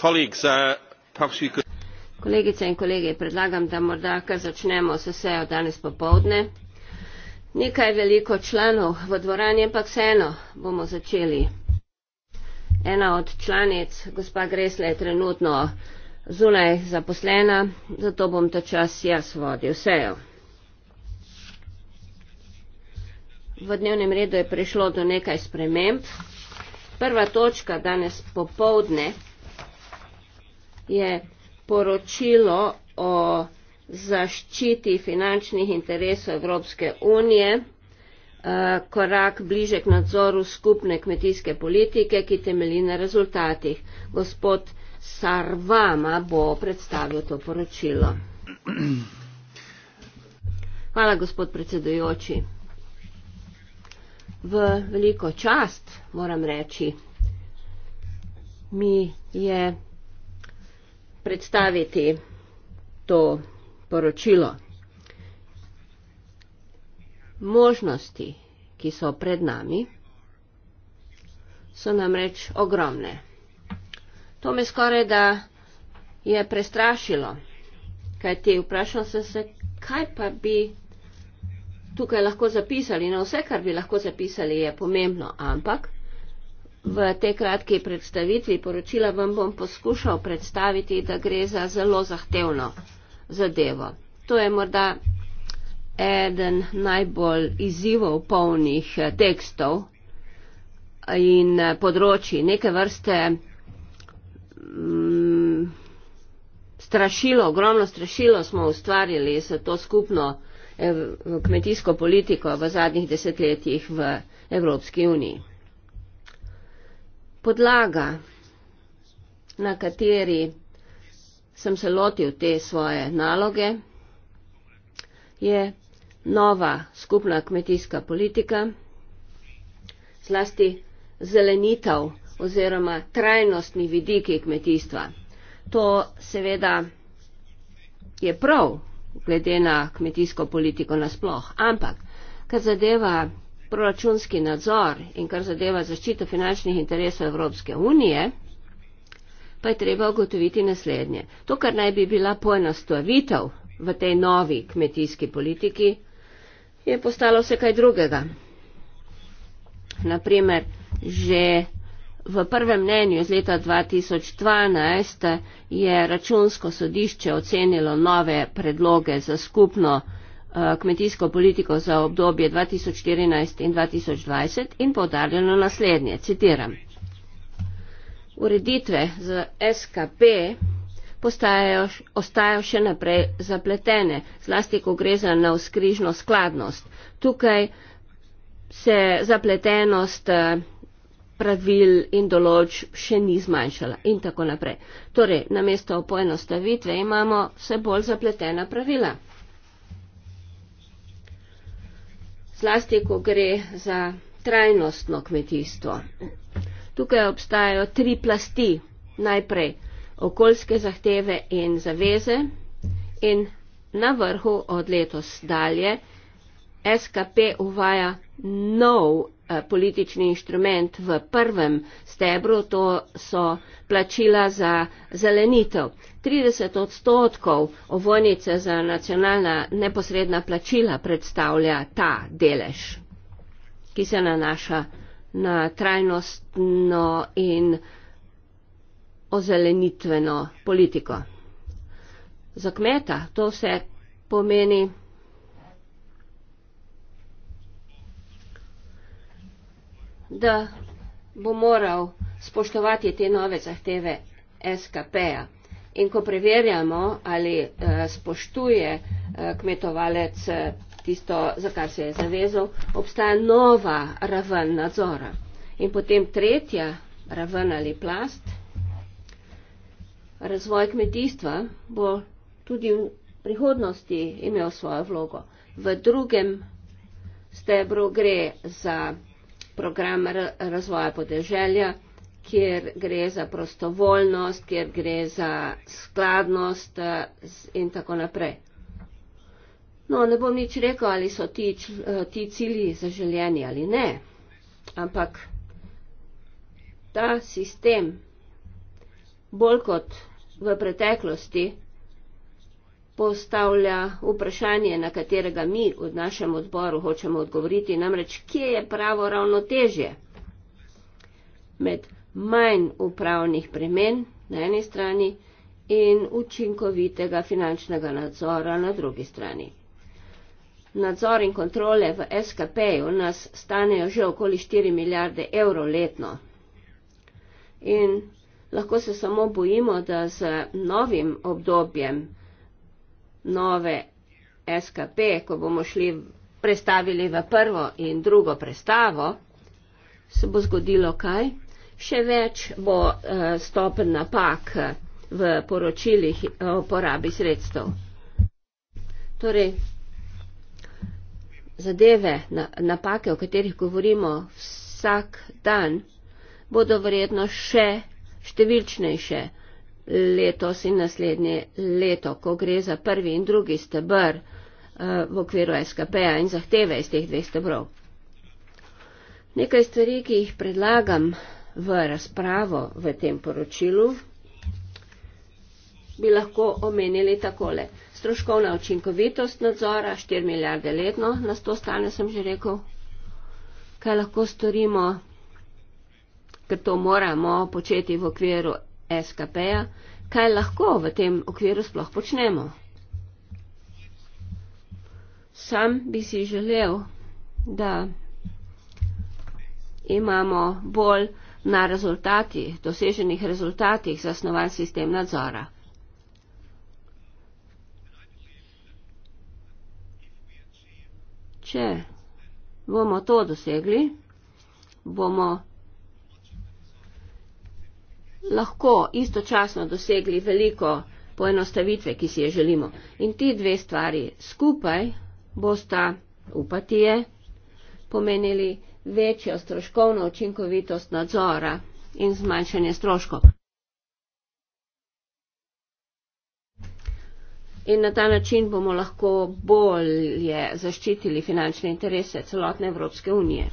Uh, kolegice in kolegi predlagam da morda kar začnemo s sejo danes popoldne nekaj veliko članov v dvorani ampak vseeno bomo začeli ena od članic gospa gresla je trenutno zunaj zaposlena zato bom ta čas jaz vodil sejo v dnevnem redu je prišlo do nekaj sprememb prva točka danes popoldne je poročilo o zaščiti finančnih interesov Evropske unije, eh, korak bliže k nadzoru skupne kmetijske politike, ki temelji na rezultatih. Gospod Sarvama bo predstavil to poročilo. Hvala, gospod predsedujoči. V veliko čast, moram reči, mi je predstaviti to poročilo. Možnosti, ki so pred nami, so namreč ogromne. To me skoraj da je prestrašilo, kajti vprašal sem se, kaj pa bi tukaj lahko zapisali. No, vse, kar bi lahko zapisali, je pomembno, ampak V tej kratki predstavitvi poročila vam bom poskušal predstaviti, da gre za zelo zahtevno zadevo. To je morda eden najbolj izzivov polnih eh, tekstov in eh, področji, neke vrste mm, strašilo, ogromno strašilo smo ustvarili za to skupno kmetijsko politiko v zadnjih desetletjih v Evropski uniji podlaga, na kateri sem se lotil te svoje naloge, je nova skupna kmetijska politika, zlasti zelenitev oziroma trajnostni vidiki kmetijstva. To seveda je prav glede na kmetijsko politiko nasploh, ampak kar zadeva proračunski nadzor in kar zadeva zaščito finančnih interesov Evropske unije, pa je treba ugotoviti naslednje. To, kar naj bi bila poenostavitev v tej novi kmetijski politiki, je postalo vse kaj drugega. Naprimer, že v prvem mnenju iz leta 2012 je računsko sodišče ocenilo nove predloge za skupno Eh, kmetijsko politiko za obdobje 2014 in 2020 in podarjeno naslednje, citiram. Ureditve za SKP postajajo, ostajajo še naprej zapletene, zlasti ko gre za navskrižno skladnost. Tukaj se zapletenost eh, pravil in določ še ni zmanjšala in tako naprej. Torej, namesto poenostavitve imamo vse bolj zapletena pravila. zlasti, ko gre za trajnostno kmetijstvo. Tukaj obstajajo tri plasti. Najprej okoljske zahteve in zaveze in na vrhu od letos dalje SKP uvaja nov Eh, politični inštrument v prvem stebru, to so plačila za zelenitev. 30 odstotkov ovojnice za nacionalna neposredna plačila predstavlja ta delež, ki se nanaša na trajnostno in ozelenitveno politiko. Za kmeta to vse pomeni da bo moral spoštovati te nove zahteve SKP-ja. In ko preverjamo, ali eh, spoštuje eh, kmetovalec eh, tisto, za kar se je zavezal, obstaja nova raven nadzora. In potem tretja raven ali plast, razvoj kmetijstva bo tudi v prihodnosti imel svojo vlogo. V drugem stebru gre za program razvoja podeželja, kjer gre za prostovoljnost, kjer gre za skladnost eh, in tako naprej. No, ne bom nič rekel, ali so ti, eh, ti cilji zaželjeni ali ne, ampak ta sistem bolj kot v preteklosti postavlja vprašanje, na katerega mi v našem odboru hočemo odgovoriti, namreč kje je pravo ravnotežje med manj upravnih bremen na eni strani in učinkovitega finančnega nadzora na drugi strani. Nadzor in kontrole v SKP-ju nas stanejo že okoli 4 milijarde evrov letno. In lahko se samo bojimo, da z novim obdobjem nove SKP, ko bomo šli predstavili v prvo in drugo predstavo, se bo zgodilo kaj? Še več bo uh, eh, stopen napak eh, v poročilih eh, o porabi sredstev. Torej, zadeve, na, napake, o katerih govorimo vsak dan, bodo verjetno še številčnejše letos in naslednje leto, ko gre za prvi in drugi stebr eh, v okviru SKP-ja in zahteve iz teh dveh stebrov. Nekaj stvari, ki jih predlagam v razpravo v tem poročilu, bi lahko omenili takole. Stroškovna učinkovitost nadzora 4 milijarde letno, na to stane sem že rekel, kaj lahko storimo, ker to moramo početi v okviru SKP-ja, kaj lahko v tem okviru sploh počnemo. Sam bi si želel, da imamo bolj na rezultatih, doseženih rezultatih zasnovan sistem nadzora. Če bomo to dosegli, bomo lahko istočasno dosegli veliko poenostavitve, ki si je želimo. In ti dve stvari skupaj bosta, upati je, pomenili večjo stroškovno učinkovitost nadzora in zmanjšanje stroškov. In na ta način bomo lahko bolje zaščitili finančne interese celotne Evropske unije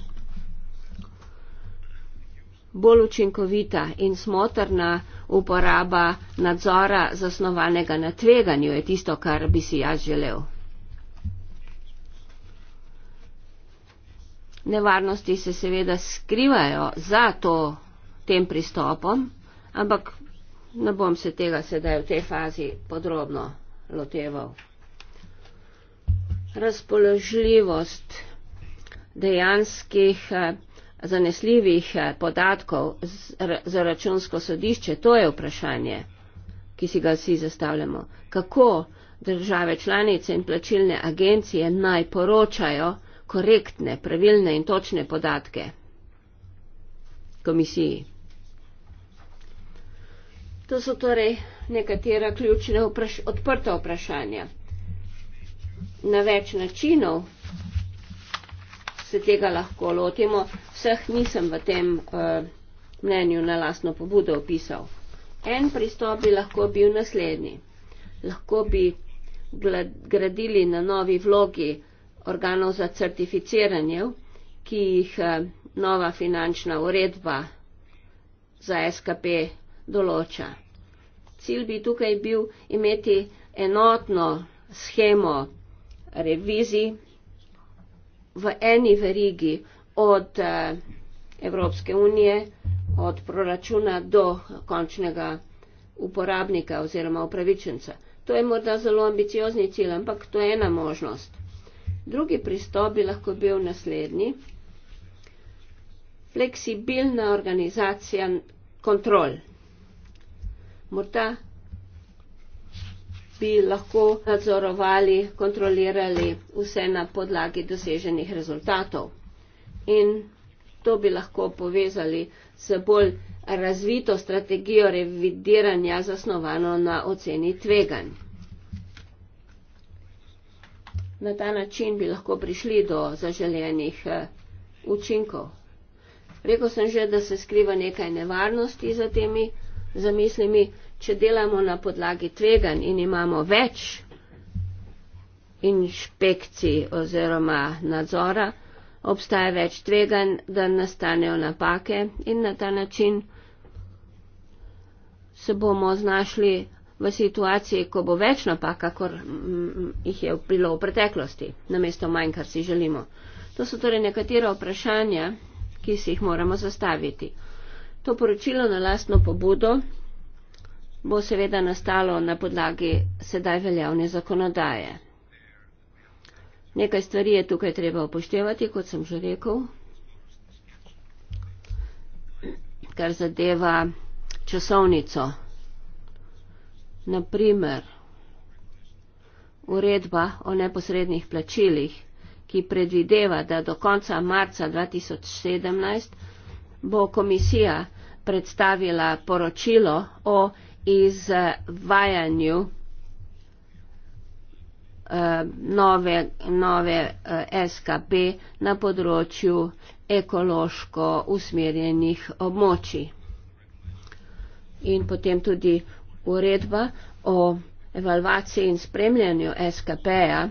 bolj učinkovita in smotrna uporaba nadzora zasnovanega na tveganju je tisto, kar bi si jaz želel. Nevarnosti se seveda skrivajo za to, tem pristopom, ampak ne bom se tega sedaj v tej fazi podrobno loteval. Razpoložljivost dejanskih eh, zanesljivih eh, podatkov za računsko sodišče, to je vprašanje, ki si ga vsi zastavljamo. Kako države članice in plačilne agencije naj poročajo korektne, pravilne in točne podatke komisiji? To so torej nekatera ključna vpraš odprta vprašanja. Na več načinov se tega lahko lotimo. Vseh nisem v tem uh, mnenju na lasno pobudo opisal. En pristop bi lahko bil naslednji. Lahko bi gradili na novi vlogi organov za certificiranje, ki jih uh, nova finančna uredba za SKP določa. Cilj bi tukaj bil imeti enotno schemo revizij v eni verigi od eh, Evropske unije, od proračuna do končnega uporabnika oziroma upravičenca. To je morda zelo ambiciozni cilj, ampak to je ena možnost. Drugi pristop bi lahko bil naslednji. Fleksibilna organizacija kontrol. Morda bi lahko nadzorovali, kontrolirali vse na podlagi doseženih rezultatov. In to bi lahko povezali s bolj razvito strategijo revidiranja zasnovano na oceni tveganj. Na ta način bi lahko prišli do zaželenih eh, učinkov. Rekl sem že, da se skriva nekaj nevarnosti za temi zamislimi če delamo na podlagi tveganj in imamo več inšpekcij oziroma nadzora, obstaja več tveganj, da nastanejo napake in na ta način se bomo znašli v situaciji, ko bo več napak, kakor jih je bilo v preteklosti, namesto manj, kar si želimo. To so torej nekatera vprašanja, ki si jih moramo zastaviti. To poročilo na lastno pobudo bo seveda nastalo na podlagi sedaj veljavne zakonodaje. Nekaj stvari je tukaj treba upoštevati, kot sem že rekel, kar zadeva časovnico. Naprimer, uredba o neposrednih plačilih, ki predvideva, da do konca marca 2017 bo komisija predstavila poročilo o izvajanju eh, nove, nove eh, SKP na področju ekološko usmerjenih območij. In potem tudi uredba o evalvaciji in spremljanju SKP-ja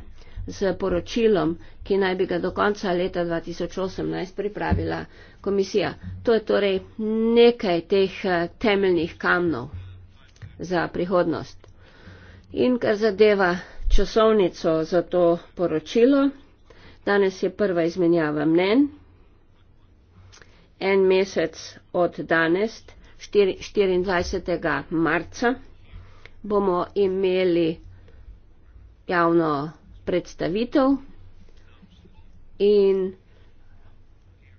z poročilom, ki naj bi ga do konca leta 2018 pripravila komisija. To je torej nekaj teh eh, temeljnih kamnov za prihodnost. In kar zadeva časovnico za to poročilo, danes je prva izmenjava mnen, en mesec od danes, 24. marca, bomo imeli javno predstavitev in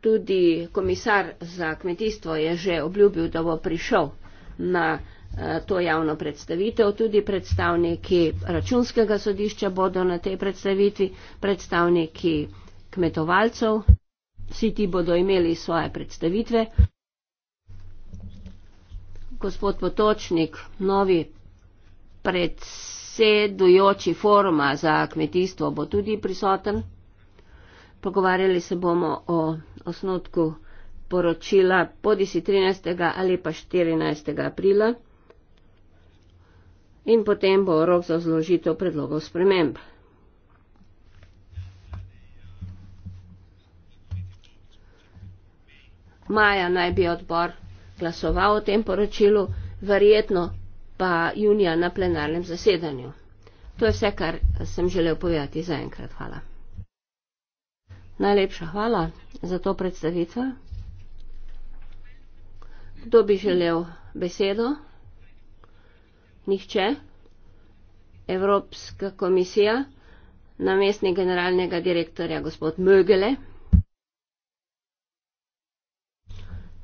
tudi komisar za kmetijstvo je že obljubil, da bo prišel na Eh, to javno predstavitev. Tudi predstavniki računskega sodišča bodo na tej predstavitvi, predstavniki kmetovalcev, vsi ti bodo imeli svoje predstavitve. Gospod Potočnik, novi predsedujoči foruma za kmetijstvo bo tudi prisoten. Pogovarjali se bomo o osnotku poročila podisi 13. ali pa 14. aprila in potem bo rok za zložitev predlogov sprememb. Maja naj bi odbor glasoval o tem poročilu, verjetno pa junija na plenarnem zasedanju. To je vse, kar sem želel povedati zaenkrat. Hvala. Najlepša hvala za to predstavitev. Kdo bi želel besedo? Nihče? Evropska komisija? Namestni generalnega direktorja, gospod Mögele?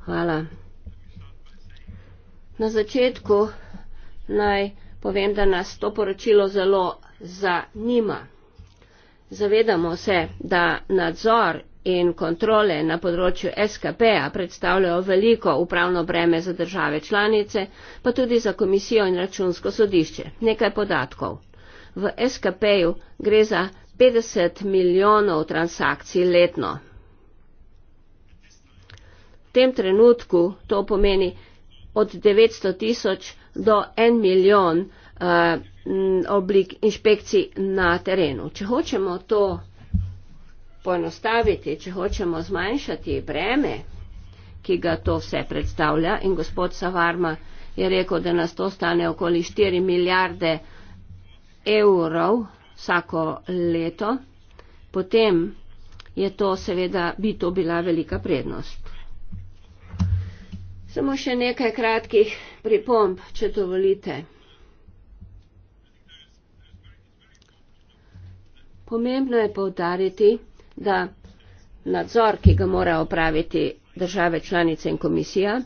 Hvala. Na začetku naj povem, da nas to poročilo zelo zanima. Zavedamo se, da nadzor in kontrole na področju SKP-a predstavljajo veliko upravno breme za države članice, pa tudi za komisijo in računsko sodišče. Nekaj podatkov. V SKP-ju gre za 50 milijonov transakcij letno. V tem trenutku to pomeni od 900 tisoč do 1 milijon uh, oblik inšpekcij na terenu. Če hočemo to poenostaviti, če hočemo zmanjšati breme, ki ga to vse predstavlja. In gospod Savarma je rekel, da nas to stane okoli 4 milijarde evrov vsako leto, potem je to seveda, bi to bila velika prednost. Samo še nekaj kratkih pripomb, če to volite. Pomembno je povdariti, da nadzor, ki ga mora opraviti države članice in komisija,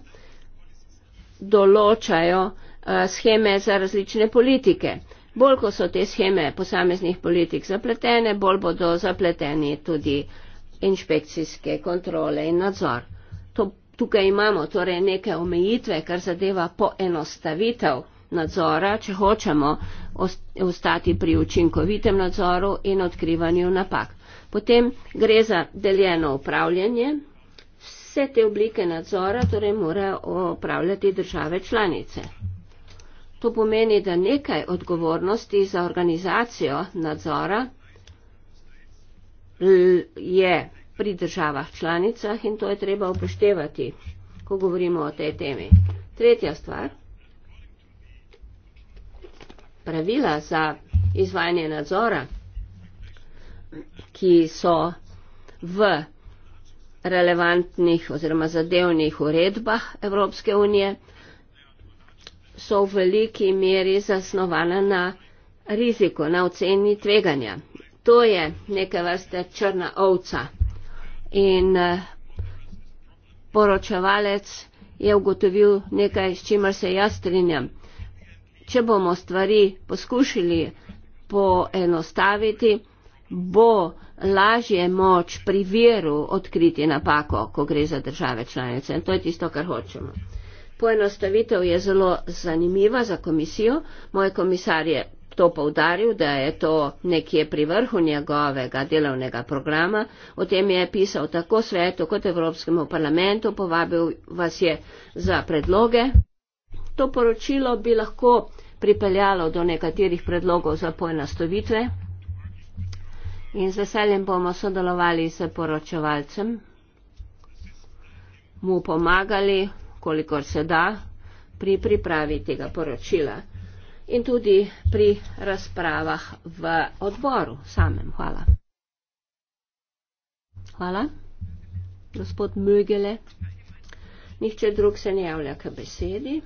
določajo eh, scheme za različne politike. Bolj ko so te scheme posameznih politik zapletene, bolj bodo zapleteni tudi inšpekcijske kontrole in nadzor. To, tukaj imamo torej neke omejitve, kar zadeva poenostavitev nadzora, če hočemo ostati pri učinkovitem nadzoru in odkrivanju napak. Potem gre za deljeno upravljanje. Vse te oblike nadzora torej morajo upravljati države članice. To pomeni, da nekaj odgovornosti za organizacijo nadzora je pri državah članicah in to je treba upoštevati, ko govorimo o tej temi. Tretja stvar. Pravila za izvajanje nadzora ki so v relevantnih oziroma zadevnih uredbah Evropske unije, so v veliki meri zasnovane na riziku, na oceni tveganja. To je neke vrste črna ovca. In eh, poročevalec je ugotovil nekaj, s čimer se jaz strinjam. Če bomo stvari poskušali poenostaviti, bo lažje moč pri veru odkriti napako, ko gre za države članice. In to je tisto, kar hočemo. Poenostavitev je zelo zanimiva za komisijo. Moj komisar je to povdaril, da je to nekje pri vrhu njegovega delovnega programa. O tem je pisal tako svetu kot Evropskemu parlamentu, povabil vas je za predloge. To poročilo bi lahko pripeljalo do nekaterih predlogov za poenostavitve in z veseljem bomo sodelovali s poročevalcem, mu pomagali, kolikor se da, pri pripravi tega poročila in tudi pri razpravah v odboru samem. Hvala. Hvala. Gospod Mögele. Nihče drug se ne javlja k besedi.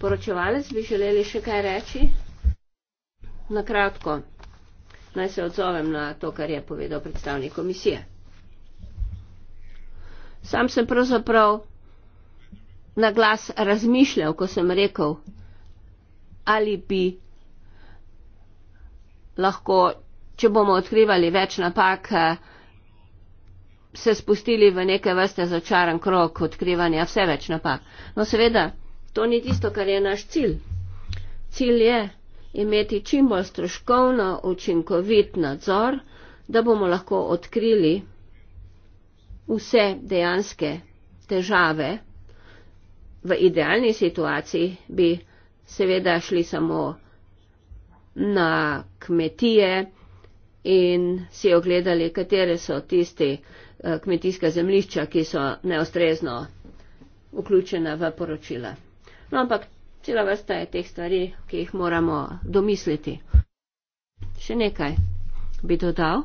Poročevalec bi želeli še kaj reči? Na kratko. Naj se odzovem na to, kar je povedal predstavnik komisije. Sam sem pravzaprav na glas razmišljal, ko sem rekel, ali bi lahko, če bomo odkrivali več napak, se spustili v neke vrste začaran krok odkrivanja vse več napak. No seveda, to ni tisto, kar je naš cilj. Cilj je, imeti čim bolj stroškovno učinkovit nadzor, da bomo lahko odkrili vse dejanske težave. V idealni situaciji bi seveda šli samo na kmetije in si ogledali, katere so tisti eh, kmetijska zemlišča, ki so neostrezno vključena v poročila. No, ampak cela vrsta je teh stvari, ki jih moramo domisliti. Še nekaj bi dodal.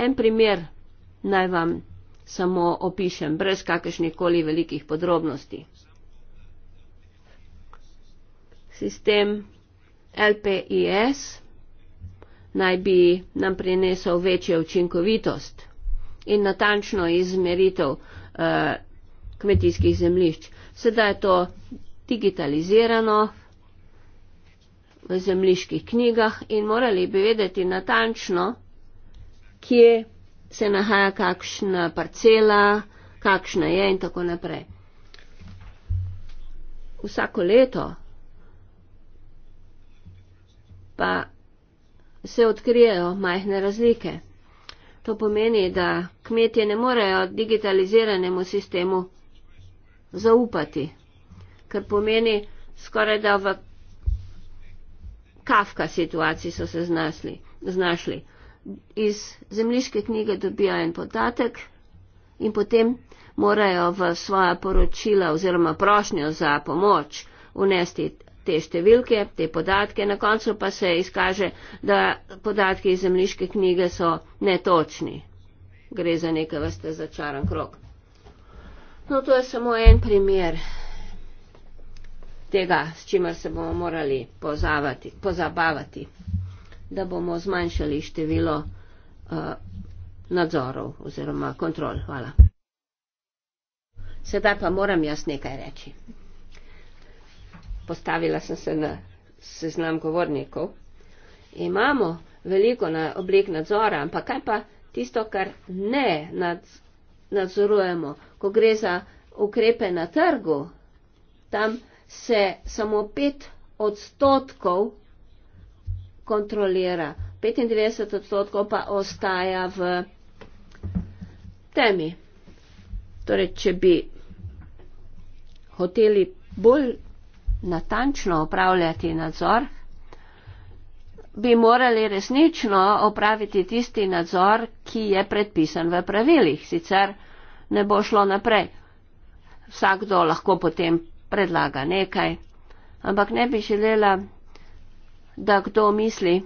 En primer naj vam samo opišem, brez kakršnih koli velikih podrobnosti. Sistem LPIS naj bi nam prinesel večjo učinkovitost in natančno izmeritev uh, kmetijskih zemljišč. Sedaj je to digitalizirano v zemljiških knjigah in morali bi vedeti natančno, kje se nahaja kakšna parcela, kakšna je in tako naprej. Vsako leto pa se odkrijejo majhne razlike. To pomeni, da kmetje ne morejo digitaliziranemu sistemu zaupati, kar pomeni skoraj da v kafka situaciji so se znasli, znašli. Iz zemljiške knjige dobijo en podatek in potem morajo v svoja poročila oziroma prošnjo za pomoč unesti te številke, te podatke, na koncu pa se izkaže, da podatki iz zemljiške knjige so netočni. Gre za neke vrste začaran krok. No, to je samo en primer tega, s čimer se bomo morali pozavati, pozabavati, da bomo zmanjšali število uh, nadzorov oziroma kontrol. Hvala. Sedaj pa moram jaz nekaj reči postavila sem se na seznam govornikov. Imamo veliko na oblik nadzora, ampak kaj pa tisto, kar ne nadzorujemo, ko gre za ukrepe na trgu, tam se samo 5 odstotkov kontrolira, 95 odstotkov pa ostaja v temi. Torej, če bi hoteli bolj natančno opravljati nadzor, bi morali resnično opraviti tisti nadzor, ki je predpisan v pravilih, sicer ne bo šlo naprej. Vsakdo lahko potem predlaga nekaj, ampak ne bi želela, da kdo misli,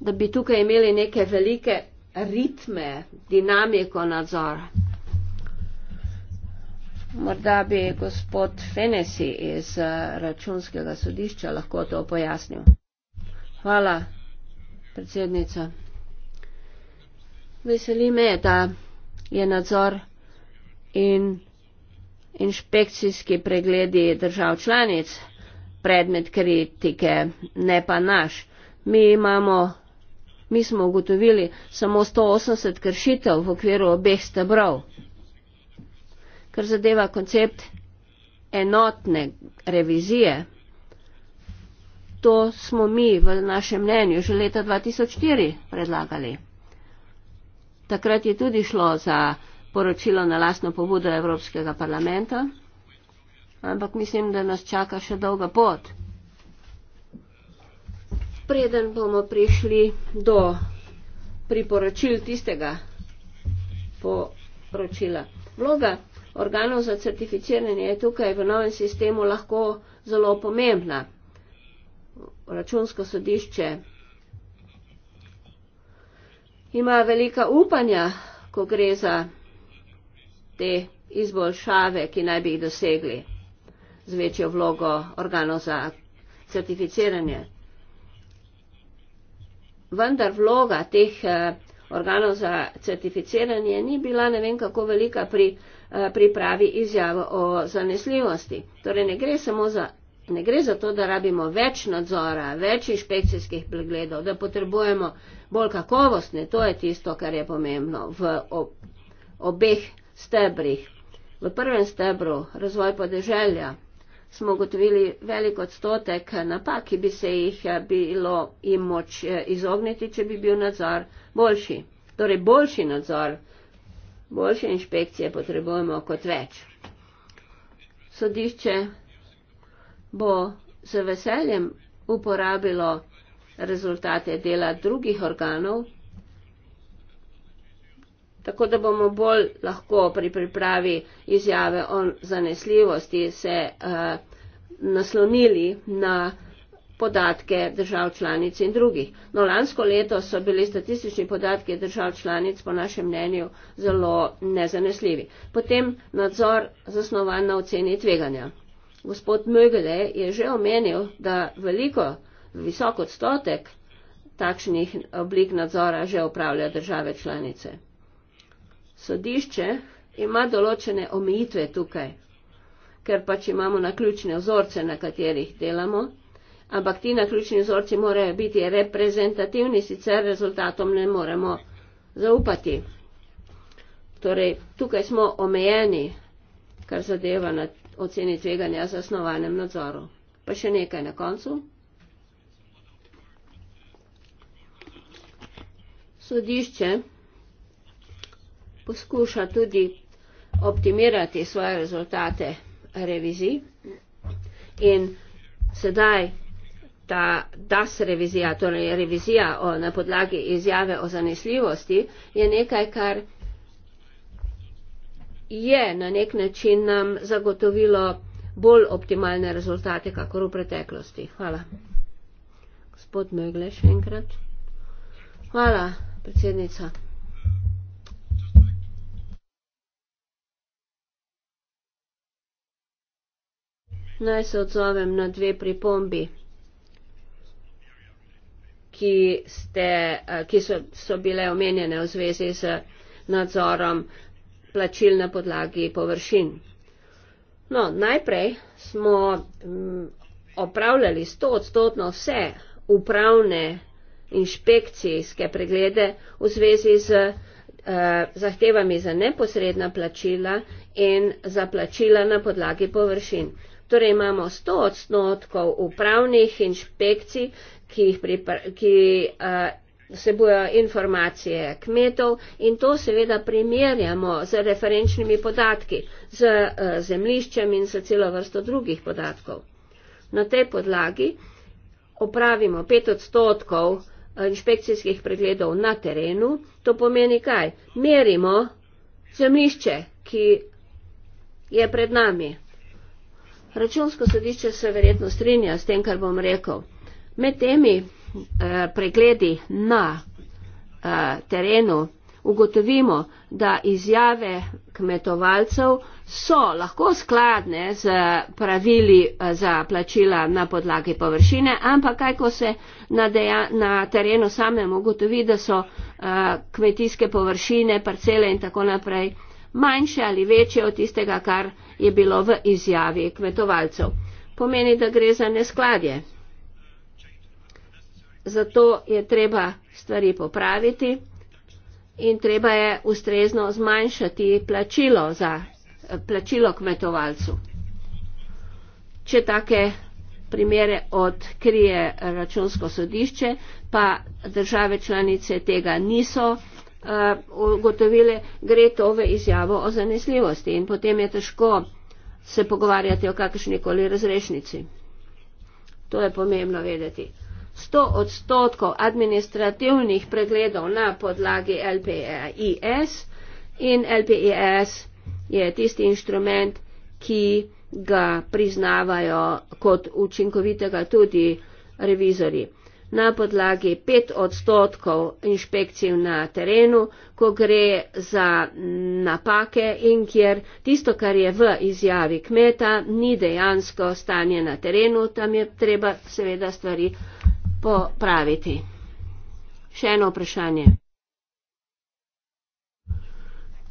da bi tukaj imeli neke velike ritme, dinamiko nadzora. Morda bi gospod Fenesi iz eh, računskega sodišča lahko to pojasnil. Hvala, predsednica. Veseli me, da je nadzor in inšpekcijski pregledi držav članic predmet kritike, ne pa naš. Mi imamo. Mi smo ugotovili samo 180 kršitev v okviru obeh stebrov kar zadeva koncept enotne revizije. To smo mi v našem mnenju že leta 2004 predlagali. Takrat je tudi šlo za poročilo na lastno pobudo Evropskega parlamenta, ampak mislim, da nas čaka še dolga pot. Preden bomo prišli do priporočil tistega poročila. Vloga organov za certificiranje je tukaj v novem sistemu lahko zelo pomembna. Računsko sodišče ima velika upanja, ko gre za te izboljšave, ki naj bi jih dosegli z večjo vlogo organov za certificiranje. Vendar vloga teh eh, organov za certificiranje ni bila ne vem kako velika pri Eh, pripravi izjavo o zanesljivosti. Torej ne gre samo za. Ne gre za to, da rabimo več nadzora, več inšpekcijskih pregledov, da potrebujemo bolj kakovostne, to je tisto, kar je pomembno v ob, obeh stebrih. V prvem stebru, razvoj podeželja, smo ugotovili veliko odstotek napak, ki bi se jih eh, bilo in moč eh, izogniti, če bi bil nadzor boljši. Torej boljši nadzor boljše inšpekcije potrebujemo kot več. Sodišče bo z veseljem uporabilo rezultate dela drugih organov, tako da bomo bolj lahko pri pripravi izjave o zanesljivosti se uh, naslonili na podatke držav članic in drugih. No, lansko leto so bili statistični podatki držav članic po našem mnenju zelo nezanesljivi. Potem nadzor zasnovan na oceni tveganja. Gospod Mögele je že omenil, da veliko, visok odstotek takšnih oblik nadzora že upravlja države članice. Sodišče ima določene omejitve tukaj, ker pač imamo naključne vzorce, na katerih delamo ampak ti naključni vzorci morajo biti reprezentativni, sicer rezultatom ne moremo zaupati. Torej, tukaj smo omejeni, kar zadeva na oceni tveganja za osnovanem nadzoru. Pa še nekaj na koncu. Sodišče poskuša tudi optimirati svoje rezultate revizij in sedaj ta DAS revizija, torej revizija o, na podlagi izjave o zanesljivosti, je nekaj, kar je na nek način nam zagotovilo bolj optimalne rezultate, kakor v preteklosti. Hvala. Gospod Mögle, še enkrat. Hvala, predsednica. Naj se odzovem na dve pripombi ki, ste, eh, ki so, so bile omenjene v zvezi z nadzorom plačil na podlagi površin. No, najprej smo mm, opravljali 100 odstotno vse upravne inšpekcijske preglede v zvezi z eh, zahtevami za neposredna plačila in za plačila na podlagi površin. Torej imamo 100 odstotkov upravnih inšpekcij, ki, ki uh, eh, sebojo informacije kmetov in to seveda primerjamo z referenčnimi podatki, z uh, eh, zemliščem in z celo vrsto drugih podatkov. Na tej podlagi opravimo pet odstotkov eh, inšpekcijskih pregledov na terenu. To pomeni kaj? Merimo zemlišče, ki je pred nami. Računsko sodišče se verjetno strinja s tem, kar bom rekel. Med temi eh, pregledi na eh, terenu ugotovimo, da izjave kmetovalcev so lahko skladne z eh, pravili eh, za plačila na podlagi površine, ampak kaj, ko se na, deja, na terenu samem ugotovi, da so eh, kmetijske površine, parcele in tako naprej manjše ali večje od tistega, kar je bilo v izjavi kmetovalcev. Pomeni, da gre za neskladje zato je treba stvari popraviti in treba je ustrezno zmanjšati plačilo, za, plačilo kmetovalcu. Če take primere odkrije računsko sodišče, pa države članice tega niso eh, ugotovile, gre to v izjavo o zanesljivosti in potem je težko se pogovarjati o kakršnikoli razrešnici. To je pomembno vedeti. 100 odstotkov administrativnih pregledov na podlagi LPES in LPES je tisti inštrument, ki ga priznavajo kot učinkovitega tudi revizori. Na podlagi 5 odstotkov inšpekcij na terenu, ko gre za napake in kjer tisto, kar je v izjavi kmeta, ni dejansko stanje na terenu, tam je treba seveda stvari popraviti. Še eno vprašanje.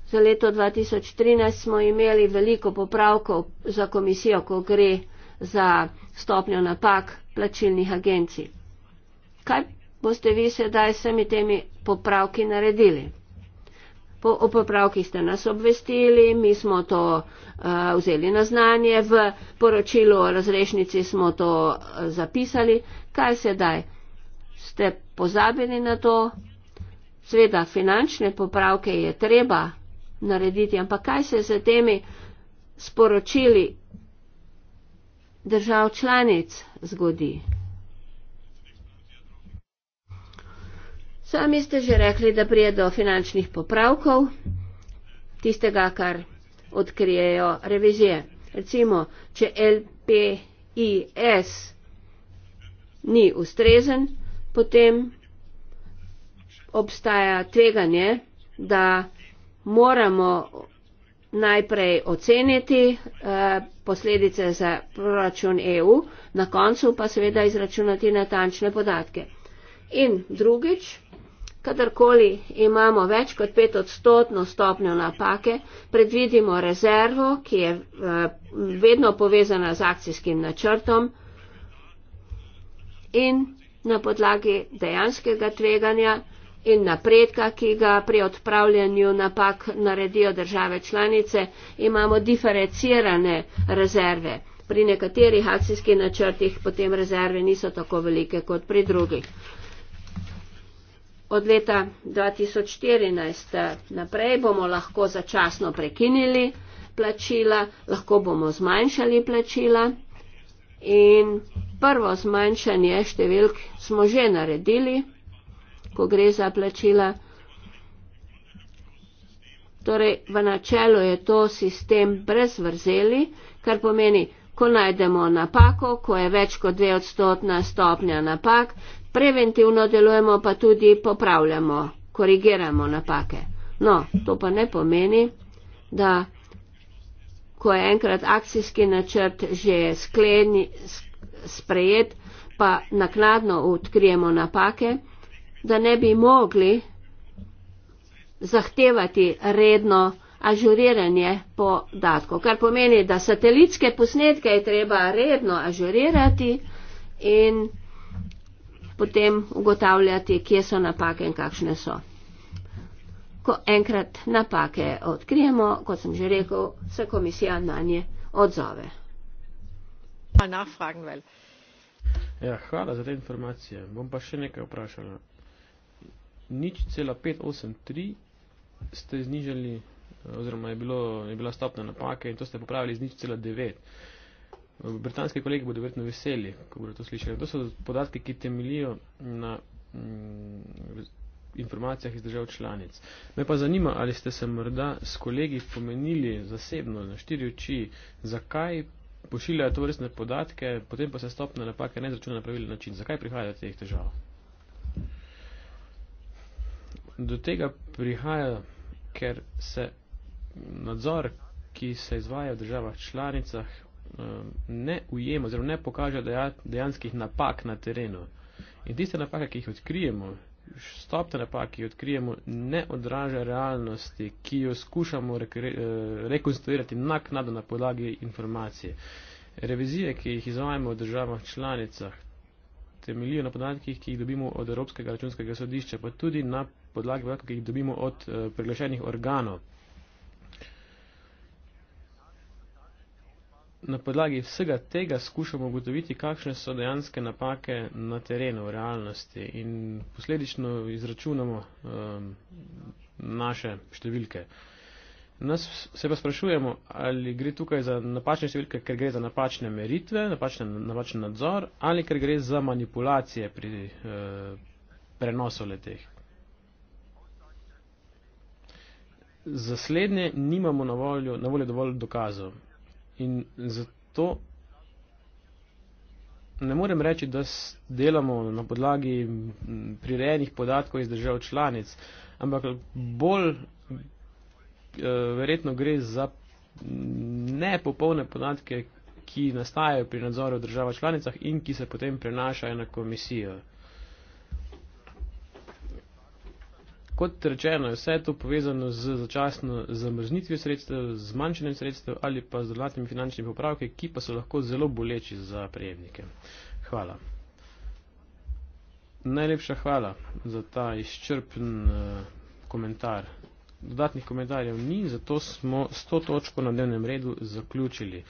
Za leto 2013 smo imeli veliko popravkov za komisijo, ko gre za stopnjo napak plačilnih agencij. Kaj boste vi sedaj s vsemi temi popravki naredili? Po, o popravkih ste nas obvestili, mi smo to uh, vzeli na znanje, v poročilu o razrešnici smo to uh, zapisali kaj sedaj? Ste pozabili na to? Sveda, finančne popravke je treba narediti, ampak kaj se z temi sporočili držav članic zgodi? Sami ste že rekli, da prije do finančnih popravkov, tistega, kar odkrijejo revizije. Recimo, če LPIS ni ustrezen, potem obstaja tveganje, da moramo najprej oceniti eh, posledice za proračun EU, na koncu pa seveda izračunati natančne podatke. In drugič, kadarkoli imamo več kot pet odstotno stopnjo napake, predvidimo rezervo, ki je eh, vedno povezana z akcijskim načrtom, in na podlagi dejanskega tveganja in napredka, ki ga pri odpravljanju napak naredijo države članice, imamo diferencirane rezerve. Pri nekaterih akcijskih načrtih potem rezerve niso tako velike kot pri drugih. Od leta 2014 naprej bomo lahko začasno prekinili plačila, lahko bomo zmanjšali plačila. In prvo zmanjšanje številk smo že naredili, ko gre za plačila. Torej, v načelu je to sistem brez vrzeli, kar pomeni, ko najdemo napako, ko je več kot dve odstotna stopnja napak, preventivno delujemo, pa tudi popravljamo, korigiramo napake. No, to pa ne pomeni, da ko je enkrat akcijski načrt že skleni, sprejet, pa nakladno odkrijemo napake, da ne bi mogli zahtevati redno ažuriranje podatkov. Kar pomeni, da satelitske posnetke je treba redno ažurirati in potem ugotavljati, kje so napake in kakšne so ko enkrat napake odkrijemo, kot sem že rekel, se komisija na nje odzove. Ja, hvala za te informacije. Bom pa še nekaj vprašala. Nič cela 583 ste znižali, oziroma je, bilo, je bila stopna napake in to ste popravili z nič cela 9. Britanski kolegi bodo verjetno veseli, ko bodo to slišali. To so podatki, ki temelijo na mm, informacijah iz držav članic. Me pa zanima, ali ste se morda s kolegi pomenili zasebno na štiri oči, zakaj pošiljajo to vrstne podatke, potem pa se stopne napake ne izračuna na pravilni način. Zakaj prihaja do teh težav? Do tega prihaja, ker se nadzor, ki se izvaja v državah članicah, um, ne ujema oziroma ne pokaže dejanskih napak na terenu. In tiste napake, ki jih odkrijemo, stop telepak, ki jo odkrijemo, ne odraža realnosti, ki jo skušamo re eh, rekonstruirati naknado na podlagi informacije. Revizije, ki jih izvajamo v državah članicah, temeljijo na podatkih, ki jih dobimo od Evropskega računskega sodišča, pa tudi na podlagi podatkov, ki jih dobimo od uh, eh, preglašenih organov. na podlagi vsega tega skušamo ugotoviti, kakšne so dejanske napake na terenu, v realnosti in posledično izračunamo um, naše številke. Nas se pa sprašujemo, ali gre tukaj za napačne številke, ker gre za napačne meritve, napačne, napačen nadzor, ali ker gre za manipulacije pri uh, prenosu leteh. Za slednje nimamo na voljo, na voljo dovolj dokazov. In zato ne morem reči, da delamo na podlagi prirejenih podatkov iz držav članic, ampak bolj e, verjetno gre za nepopolne podatke, ki nastajajo pri nadzoru v državah članicah in ki se potem prenašajo na komisijo. Kot rečeno, vse je to povezano z začasno zamrznitvijo sredstev, zmanjšanjem sredstev ali pa z dodatnimi finančnimi popravki, ki pa so lahko zelo boleči za prejemnike. Hvala. Najlepša hvala za ta izčrpen uh, komentar. Dodatnih komentarjev ni, zato smo s to točko na dnevnem redu zaključili.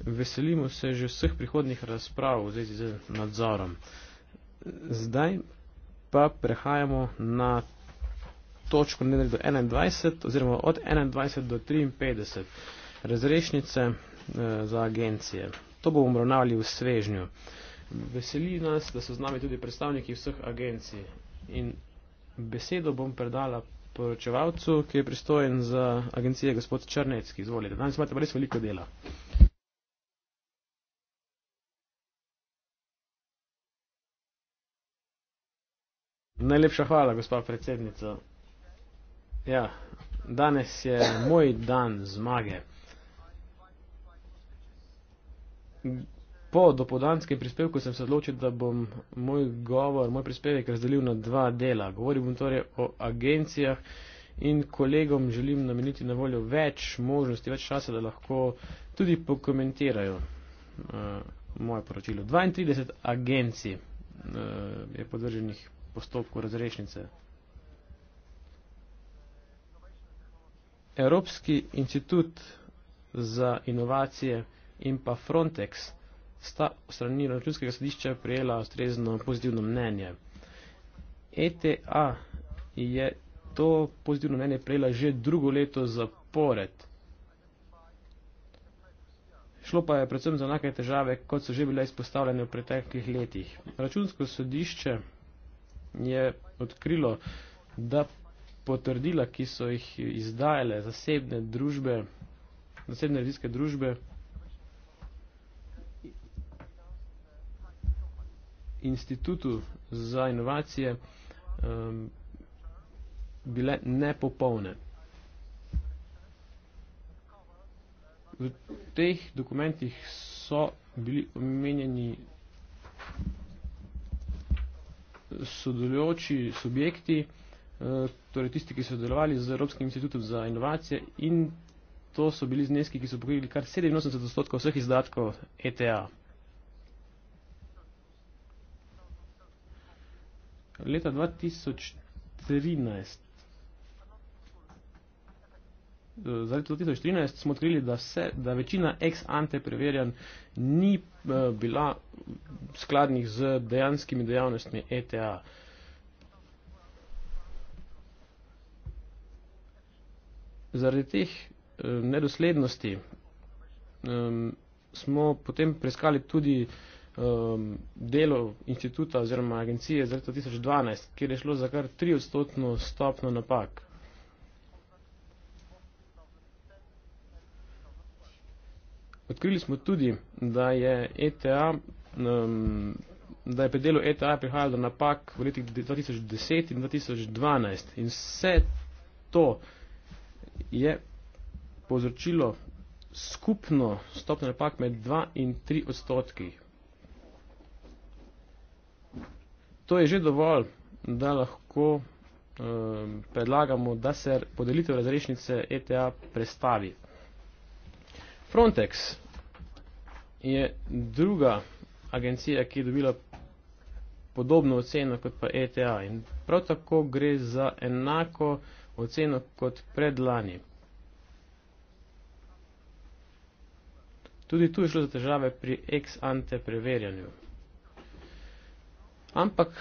Veselimo se že vseh prihodnih razprav v zvezi z nadzorom. Zdaj pa prehajamo na točko nedelj do 21, oziroma od 21 do 53 razrešnice eh, za agencije. To bomo obravnavali v svežnju. Veseli nas, da so z nami tudi predstavniki vseh agencij. In besedo bom predala poročevalcu, ki je pristojen za agencije gospod Črnecki. Izvolite, danes imate res veliko dela. Najlepša hvala, gospod predsednica. Ja, danes je moj dan zmage. Po dopodanskem prispevku sem se odločil, da bom moj govor, moj prispevek razdelil na dva dela. Govoril bom torej o agencijah in kolegom želim nameniti na voljo več možnosti, več časa, da lahko tudi pokomentirajo uh, moje poročilo. 32 agencij uh, je podvrženih postopku razrešnice. Evropski institut za inovacije in pa Frontex sta strani računskega sodišča prijela ustrezno pozitivno mnenje. ETA je to pozitivno mnenje prejela že drugo leto zapored. Šlo pa je predvsem za enake težave, kot so že bile izpostavljene v preteklih letih. Računsko sodišče je odkrilo, da potrdila, ki so jih izdajale zasebne družbe, zasebne revizijske družbe. Institutu za inovacije um, bile nepopolne. V teh dokumentih so bili omenjeni sodelujoči subjekti, Eh, torej tisti, ki so delovali z Evropskim institutom za inovacije in to so bili zneski, ki so pokrili kar 87 odstotkov vseh izdatkov ETA. Leta 2013 eh, Za leto 2013 smo odkrili, da, se, da večina ex ante preverjanj ni uh, bila skladnih z dejanskimi dejavnostmi ETA. Uh, zaradi teh e, nedoslednosti e, smo potem preiskali tudi e, delo inštituta oziroma agencije za leto 2012, kjer je šlo za kar 3 odstotno stopno napak. Odkrili smo tudi, da je, ETA, da je pri delu ETA prihajalo do napak v letih 2010 in 2012. In vse to je povzročilo skupno stopno napak med 2 in 3 odstotki. To je že dovolj, da lahko um, predlagamo, da se podelitev razrešnice ETA prestavi. Frontex je druga agencija, ki je dobila podobno oceno kot pa ETA in prav tako gre za enako oceno kot predlani. Tudi tu je šlo za težave pri ex ante preverjanju. Ampak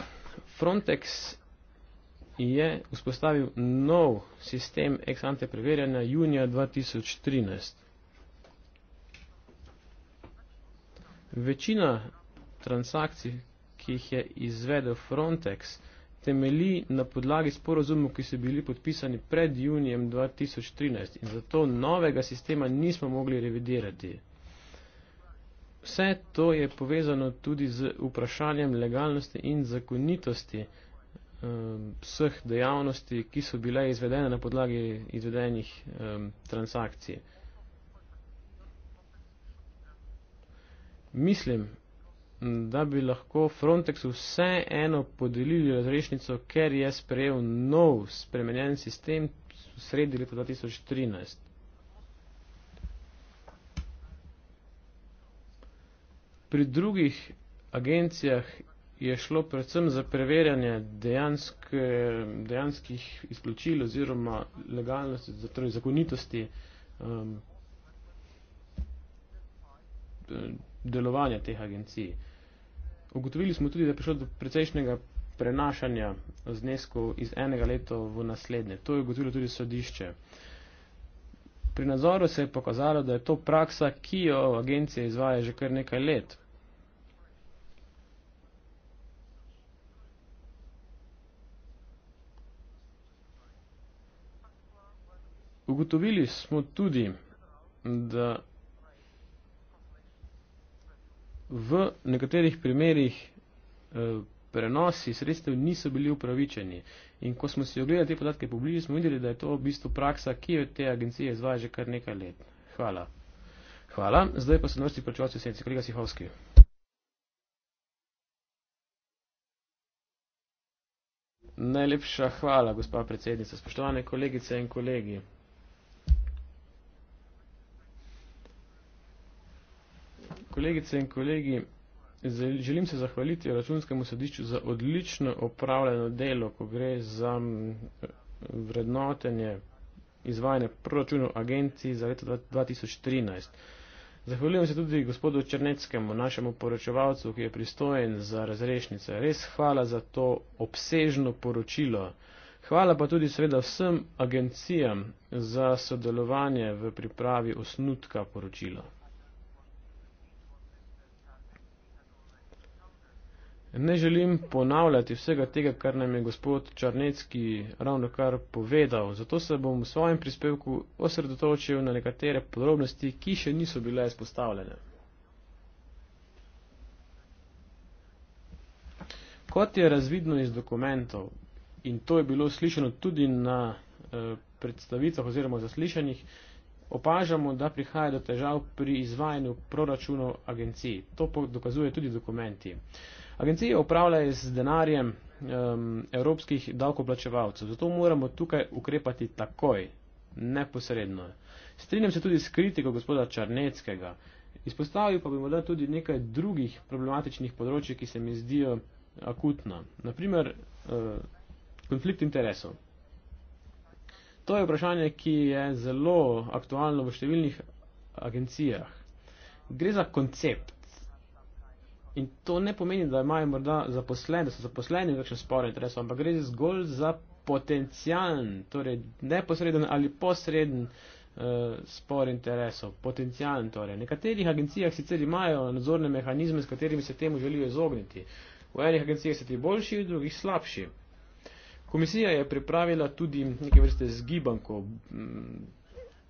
Frontex je vzpostavil nov sistem ex ante preverjanja junija 2013. Večina transakcij, ki jih je izvedel Frontex, temeli na podlagi sporozumu, ki so bili podpisani pred junijem 2013 in zato novega sistema nismo mogli revidirati. Vse to je povezano tudi z vprašanjem legalnosti in zakonitosti um, vseh dejavnosti, ki so bile izvedene na podlagi izvedenih um, transakcij. Mislim, da bi lahko Frontex vseeno podelili razrešnico, ker je sprejel nov spremenjen sistem sredi leta 2013. Pri drugih agencijah je šlo predvsem za preverjanje dejansk, dejanskih izplačil oziroma legalnosti, torej zakonitosti um, delovanja teh agencij. Uh, Ugotovili smo tudi, da je prišlo do precejšnjega prenašanja zneskov iz enega leta v naslednje. To je ugotovilo tudi sodišče. Pri nadzoru se je pokazalo, da je to praksa, ki jo agencija izvaja že kar nekaj let. Ugotovili smo tudi, da v nekaterih primerjih eh, prenosi sredstev niso bili upravičeni. In ko smo si ogledali te podatke pobliže, smo videli, da je to v bistvu praksa, ki jo te agencije izvaja že kar nekaj let. Hvala. Hvala. Zdaj pa se nosi plačevalci v senci. Kolega Sihovski. Najlepša hvala, gospa predsednica. Spoštovane kolegice in kolegi. kolegice in kolegi, želim se zahvaliti računskemu sodišču za odlično opravljeno delo, ko gre za vrednotenje izvajanja proračunov agencij za leto 2013. Zahvaljujem se tudi gospodu Črneckemu, našemu poročevalcu, ki je pristojen za razrešnice. Res hvala za to obsežno poročilo. Hvala pa tudi seveda vsem agencijam za sodelovanje v pripravi osnutka poročila. Ne želim ponavljati vsega tega, kar nam je gospod Črnecki ravno kar povedal, zato se bom v svojem prispevku osredotočil na nekatere podrobnosti, ki še niso bile izpostavljene. Kot je razvidno iz dokumentov in to je bilo slišano tudi na eh, predstavitvah oziroma zaslišanjih, opažamo, da prihaja do težav pri izvajanju proračunov agencij. To dokazuje tudi dokumenti. Agencije upravljajo z denarjem um, evropskih davkoplačevalcev, zato moramo tukaj ukrepati takoj, neposredno. Strinjam se tudi s kritiko gospoda Črneckega. Izpostavil pa bi morda tudi nekaj drugih problematičnih področji, ki se mi zdijo akutna. Naprimer, uh, konflikt interesov. To je vprašanje, ki je zelo aktualno v številnih agencijah. Gre za koncept. In to ne pomeni, da imajo morda zaposlene, da so zaposleni v kakšen spor interesov, ampak gre zgolj za potencijalen, torej neposreden ali posreden uh, spor interesov. Potencijalen torej. V nekaterih agencijah sicer imajo nadzorne mehanizme, s katerimi se temu želijo izogniti. V enih agencijah se ti boljši, v drugih slabši. Komisija je pripravila tudi neke vrste zgibanko. Hm,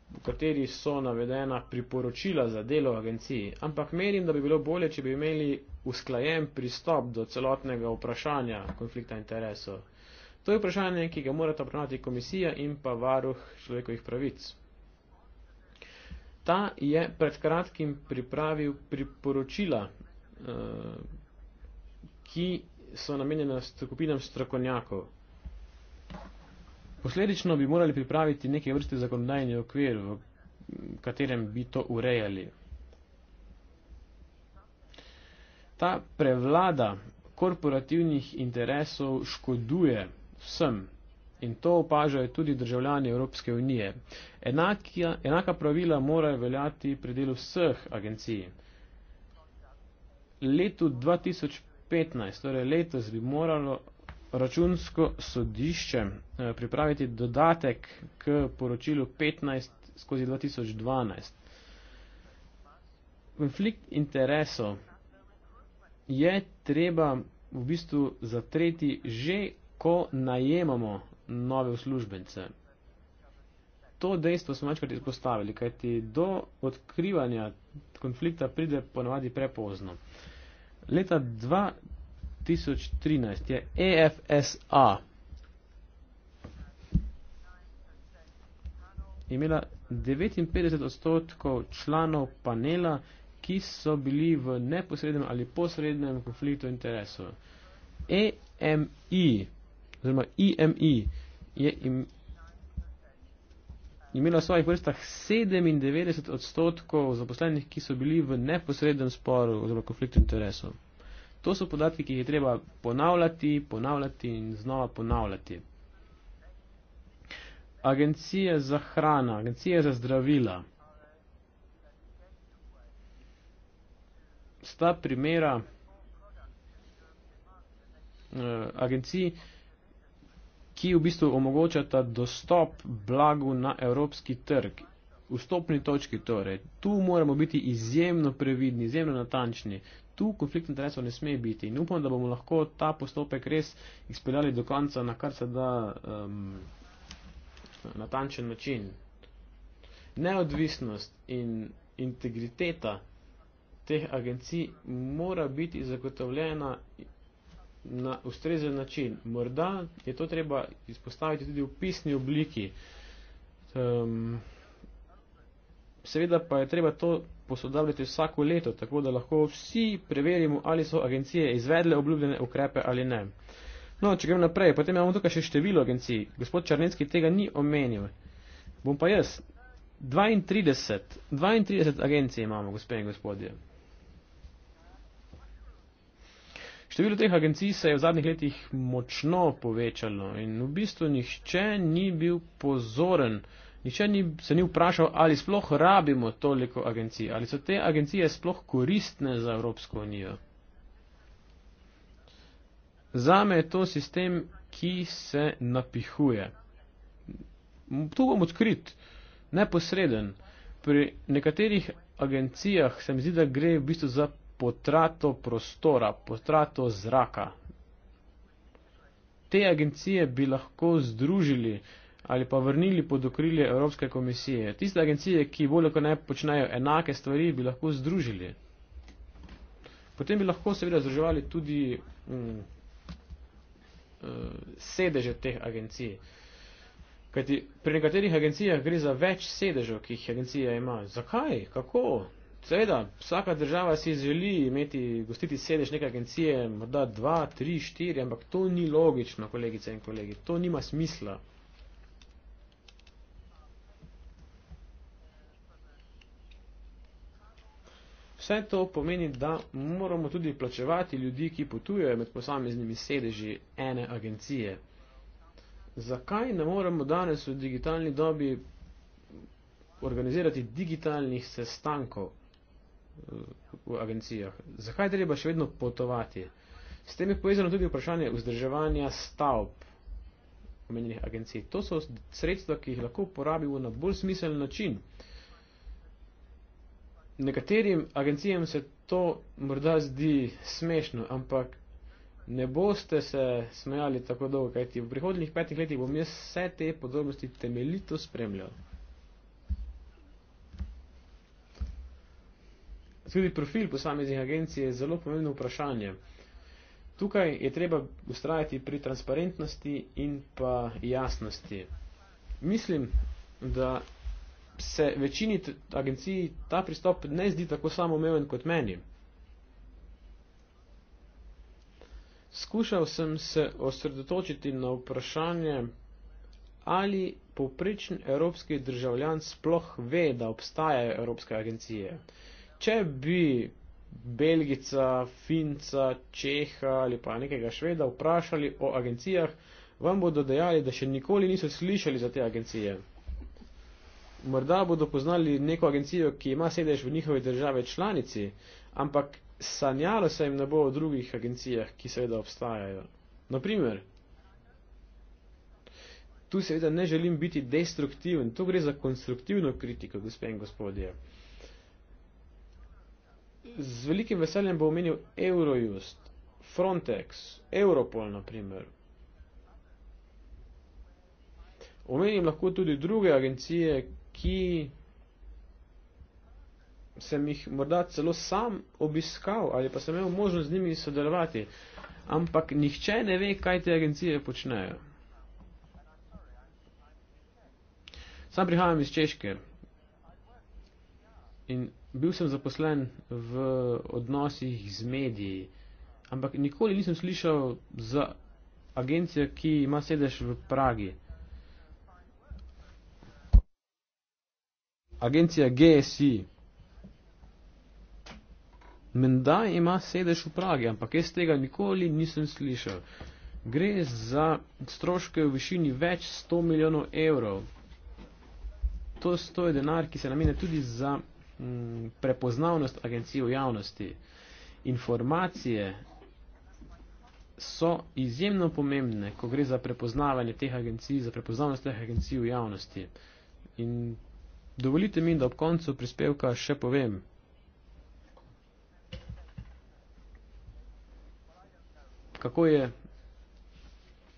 v kateri so navedena priporočila za delo v agenciji, ampak merim, da bi bilo bolje, če bi imeli usklajen pristop do celotnega vprašanja konflikta interesov. To je vprašanje, ki ga morata prenati komisija in pa varuh človekovih pravic. Ta je pred kratkim pripravil priporočila, eh, ki so namenjena skupinam strokovnjakov. Posledično bi morali pripraviti neke vrste zakonodajni okvir, v katerem bi to urejali. Ta prevlada korporativnih interesov škoduje vsem in to opažajo tudi državljani Evropske unije. Enaki, enaka pravila morajo veljati pri delu vseh agencij. Letu 2015, torej letos, bi moralo računsko sodišče eh, pripraviti dodatek k poročilu 15 skozi 2012. Konflikt interesov je treba v bistvu zatreti že, ko najemamo nove uslužbence. To dejstvo smo večkrat izpostavili, kajti do odkrivanja konflikta pride ponavadi prepozno. Leta 2013 je AFSA e imela 59 odstotkov članov panela, ki so bili v neposrednem ali posrednem konfliktu interesov. AMI e oziroma IMI je im, imela v svojih vrstah 97 odstotkov zaposlenih, ki so bili v neposrednem sporu oziroma konfliktu interesov. To so podatki, ki jih je treba ponavljati, ponavljati in znova ponavljati. Agencije za hrana, agencije za zdravila. Sta primera eh, agencij, ki v bistvu omogočata dostop blagu na evropski trg. Vstopni točki torej. Tu moramo biti izjemno previdni, izjemno natančni tu konflikt interesov ne sme biti. In upam, da bomo lahko ta postopek res izpeljali do konca na kar se da um, natančen način. Neodvisnost in integriteta teh agencij mora biti zagotovljena na ustrezen način. Morda je to treba izpostaviti tudi v pisni obliki. Um, seveda pa je treba to posodabljati vsako leto, tako da lahko vsi preverimo, ali so agencije izvedle obljubljene ukrepe ali ne. No, če grem naprej, potem imamo tukaj še število agencij. Gospod Črnenski tega ni omenil. Bom pa jaz. 32, 32 agencij imamo, gospe in gospodje. Število teh agencij se je v zadnjih letih močno povečalo in v bistvu nihče ni bil pozoren. Nihče ni, se ni vprašal, ali sploh rabimo toliko agencij, ali so te agencije sploh koristne za Evropsko unijo. Zame je to sistem, ki se napihuje. Tu bom odkrit, neposreden. Pri nekaterih agencijah se mi zdi, da gre v bistvu za potrato prostora, potrato zraka. Te agencije bi lahko združili ali pa vrnili pod okrilje Evropske komisije. Tiste agencije, ki bolj kot ne počnejo enake stvari, bi lahko združili. Potem bi lahko seveda združevali tudi mm, eh, sedeže teh agencij. Kajti pri nekaterih agencijah gre za več sedežev, ki jih agencija ima. Zakaj? Kako? Seveda, vsaka država si želi imeti, gostiti sedež neke agencije, morda dva, tri, štiri, ampak to ni logično, kolegice in kolegi, to nima smisla. Vse to pomeni, da moramo tudi plačevati ljudi, ki potujejo med posameznimi sedeži ene agencije. Zakaj ne moremo danes v digitalni dobi organizirati digitalnih sestankov eh, v agencijah? Zakaj je treba še vedno potovati? S tem je povezano tudi vprašanje vzdrževanja stavb omenjenih agencij. To so sredstva, ki jih lahko uporabimo na bolj smiseln način nekaterim agencijam se to morda zdi smešno, ampak ne boste se smejali tako dolgo, kajti v prihodnjih petih letih bom jaz vse te podrobnosti temeljito spremljal. Tudi profil posameznih agencij je zelo pomembno vprašanje. Tukaj je treba ustrajati pri transparentnosti in pa jasnosti. Mislim, da se večini agencij ta pristop ne zdi tako samoumeven kot meni. Skušal sem se osredotočiti na vprašanje, ali povprečen evropski državljan sploh ve, da obstajajo evropske agencije. Če bi Belgica, Finca, Čeha ali pa nekega Šveda vprašali o agencijah, vam bodo dejali, da še nikoli niso slišali za te agencije morda bodo poznali neko agencijo, ki ima sedež v njihovi državi članici, ampak sanjalo se jim ne bo o drugih agencijah, ki seveda obstajajo. Naprimer, tu seveda ne želim biti destruktiven, tu gre za konstruktivno kritiko, gospe in gospodje. Z velikim veseljem bo omenil Eurojust, Frontex, Europol, naprimer. Omenim lahko tudi druge agencije, ki sem jih morda celo sam obiskal ali pa sem imel možnost z njimi sodelovati, ampak nihče ne ve, kaj te agencije počnejo. Sam prihajam iz Češke in bil sem zaposlen v odnosih z mediji, ampak nikoli nisem slišal za agencijo, ki ima sedež v Pragi. agencija GSI. Menda ima sedež v Pragi, ampak jaz tega nikoli nisem slišal. Gre za stroške v višini več 100 milijonov evrov. To, to je denar, ki se namene tudi za m, mm, prepoznavnost agencij v javnosti. Informacije so izjemno pomembne, ko gre za prepoznavanje teh agencij, za prepoznavnost teh agencij v javnosti. In Dovolite mi, da ob koncu prispevka še povem. Kako je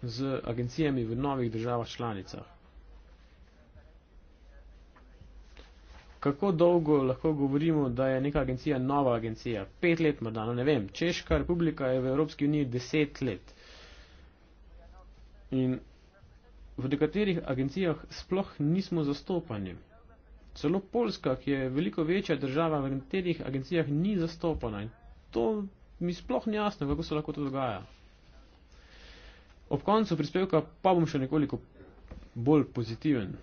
z agencijami v novih državah članicah? Kako dolgo lahko govorimo, da je neka agencija nova agencija? Pet let morda, no ne vem. Češka republika je v Evropski uniji deset let. In v nekaterih agencijah sploh nismo zastopani. Celo Poljska, ki je veliko večja država, v nekaterih agencijah ni zastopana. In to mi sploh ni jasno, kako se lahko to dogaja. Ob koncu prispevka pa bom še nekoliko bolj pozitiven.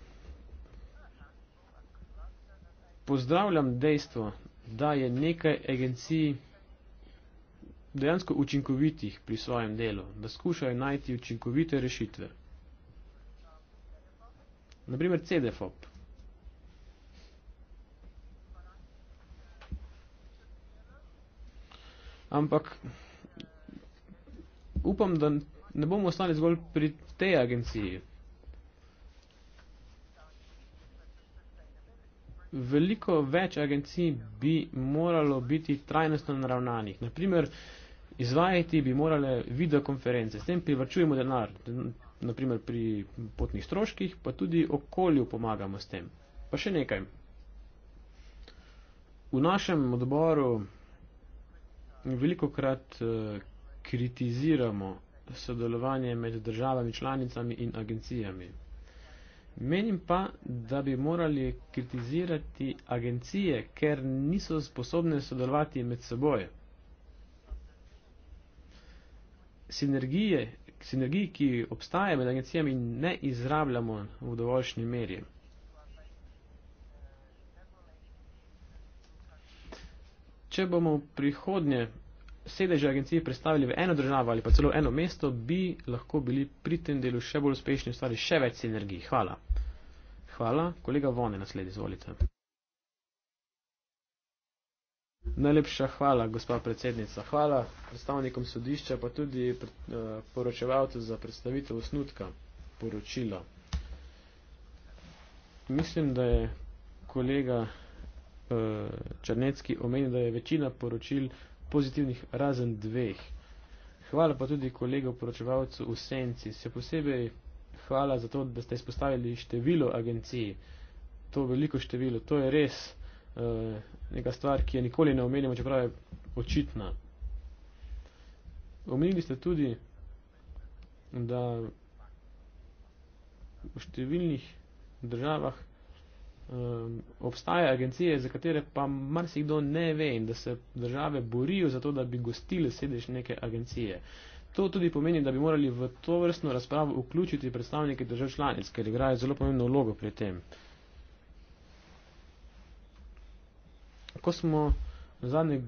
Pozdravljam dejstvo, da je nekaj agencij dejansko učinkovitih pri svojem delu, da skušajo najti učinkovite rešitve. Naprimer CDFOP. Ampak upam, da ne bomo ostali zgolj pri tej agenciji. Veliko več agencij bi moralo biti trajnostno naravnanih. Naprimer, izvajati bi morale videokonference, s tem privrčujemo denar, naprimer pri potnih stroških, pa tudi okolju pomagamo s tem. Pa še nekaj. V našem odboru veliko krat eh, kritiziramo sodelovanje med državami, članicami in agencijami. Menim pa, da bi morali kritizirati agencije, ker niso sposobne sodelovati med seboj. Sinergije, sinergij, ki obstaja med agencijami, ne izrabljamo v dovoljšni meri. če bomo prihodnje sedeže agencije predstavili v eno državo ali pa celo eno mesto, bi lahko bili pri tem delu še bolj uspešni in ustvarili še več sinergij. Hvala. Hvala. Kolega Vone, naslednji, izvolite. Najlepša hvala, gospa predsednica. Hvala predstavnikom sodišča, pa tudi eh, poročevalcu za predstavitev osnutka poročila. Mislim, da je kolega Eh, Črnecki omenil, da je večina poročil pozitivnih razen dveh. Hvala pa tudi kolegu poročevalcu v senci. Se posebej hvala za to, da ste izpostavili število agencij. To veliko število, to je res uh, neka stvar, ki je nikoli ne omenimo, čeprav je očitna. Omenili ste tudi, da v številnih državah um, obstajajo agencije, za katere pa marsikdo ne ve in da se države borijo za to, da bi gostile sedež neke agencije. To tudi pomeni, da bi morali v to vrstno razpravo vključiti predstavnike držav članic, ker igrajo zelo pomembno vlogo pri tem. Ko smo zadnje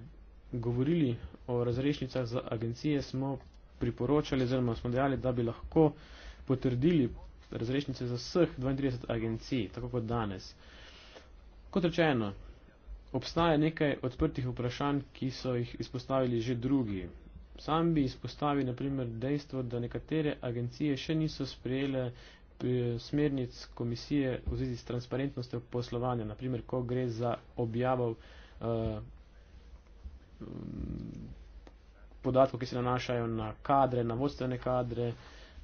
govorili o razrešnicah za agencije, smo priporočali oziroma smo dejali, da bi lahko potrdili razrešnice za vseh 32 agencij, tako kot danes. Kot rečeno, obstaja nekaj odprtih vprašanj, ki so jih izpostavili že drugi. Sam bi izpostavil naprimer dejstvo, da nekatere agencije še niso sprejele eh, smernic komisije v zvezi s transparentnostjo poslovanja, naprimer, ko gre za objavo uh, podatkov, ki se nanašajo na kadre, na vodstvene kadre,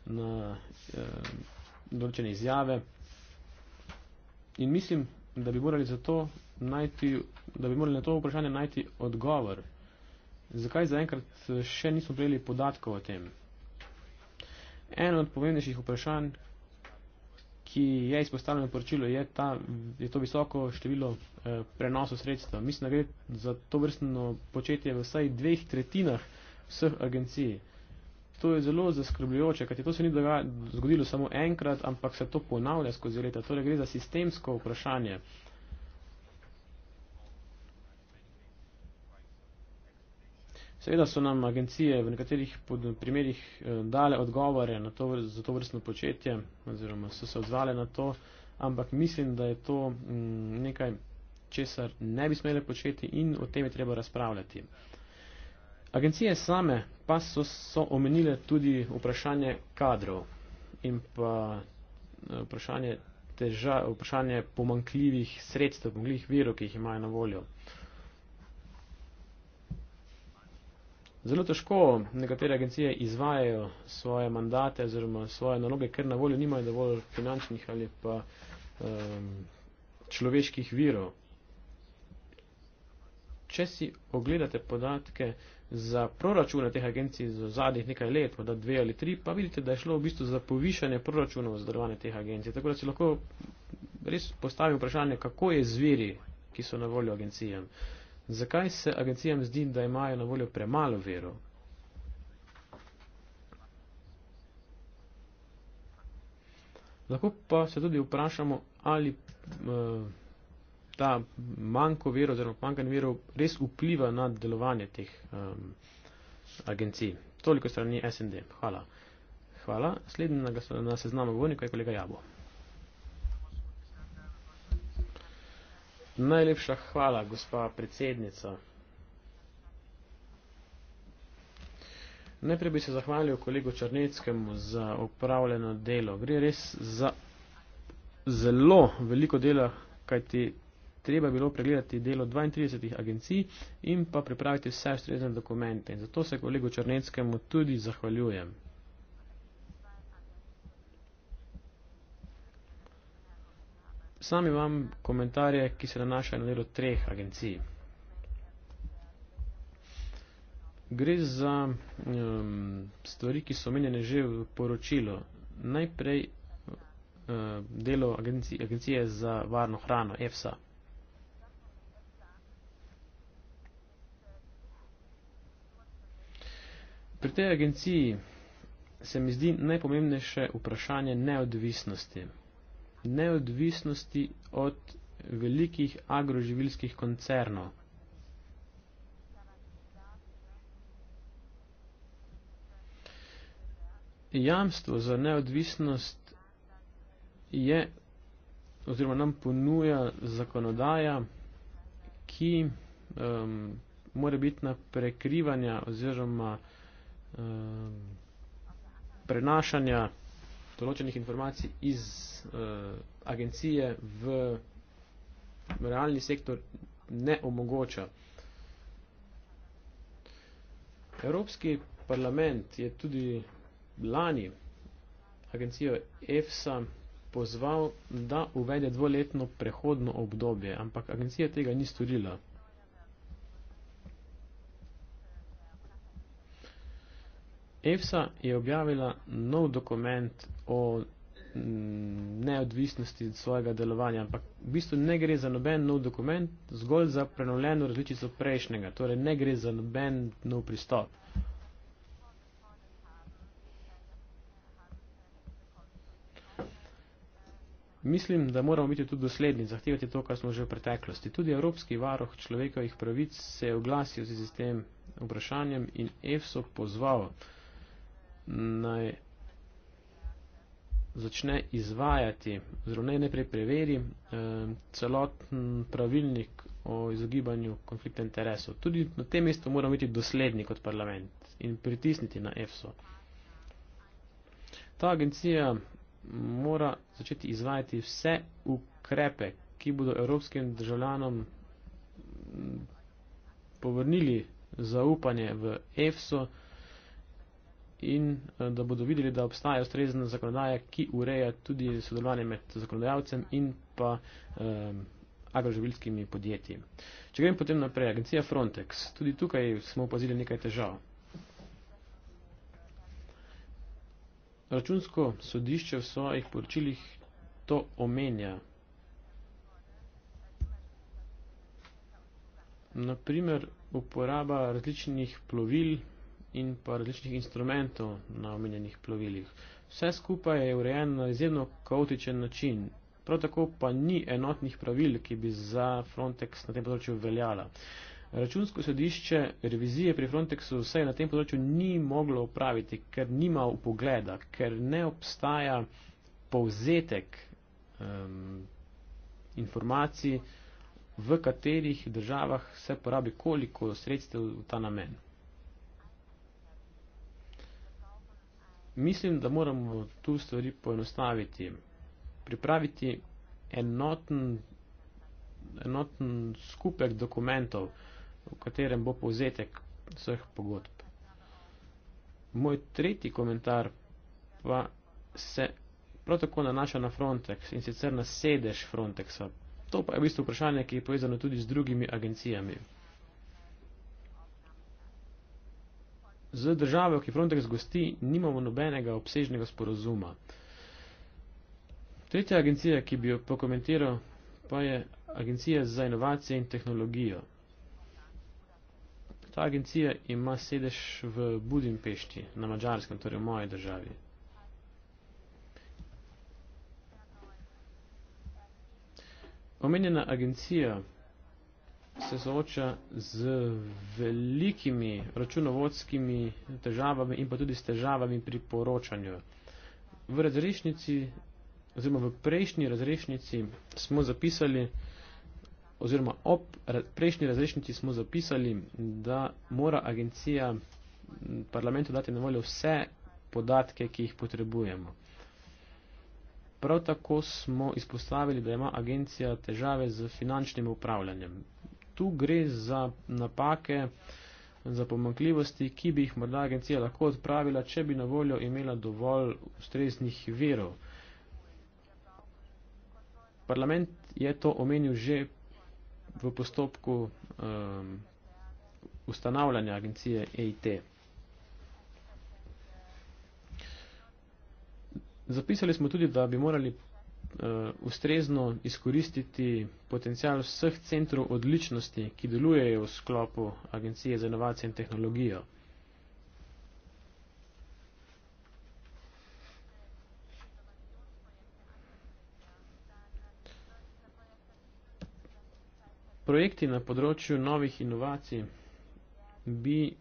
na uh, določene izjave. In mislim, da bi morali za to najti, da bi morali na to vprašanje najti odgovor. Zakaj zaenkrat eh, še nismo prejeli podatkov o tem? Eno od pomembnejših vprašanj, ki je izpostavljeno v poročilu, je, ta, je to visoko število eh, prenosov sredstev. Mislim, da gre za to vrstno početje v vsaj dveh tretjinah vseh agencij. Eh, To je zelo zaskrbljujoče, kajti to se ni zgodilo samo enkrat, ampak se to ponavlja skozi leta. Torej gre za sistemsko vprašanje. Seveda so nam agencije v nekaterih primerjih eh, dale odgovore na to, za to vrstno početje, oziroma so se odzvale na to, ampak mislim, da je to mm, nekaj, česar ne bi smeli početi in o tem je treba razpravljati. Agencije same pa so, so omenile tudi vprašanje kadrov in pa eh, vprašanje, teža, vprašanje pomankljivih sredstev, pomankljivih virov, ki jih imajo na voljo. Zelo težko nekatere agencije izvajajo svoje mandate oziroma svoje naloge, ker na voljo nimajo dovolj finančnih ali pa um, človeških virov. Če si ogledate podatke, za proračune teh agencij z zadnjih nekaj let, pa da dve ali tri, pa vidite, da je šlo v bistvu za povišanje proračunov za delovanje teh agencij. Tako da si lahko res postavim vprašanje, kako je zviri, ki so na voljo agencijam. Zakaj se agencijam zdi, da imajo na voljo premalo veru? Lahko pa se tudi vprašamo, ali. Uh, ta manjko vero oziroma pomankanje verov res vpliva na delovanje teh um, agencij. Toliko strani SND. Hvala. Hvala. Slednji na, na seznamu govornika je kolega Jabo. Najlepša hvala, gospa predsednica. Najprej bi se zahvalil kolegu Črneckemu za opravljeno delo. Gre res za zelo veliko dela, kajti treba bilo pregledati delo 32 agencij in pa pripraviti vse ustrezne dokumente. In zato se kolegu Črneckemu tudi zahvaljujem. Sami vam komentarje, ki se nanašajo na delo treh agencij. Gre za um, stvari, ki so omenjene že v poročilu. Najprej uh, delo agencije, agencije za varno hrano, EFSA. Pri tej agenciji se mi zdi najpomembnejše vprašanje neodvisnosti. Neodvisnosti od velikih agroživilskih koncernov. Jamstvo za neodvisnost je oziroma nam ponuja zakonodaja, ki um, mora biti na prekrivanja oziroma um, prenašanja določenih informacij iz uh, agencije v realni sektor ne omogoča. Evropski parlament je tudi lani agencijo EFSA pozval, da uvede dvoletno prehodno obdobje, ampak agencija tega ni storila. EFSA je objavila nov dokument o mm, neodvisnosti svojega delovanja, ampak v bistvu ne gre za noben nov dokument, zgolj za prenovljeno različico prejšnjega, torej ne gre za noben nov pristop. Mislim, da moramo biti tudi dosledni, zahtevati to, kar smo že v preteklosti. Tudi Evropski varoh človekovih pravic se je oglasil z tem vprašanjem in EFSO pozval, naj začne izvajati, zelo naj najprej preveri eh, celoten pravilnik o izogibanju konflikta interesov. Tudi na tem mestu moramo biti dosledni kot parlament in pritisniti na EFSO. Ta agencija mora začeti izvajati vse ukrepe, ki bodo evropskim državljanom povrnili zaupanje v EFSO in eh, da bodo videli, da obstaja ustrezna zakonodaja, ki ureja tudi sodelovanje med zakonodajalcem in pa eh, agroživilskimi podjetji. Če grem potem naprej, agencija Frontex, tudi tukaj smo opazili nekaj težav. Računsko sodišče v svojih poročilih to omenja. Naprimer, uporaba različnih plovil in pa različnih instrumentov na omenjenih plovilih. Vse skupaj je urejeno na izjemno kaotičen način, prav tako pa ni enotnih pravil, ki bi za Frontex na tem področju veljala. Računsko sodišče revizije pri Frontexu vse na tem področju ni moglo upraviti, ker nima upogleda, ker ne obstaja povzetek um, informacij, v katerih državah se porabi koliko sredstev v ta namen. Mislim, da moramo tu stvari poenostaviti, pripraviti enoten, enoten skupek dokumentov, v katerem bo povzetek vseh pogodb. Moj tretji komentar pa se prav tako nanaša na Frontex in sicer na sedež Frontexa. To pa je v bistvu vprašanje, ki je povezano tudi z drugimi agencijami. z državo, ki Frontex gosti, nimamo nobenega obsežnega sporozuma. Tretja agencija, ki bi jo pokomentiral, pa je Agencija za inovacije in tehnologijo. Ta agencija ima sedež v Budimpešti, na Mačarskem, torej v moji državi. Omenjena agencija se sooča z velikimi računovodskimi težavami in pa tudi s težavami pri poročanju. V razrešnici oziroma v prejšnji razrešnici smo zapisali oziroma ob prejšnji razrešnici smo zapisali, da mora agencija parlamentu dati na voljo vse podatke, ki jih potrebujemo. Prav tako smo izpostavili, da ima agencija težave z finančnim upravljanjem tu gre za napake, za pomankljivosti, ki bi jih morda agencija lahko odpravila, če bi na voljo imela dovolj ustreznih verov. Parlament je to omenil že v postopku um, ustanavljanja agencije EIT. Zapisali smo tudi, da bi morali uh, ustrezno izkoristiti potencial vseh centrov odličnosti, ki delujejo v sklopu Agencije za inovacije in tehnologijo. Projekti na področju novih inovacij bi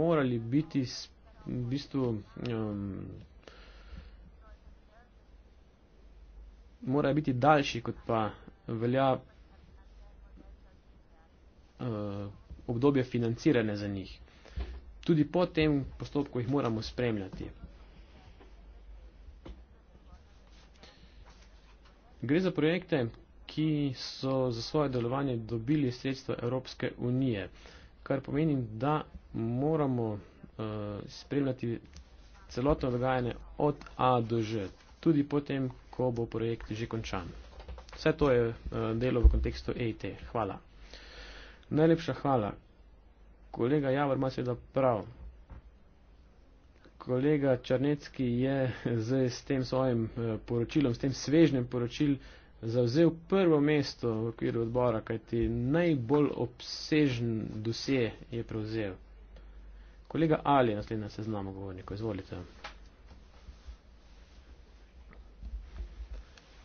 morali biti v bistvu um, morajo biti daljši, kot pa velja uh, obdobje financiranja za njih. Tudi po tem postopku jih moramo spremljati. Gre za projekte, ki so za svoje delovanje dobili sredstva Evropske unije, kar pomeni, da moramo uh, spremljati celotno dogajanje od A do Ž, tudi potem, ko bo projekt že končan. Vse to je eh, delo v kontekstu EIT. Hvala. Najlepša hvala. Kolega Javor ima seveda prav. Kolega Črnecki je zdaj s tem svojim eh, poročilom, s tem svežnjem poročil, zavzel prvo mesto v okviru odbora, kajti najbolj obsežen dosje je prevzel. Kolega Ali je naslednja seznamo govornikov. Izvolite.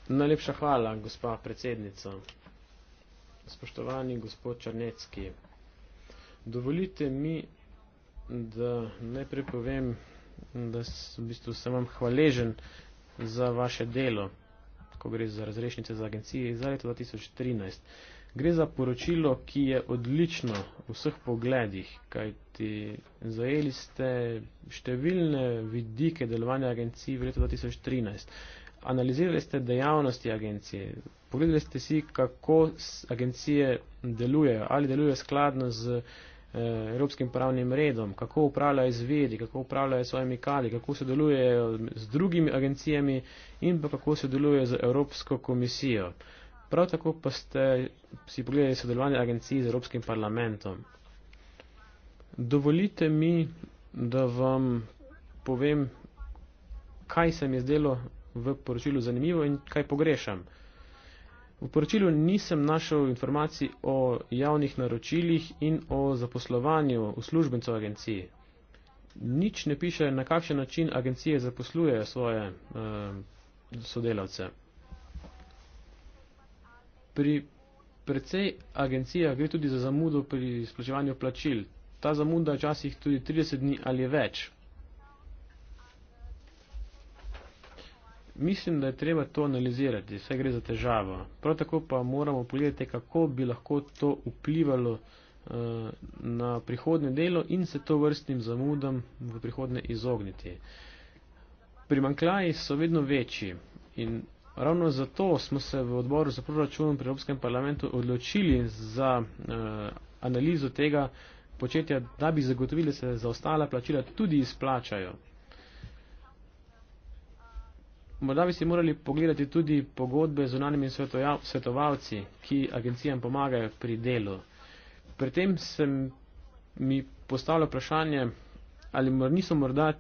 Najlepša hvala, gospa predsednica. Spoštovani gospod Črnecki, dovolite mi, da najprej povem, da v bistvu sem vam hvaležen za vaše delo, ko gre za razrešnice za agencije za leto 2013. Gre za poročilo, ki je odlično v vseh pogledih, kajti zajeli ste številne vidike delovanja agencij v letu 2013 analizirali ste dejavnosti agencije, pogledali ste si, kako agencije delujejo, ali delujejo skladno z eh, evropskim pravnim redom, kako upravljajo izvedi, kako upravljajo svojimi kadri, kako sodelujejo z drugimi agencijami in pa kako sodelujejo z Evropsko komisijo. Prav tako pa ste si pogledali sodelovanje agencij z Evropskim parlamentom. Dovolite mi, da vam povem, kaj se mi je zdelo v poročilu zanimivo in kaj pogrešam. V poročilu nisem našel informacij o javnih naročilih in o zaposlovanju uslužbencev agencije. Nič ne piše, na kakšen način agencije zaposlujejo svoje eh, sodelavce. Pri precej agencijah gre tudi za zamudo pri izplačevanju plačil. Ta zamuda je včasih tudi 30 dni ali več. Mislim, da je treba to analizirati, vse gre za težavo. Prav tako pa moramo pogledati, kako bi lahko to vplivalo uh, na prihodne delo in se to vrstnim zamudam v prihodne izogniti. Primankljaji so vedno večji in ravno zato smo se v odboru za proračun pri Evropskem parlamentu odločili za uh, analizo tega početja, da bi zagotovili, da se zaostala plačila tudi izplačajo. Morda bi si morali pogledati tudi pogodbe z unanimi ja, svetovalci, ki agencijam pomagajo pri delu. Pri tem se mi postavlja vprašanje, ali niso morda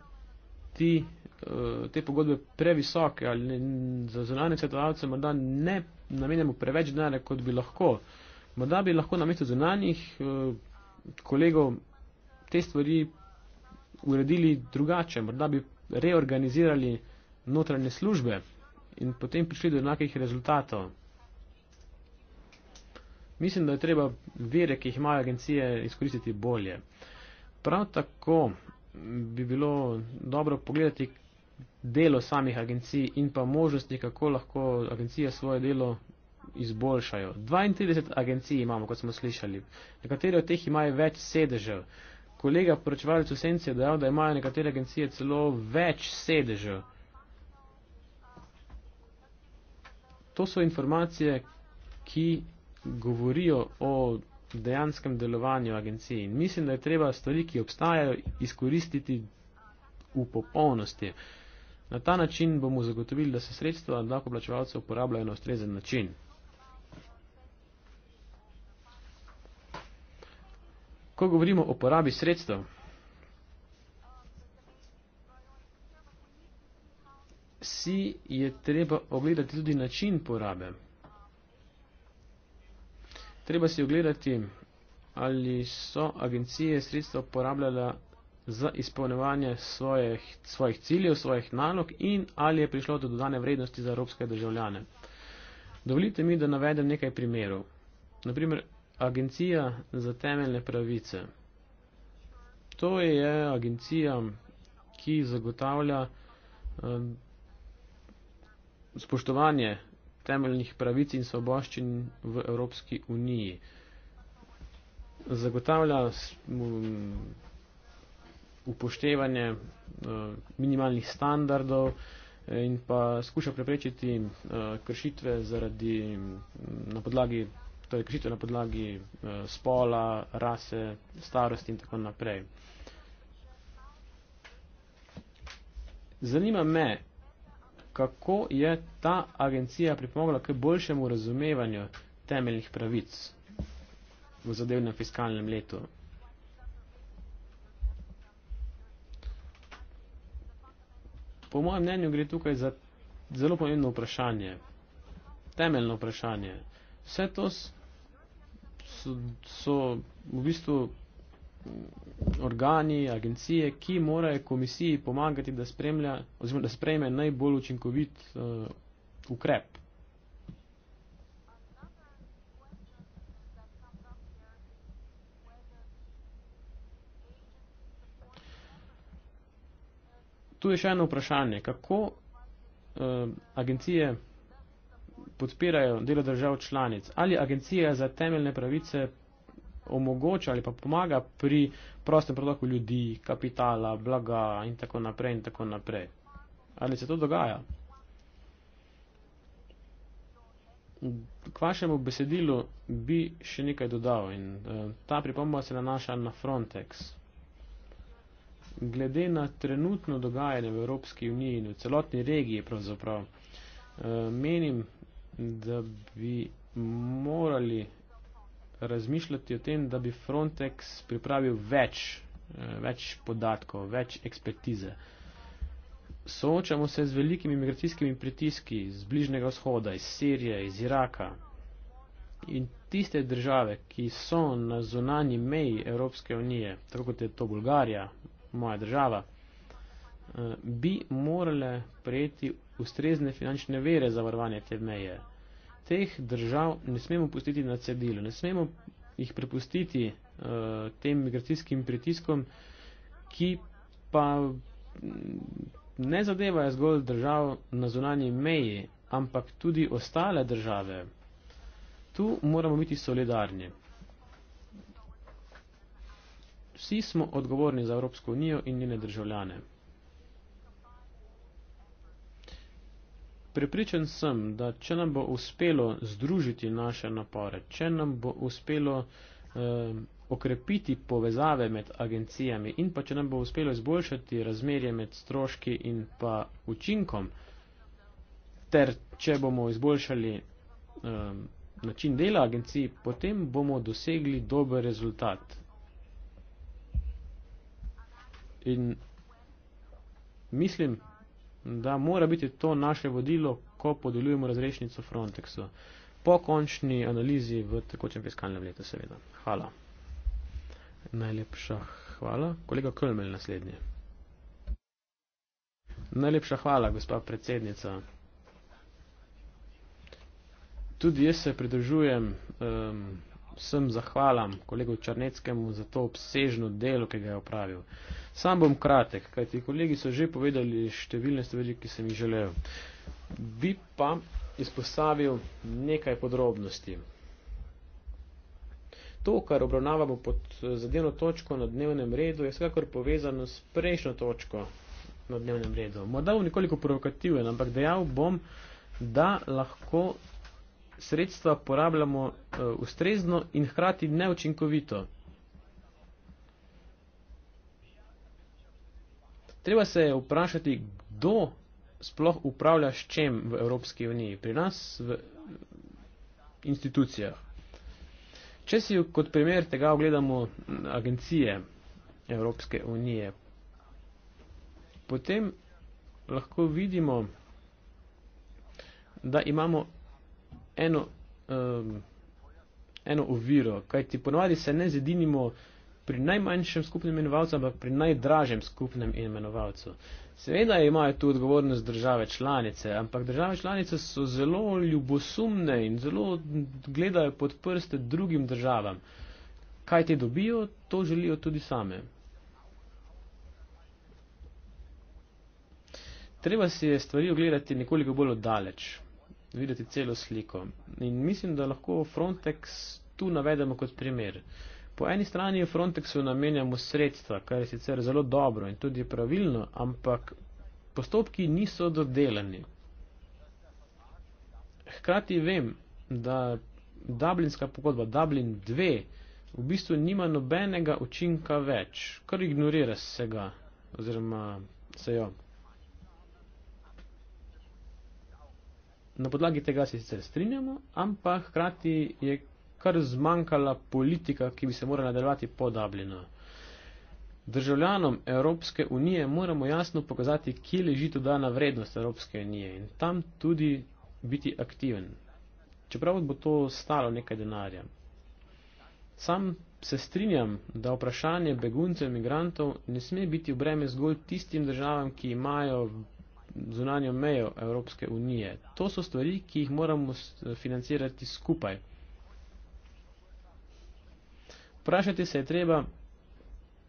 ti, eh, te pogodbe previsoke, ali za zunanje svetovalce morda ne namenjamo preveč denarja, kot bi lahko. Morda bi lahko namesto zunanjih eh, kolegov te stvari uredili drugače, morda bi reorganizirali notranje službe in potem prišli do enakih rezultatov. Mislim, da je treba vere, ki jih imajo agencije, izkoristiti bolje. Prav tako bi bilo dobro pogledati delo samih agencij in pa možnosti, kako lahko agencije svoje delo izboljšajo. 32 agencij imamo, kot smo slišali. Nekatere od teh imajo več sedežev. Kolega poročevalec v Senci je dejal, da imajo nekatere agencije celo več sedežev. To so informacije, ki govorijo o dejanskem delovanju agencije in mislim, da je treba stvari, ki obstajajo, izkoristiti v popolnosti. Na ta način bomo zagotovili, da se sredstva davkoplačevalcev uporabljajo na ustrezen način. Ko govorimo o porabi sredstev, si je treba ogledati tudi način porabe. Treba si ogledati, ali so agencije sredstva porabljala za izpolnevanje svojih, svojih ciljev, svojih nalog in ali je prišlo do dodane vrednosti za evropske državljane. Dovolite mi, da navedem nekaj primerov. Naprimer, Agencija za temeljne pravice. To je agencija, ki zagotavlja eh, spoštovanje temeljnih pravic in svoboščin v Evropski uniji. Zagotavlja upoštevanje eh, minimalnih standardov eh, in pa skuša preprečiti eh, kršitve zaradi na podlagi torej kršitve na podlagi spola, rase, starosti in tako naprej. Zanima me, kako je ta agencija pripomogla k boljšemu razumevanju temeljnih pravic v zadevnem fiskalnem letu. Po mojem mnenju gre tukaj za zelo pomembno vprašanje, temeljno vprašanje. Vse to so, so v bistvu organi, agencije, ki morajo komisiji pomagati, da, spremlja, oziroma, da spreme najbolj učinkovit uh, ukrep. Tu je še eno vprašanje, kako uh, agencije podpirajo delo držav članic. Ali agencija za temeljne pravice omogoča ali pa pomaga pri prostem protoku ljudi, kapitala, blaga in tako naprej in tako naprej. Ali se to dogaja? K vašemu besedilu bi še nekaj dodal in eh, ta pripomba se nanaša na Frontex. Glede na trenutno dogajanje v Evropski uniji in v celotni regiji pravzaprav, eh, menim, da bi morali razmišljati o tem, da bi Frontex pripravil več, eh, več podatkov, več ekspertize. Soočamo se z velikimi migracijskimi pritiski z Bližnjega vzhoda, iz Sirije, iz Iraka. In tiste države, ki so na zunanji meji Evropske unije, tako kot je to Bulgarija, moja država, eh, bi morale prejeti ustrezne finančne vere za varovanje te meje teh držav ne smemo pustiti na cedilu, ne smemo jih prepustiti uh, tem migracijskim pritiskom, ki pa mm, ne zadevajo zgolj držav na zunanji meji, ampak tudi ostale države. Tu moramo biti solidarni. Vsi smo odgovorni za Evropsko unijo in njene državljane. Pripričan sem, da če nam bo uspelo združiti naše napore, če nam bo uspelo eh, okrepiti povezave med agencijami in pa če nam bo uspelo izboljšati razmerje med stroški in pa učinkom, ter če bomo izboljšali eh, način dela agencij, potem bomo dosegli dober rezultat. In mislim, da mora biti to naše vodilo, ko podeljujemo razrešnico Frontexu. Po končni analizi v tekočem fiskalnem letu, seveda. Hvala. Najlepša hvala. Kolega Kölmel naslednji. Najlepša hvala, gospa predsednica. Tudi jaz se pridržujem um, vsem zahvalam kolegu Črneckemu za to obsežno delo, ki ga je opravil. Uh, Sam bom kratek, kajti kolegi so že povedali številne stvari, ki sem jih želel. Bi pa izpostavil nekaj podrobnosti. To, kar obravnavamo pod eh, zadevno točko na dnevnem redu, je vsekakor povezano s prejšnjo točko na dnevnem redu. Morda bom nekoliko provokativen, ampak dejal bom, da lahko sredstva porabljamo eh, ustrezno in hkrati neučinkovito. Treba se je vprašati, kdo sploh upravlja s čem v Evropski uniji, pri nas v institucijah. Če si kot primer tega ogledamo agencije Evropske unije, potem lahko vidimo, da imamo eno, um, eno oviro, kajti ponovadi se ne zedinimo pri najmanjšem skupnem imenovalcu, ampak pri najdražjem skupnem imenovalcu. Seveda imajo tu odgovornost države članice, ampak države članice so zelo ljubosumne in zelo gledajo pod prste drugim državam. Kaj te dobijo, to želijo tudi same. Treba si je stvari ogledati nekoliko bolj daleč, videti celo sliko. In mislim, da lahko Frontex tu navedemo kot primer. Uh, Po eni strani Frontexu namenjamo sredstva, kar je sicer zelo dobro in tudi pravilno, ampak postopki niso dodelani. Hkrati vem, da Dublinska pogodba Dublin 2 v bistvu nima nobenega učinka več, kar ignorira se ga oziroma se jo. Na podlagi tega se sicer strinjamo, ampak hkrati je kar zmanjkala politika, ki bi se morala delovati po Dublinu. Državljanom Evropske unije moramo jasno pokazati, kje leži dodana vrednost Evropske unije in tam tudi biti aktiven. Čeprav bo to stalo nekaj denarja. Sam se strinjam, da vprašanje beguncev in migrantov ne sme biti v breme zgolj tistim državam, ki imajo zunanjo mejo Evropske unije. To so stvari, ki jih moramo financirati skupaj. Vprašati se je treba,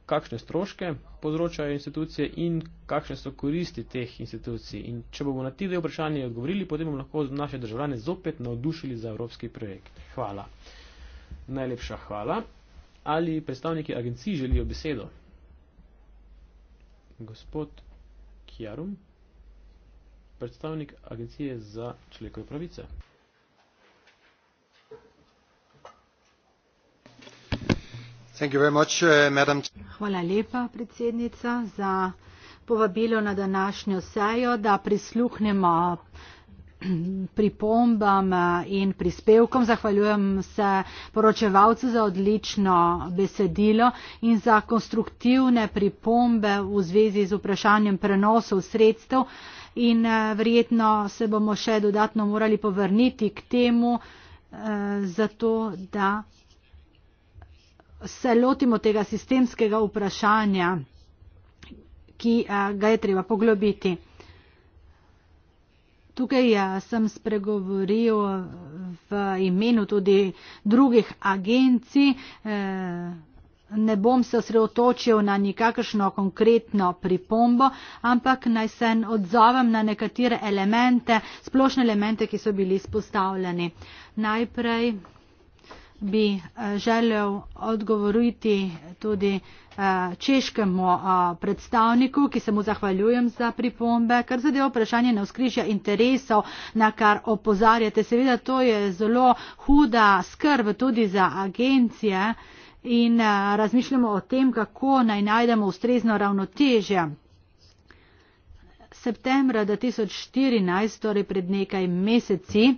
kakšne stroške povzročajo institucije in kakšne so koristi teh institucij. In če bomo na ti dve vprašanje odgovorili, potem bomo lahko naše državljane zopet navdušili za evropski projekt. Hvala. Najlepša hvala. Ali predstavniki agencij želijo besedo? Gospod Kjarum, predstavnik agencije za človekove pravice. Uh, Hvala lepa, predsednica, za povabilo na današnjo sejo, da prisluhnemo pripombam uh, in prispevkom. Zahvaljujem se poročevalcu za odlično besedilo in za konstruktivne pripombe v zvezi z vprašanjem prenosov sredstev in uh, verjetno se bomo še dodatno morali povrniti k temu, zato da se lotimo tega sistemskega vprašanja, ki eh, ga je treba poglobiti. Tukaj eh, sem spregovoril v imenu tudi drugih agencij. Eh, ne bom se osredotočil na nikakršno konkretno pripombo, ampak naj se odzovem na nekatere elemente, splošne elemente, ki so bili izpostavljeni. Najprej bi eh, želel odgovoriti tudi eh, češkemu eh, predstavniku, ki se mu zahvaljujem za pripombe, kar zadeva vprašanje na vzkrižja interesov, na kar opozarjate. Seveda to je zelo huda skrb tudi za agencije in razmišljamo o tem, kako naj najdemo ustrezno ravnotežje. Septembra 2014, torej pred nekaj meseci,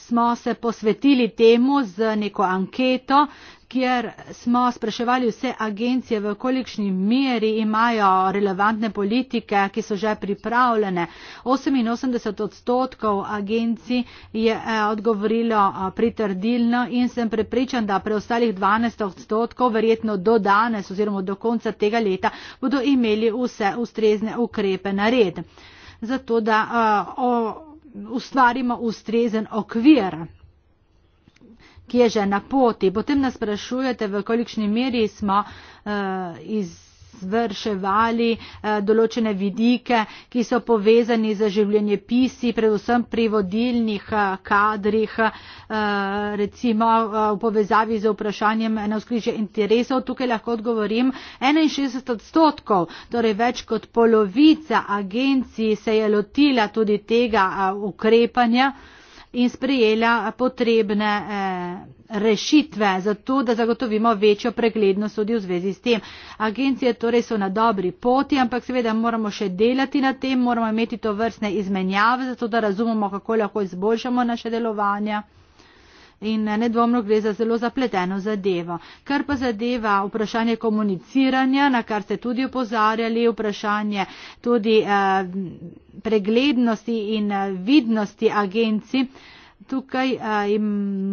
smo se posvetili temu z neko anketo, kjer smo spraševali vse agencije, v kolikšni meri imajo relevantne politike, ki so že pripravljene. 88 odstotkov agencij je eh, odgovorilo eh, pritrdilno in sem prepričan, da preostalih 12 odstotkov verjetno do danes oziroma do konca tega leta bodo imeli vse ustrezne ukrepe na red. Zato, da, uh, ustvarimo ustrezen okvir, ki je že na poti. Potem nas sprašujete, v kolikšni meri smo uh, iz, svrševali eh, določene vidike, ki so povezani z življenjepisi, predvsem pri vodilnih eh, kadrih, eh, recimo v povezavi z vprašanjem na skrižje interesov. Tukaj lahko odgovorim 61 odstotkov, torej več kot polovica agencij se je lotila tudi tega ukrepanja in sprejela potrebne eh, rešitve, zato da zagotovimo večjo preglednost tudi v zvezi s tem. Agencije torej so na dobri poti, ampak seveda moramo še delati na tem, moramo imeti to vrstne izmenjave, zato da razumemo, kako lahko izboljšamo naše delovanje in eh, nedvomno gre za zelo zapleteno zadevo. Kar pa zadeva vprašanje komuniciranja, na kar ste tudi upozarjali, vprašanje tudi eh, preglednosti in eh, vidnosti agencij. Tukaj eh, jim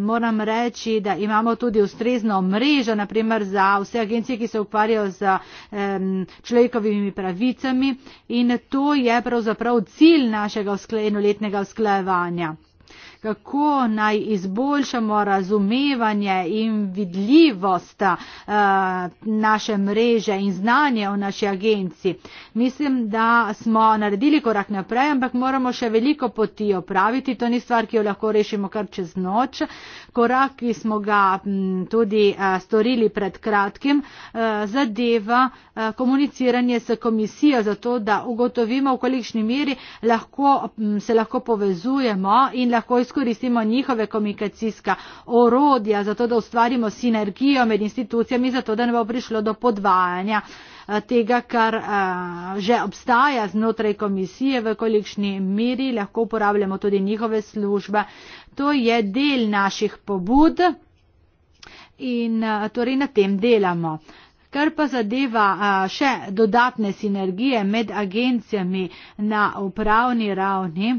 moram reči, da imamo tudi ustrezno mrežo, naprimer za vse agencije, ki se ukvarjajo z um, človekovimi pravicami in to je pravzaprav cilj našega enoletnega usklajevanja kako naj izboljšamo razumevanje in vidljivost uh, naše mreže in znanje o naši agenciji. Mislim, da smo naredili korak naprej, ampak moramo še veliko poti opraviti. To ni stvar, ki jo lahko rešimo kar čez noč korak, ki smo ga mm, tudi eh, storili pred kratkim, eh, zadeva eh, komuniciranje s komisijo za to, da ugotovimo, v kolikšni meri lahko, mm, se lahko povezujemo in lahko izkoristimo njihove komunikacijska orodja za to, da ustvarimo sinergijo med institucijami, zato da ne bo prišlo do podvajanja tega, kar uh, že obstaja znotraj komisije, v kolikšni meri lahko uporabljamo tudi njihove službe, uh, to je del naših pobud in torej na tem delamo. Kar pa zadeva še dodatne sinergije med agencijami na upravni ravni,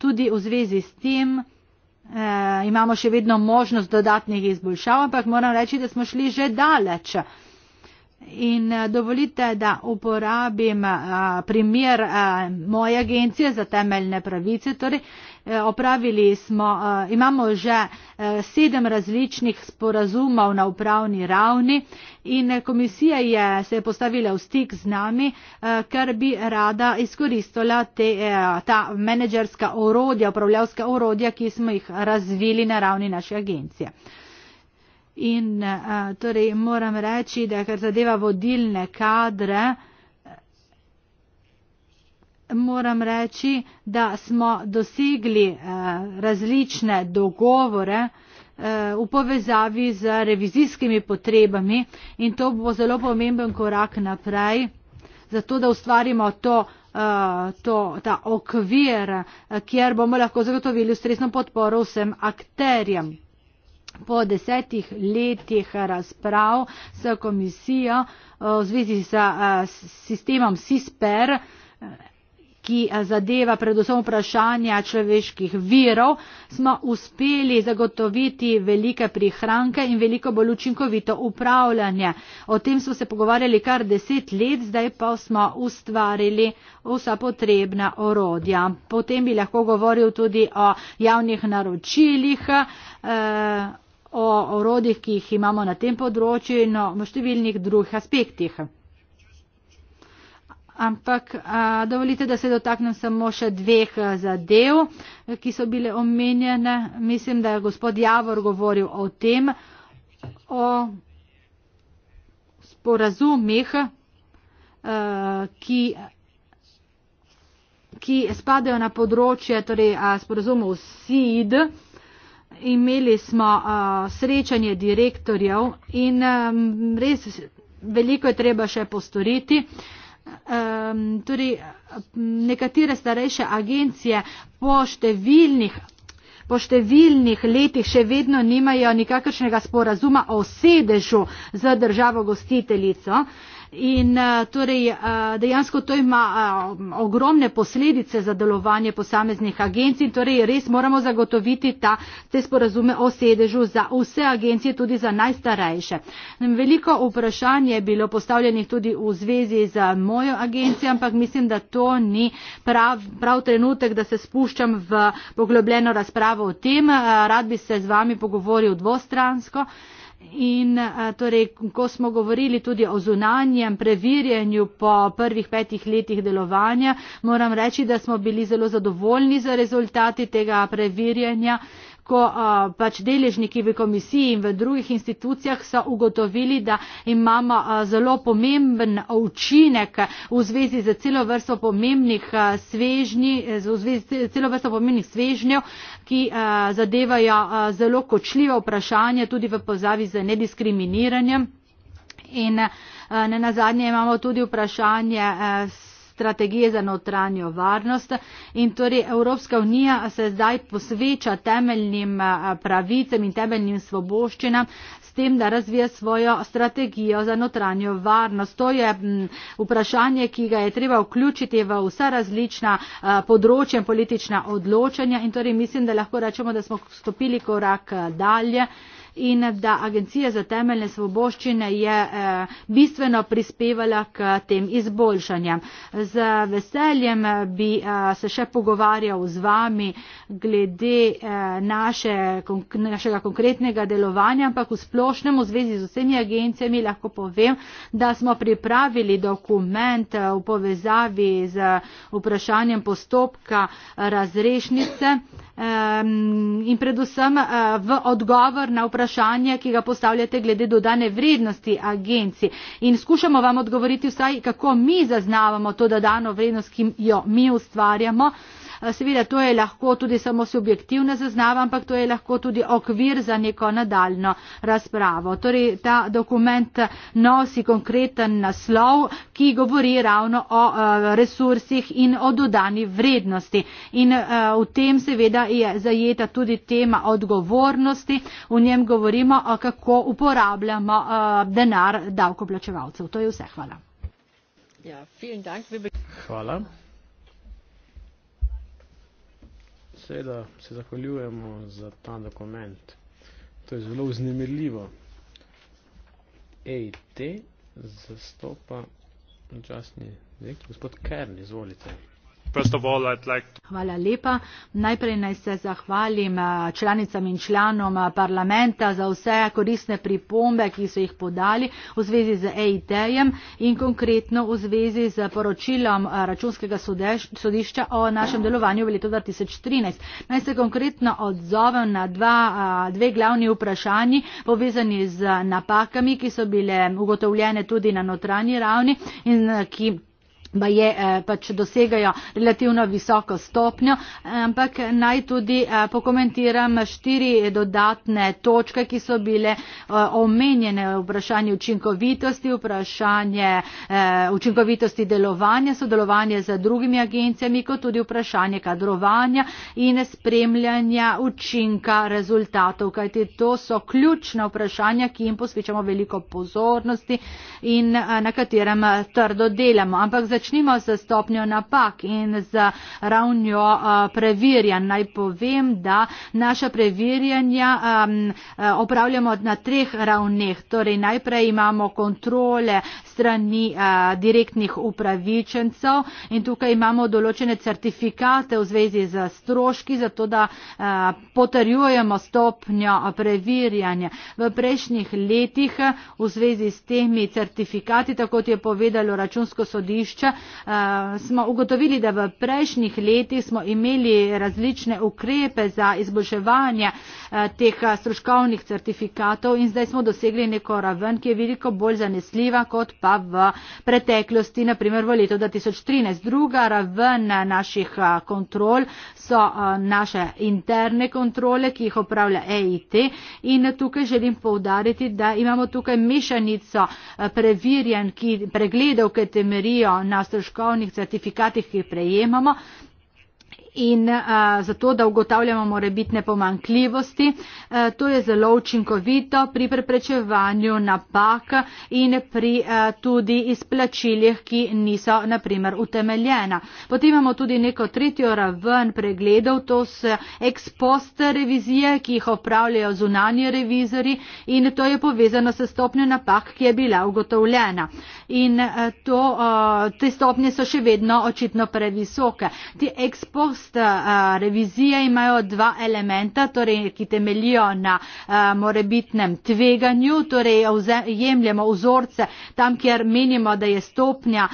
tudi v zvezi s tem, E, imamo še vedno možnost dodatnih izboljšav, ampak moram reči, da smo šli že daleč. In dovolite, da uporabim a, primer a, moje agencije za temeljne pravice, torej Eh, opravili smo, eh, imamo že eh, sedem različnih sporazumov na upravni ravni in komisija je, se je postavila v stik z nami, ker bi rada izkoristila te, ta menedžerska orodja, upravljavska orodja, ki smo jih razvili na ravni naše agencije. In torej moram reči, da kar zadeva vodilne kadre, moram reči, da smo dosegli eh, različne dogovore eh, v povezavi z revizijskimi potrebami in to bo zelo pomemben korak naprej, zato da ustvarimo to, eh, to, ta okvir, kjer bomo lahko zagotovili ustrezno podporo vsem akterjem. Po desetih letih razprav s komisijo v zvezi s sistemom SISPER ki eh, zadeva predvsem vprašanja človeških virov, smo uspeli zagotoviti velike prihranke in veliko bolj učinkovito upravljanje. O tem smo se pogovarjali kar deset let, zdaj pa smo ustvarili vsa potrebna orodja. Potem bi lahko govoril tudi o javnih naročilih. Eh, o orodjih, ki jih imamo na tem področju in o številnih drugih aspektih. Ampak a, dovolite, da se dotaknem samo še dveh zadev, ki so bile omenjene. Mislim, da je gospod Javor govoril o tem, o sporazumih, a, ki, ki spadajo na področje torej, sporazumov SID. Imeli smo a, srečanje direktorjev in a, res veliko je treba še postoriti. A, um, tudi nekatere starejše agencije po številnih po številnih letih še vedno nimajo nikakršnega sporazuma o sedežu z državo gostiteljico. Uh, In eh, torej eh, dejansko to ima eh, ogromne posledice za delovanje posameznih agencij, torej res moramo zagotoviti ta, te sporazume o sedežu za vse agencije, tudi za najstarejše. Veliko vprašanje je bilo postavljenih tudi v zvezi z mojo agencijo, ampak mislim, da to ni prav, prav trenutek, da se spuščam v poglobljeno razpravo o tem. Rad bi se z vami pogovoril dvostransko. In torej, ko smo govorili tudi o zunanjem preverjanju po prvih petih letih delovanja, moram reči, da smo bili zelo zadovoljni z rezultati tega preverjanja ko a, pač deležniki v komisiji in v drugih institucijah so ugotovili, da imamo a, zelo pomemben učinek v zvezi z celo vrsto pomembnih svežnjev, vrsto pomembnih svežnjev ki a, zadevajo a, zelo kočljive vprašanja tudi v pozavi z nediskriminiranjem. In a, ne nazadnje imamo tudi vprašanje a, strategije za notranjo varnost in torej Evropska unija se zdaj posveča temeljnim eh, pravicam in temeljnim svoboščinam s tem, da razvija svojo strategijo za notranjo varnost. To je mm, vprašanje, ki ga je treba vključiti v vsa različna eh, področja in politična odločanja in torej mislim, da lahko rečemo, da smo stopili korak eh, dalje in da Agencija za temeljne svoboščine je eh, bistveno prispevala k tem izboljšanjem. Z veseljem bi eh, se še pogovarjal z vami glede eh, naše, našega konkretnega delovanja, ampak v splošnem v zvezi z vsemi agencijami lahko povem, da smo pripravili dokument v povezavi z vprašanjem postopka razrešnice in predvsem eh, v odgovor na vprašanje, ki ga postavljate glede dodane vrednosti agencij. In skušamo vam odgovoriti vsaj, kako mi zaznavamo to dodano vrednost, ki jo mi ustvarjamo. Eh, seveda, to je lahko tudi samo subjektivna zaznava, ampak to je lahko tudi okvir za neko nadaljno razpravo. Torej, ta dokument nosi konkreten naslov, ki govori ravno o eh, resursih in o dodani vrednosti. In eh, v tem seveda je zajeta tudi tema odgovornosti. V njem govorimo, kako uporabljamo denar davkoplačevalcev. To je vse. Hvala. Ja, Hvala. seveda se zahvaljujemo za ta dokument. To je zelo vznemirljivo. EIT zastopa časni direktor, gospod Kern, izvolite. Hvala lepa. Najprej naj se zahvalim eh, članicam in članom eh, parlamenta za vse korisne pripombe, ki so jih podali v zvezi z EIT-jem in konkretno v zvezi z poročilom eh, računskega sodišča o našem delovanju v letu 2013. Naj se konkretno odzovem na dva, dve glavni vprašanji povezani z napakami, ki so bile ugotovljene tudi na notranji ravni in ki pa je eh, pač dosegajo relativno visoko stopnjo, ampak naj tudi eh, pokomentiram štiri dodatne točke, ki so bile eh, omenjene v vprašanju učinkovitosti, vprašanje učinkovitosti delovanja, sodelovanje z drugimi agencijami, kot tudi vprašanje kadrovanja in spremljanja učinka rezultatov, kajti to so ključna vprašanja, ki jim posvečamo veliko pozornosti in na katerem trdo delamo. Ampak začnimo z stopnjo napak in z ravnjo preverjanj. Naj povem, da naša preverjanja opravljamo na treh ravneh. Torej, najprej imamo kontrole strani direktnih upravičencev in tukaj imamo določene certifikate v zvezi z stroški, zato da potrjujemo stopnjo preverjanja. V prejšnjih letih v zvezi s temi certifikati, tako je povedalo računsko sodišče, Eh, smo ugotovili, da v prejšnjih letih smo imeli različne ukrepe za izboljševanje eh, teh eh, stroškovnih certifikatov in zdaj smo dosegli neko raven, ki je veliko bolj zanesljiva kot pa v preteklosti, naprimer v letu 2013. Druga raven naših kontrol so naše interne kontrole, ki jih opravlja EIT in tukaj želim povdariti, da imamo tukaj mešanico preverjanj, pregledov, ki temerijo na stroškovnih certifikatih, ki jih prejemamo in zato, da ugotavljamo morebitne pomankljivosti. To je zelo učinkovito pri preprečevanju napak in pri tudi izplačiljih, ki niso naprimer utemeljena. Potem imamo tudi neko tretjo raven pregledov, to so ekspost revizije, ki jih opravljajo zunanje revizori in to je povezano s stopnjo napak, ki je bila ugotovljena. In to, te stopnje so še vedno očitno previsoke. Ti ekspost Post revizije imajo dva elementa, torej, ki temelijo na morebitnem tveganju, torej jemljemo vzorce tam, kjer menimo, da je stopnja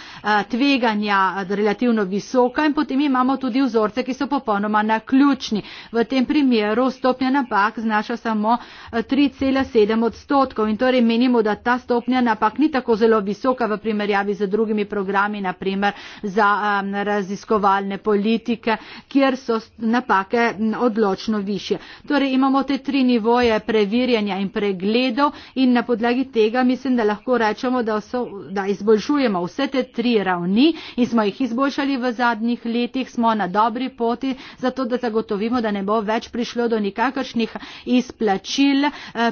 tveganja relativno visoka in potem imamo tudi vzorce, ki so popolnoma naključni. V tem primeru stopnja napak znaša samo 3,7 odstotkov in torej menimo, da ta stopnja napak ni tako zelo visoka v primerjavi z drugimi programi, naprimer za raziskovalne politike kjer so napake odločno više. Torej imamo te tri nivoje preverjanja in pregledov in na podlagi tega mislim, da lahko rečemo, da, so, da izboljšujemo vse te tri ravni in smo jih izboljšali v zadnjih letih, smo na dobri poti, zato da zagotovimo, da ne bo več prišlo do nikakršnih izplačil eh,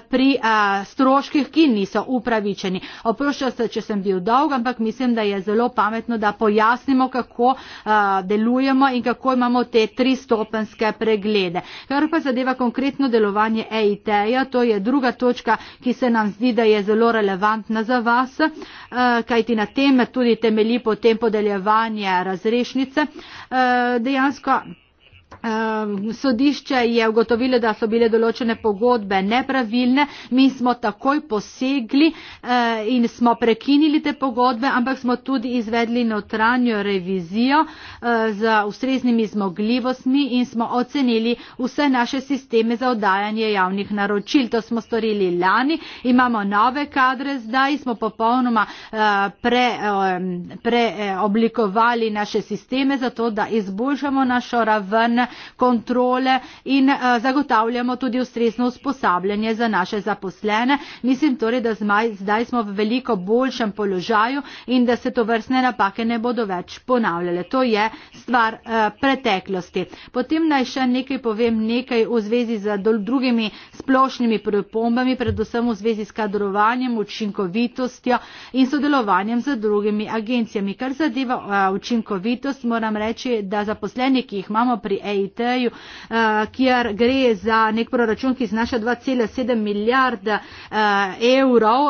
pri eh, stroških, ki niso upravičeni. Oprošal se, če sem bil dolg, ampak mislim, da je zelo pametno, da pojasnimo, kako eh, delujemo in kako imamo imamo te tri stopenske preglede. Kar pa zadeva konkretno delovanje EIT-ja, to je druga točka, ki se nam zdi, da je zelo relevantna za vas, eh, kajti na tem tudi temelji potem podeljevanje razrešnice. Eh, dejansko Sodišče je ugotovilo, da so bile določene pogodbe nepravilne, mi smo takoj posegli eh, in smo prekinili te pogodbe, ampak smo tudi izvedli notranjo revizijo eh, z ustreznimi zmogljivostmi in smo ocenili vse naše sisteme za oddajanje javnih naročil. To smo storili lani, imamo nove kadre zdaj, smo popolnoma eh, preoblikovali pre naše sisteme zato, da izboljšamo našo raven kontrole in eh, zagotavljamo tudi ustrezno usposabljanje za naše zaposlene. Mislim torej, da zmaj, zdaj smo v veliko boljšem položaju in da se to vrstne napake ne bodo več ponavljale. To je stvar eh, preteklosti. Potem naj še nekaj povem nekaj v zvezi z drugimi splošnimi pripombami, predvsem v zvezi s kadrovanjem, učinkovitostjo in sodelovanjem z drugimi agencijami. Kar zadeva eh, učinkovitost, moram reči, da zaposleni, ki jih imamo pri EIT-ju, eh, kjer gre za nek proračun, ki znaša 2,7 milijarda eh, evrov.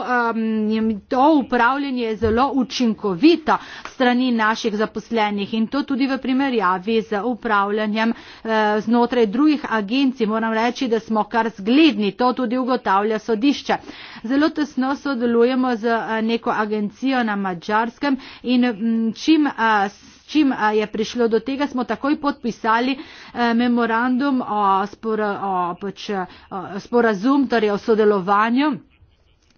To upravljanje je zelo učinkovito strani naših zaposlenih in to tudi v primerjavi z upravljanjem eh, znotraj drugih agencij. Moram reči, da smo kar zgledni, to tudi ugotavlja sodišče. Zelo tesno sodelujemo z neko agencijo na Mačarskem in mm, čim čim je prišlo do tega, smo takoj podpisali eh, memorandum o, spora, o, pač, o sporazum, torej o sodelovanju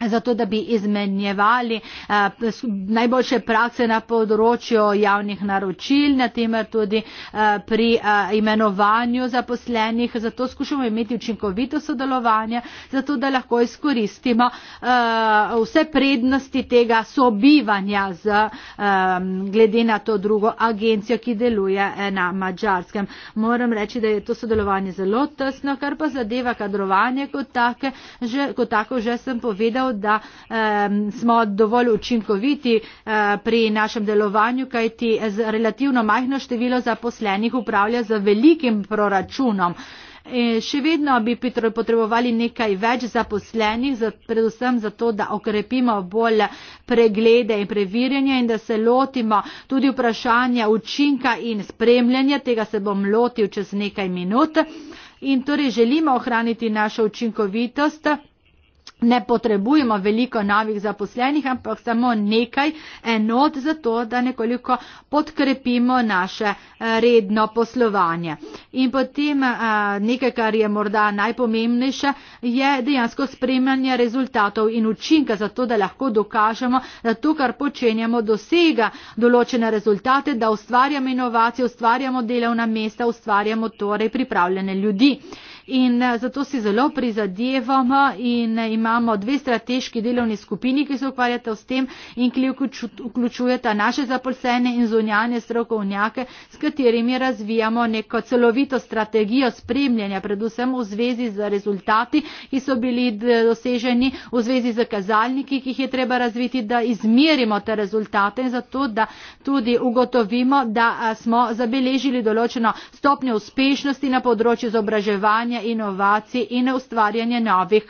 zato da bi izmenjevali eh, najboljše prakse na področju javnih naročil, na temer tudi eh, pri eh, imenovanju zaposlenih. Zato skušamo imeti učinkovito sodelovanje, zato da lahko izkoristimo eh, vse prednosti tega sobivanja z, eh, glede na to drugo agencijo, ki deluje eh, na mačarskem. Moram reči, da je to sodelovanje zelo tesno, kar pa zadeva kadrovanje kot, take, že, kot tako, že sem povedal prav, da um, smo dovolj učinkoviti uh, pri našem delovanju, kajti z relativno majhno število zaposlenih upravlja za velikim proračunom. Še vedno bi potrebovali nekaj več zaposlenih, predvsem zato, da okrepimo bolj preglede in previrjanje in da se lotimo tudi vprašanja učinka in spremljanja. Tega se bom lotil čez nekaj minut. In torej želimo ohraniti našo učinkovitost ne potrebujemo veliko novih zaposlenih, ampak samo nekaj enot za to, da nekoliko podkrepimo naše eh, redno poslovanje. In potem eh, nekaj, kar je morda najpomembnejše, je dejansko spremljanje rezultatov in učinka za to, da lahko dokažemo, da to, kar počenjamo, dosega določene rezultate, da ustvarjamo inovacije, ustvarjamo delovna mesta, ustvarjamo torej pripravljene ljudi in eh, zato si zelo prizadevamo eh, in eh, imamo dve strateški delovni skupini, ki se ukvarjata s tem in ki vključujeta naše zaposlene in zunjane strokovnjake, s katerimi razvijamo neko celovito strategijo spremljanja, predvsem v zvezi z rezultati, ki so bili doseženi, v zvezi z kazalniki, ki jih je treba razviti, da izmerimo te rezultate in zato, da tudi ugotovimo, da smo zabeležili določeno stopnjo uspešnosti na področju izobraževanja inovacij in ustvarjanje novih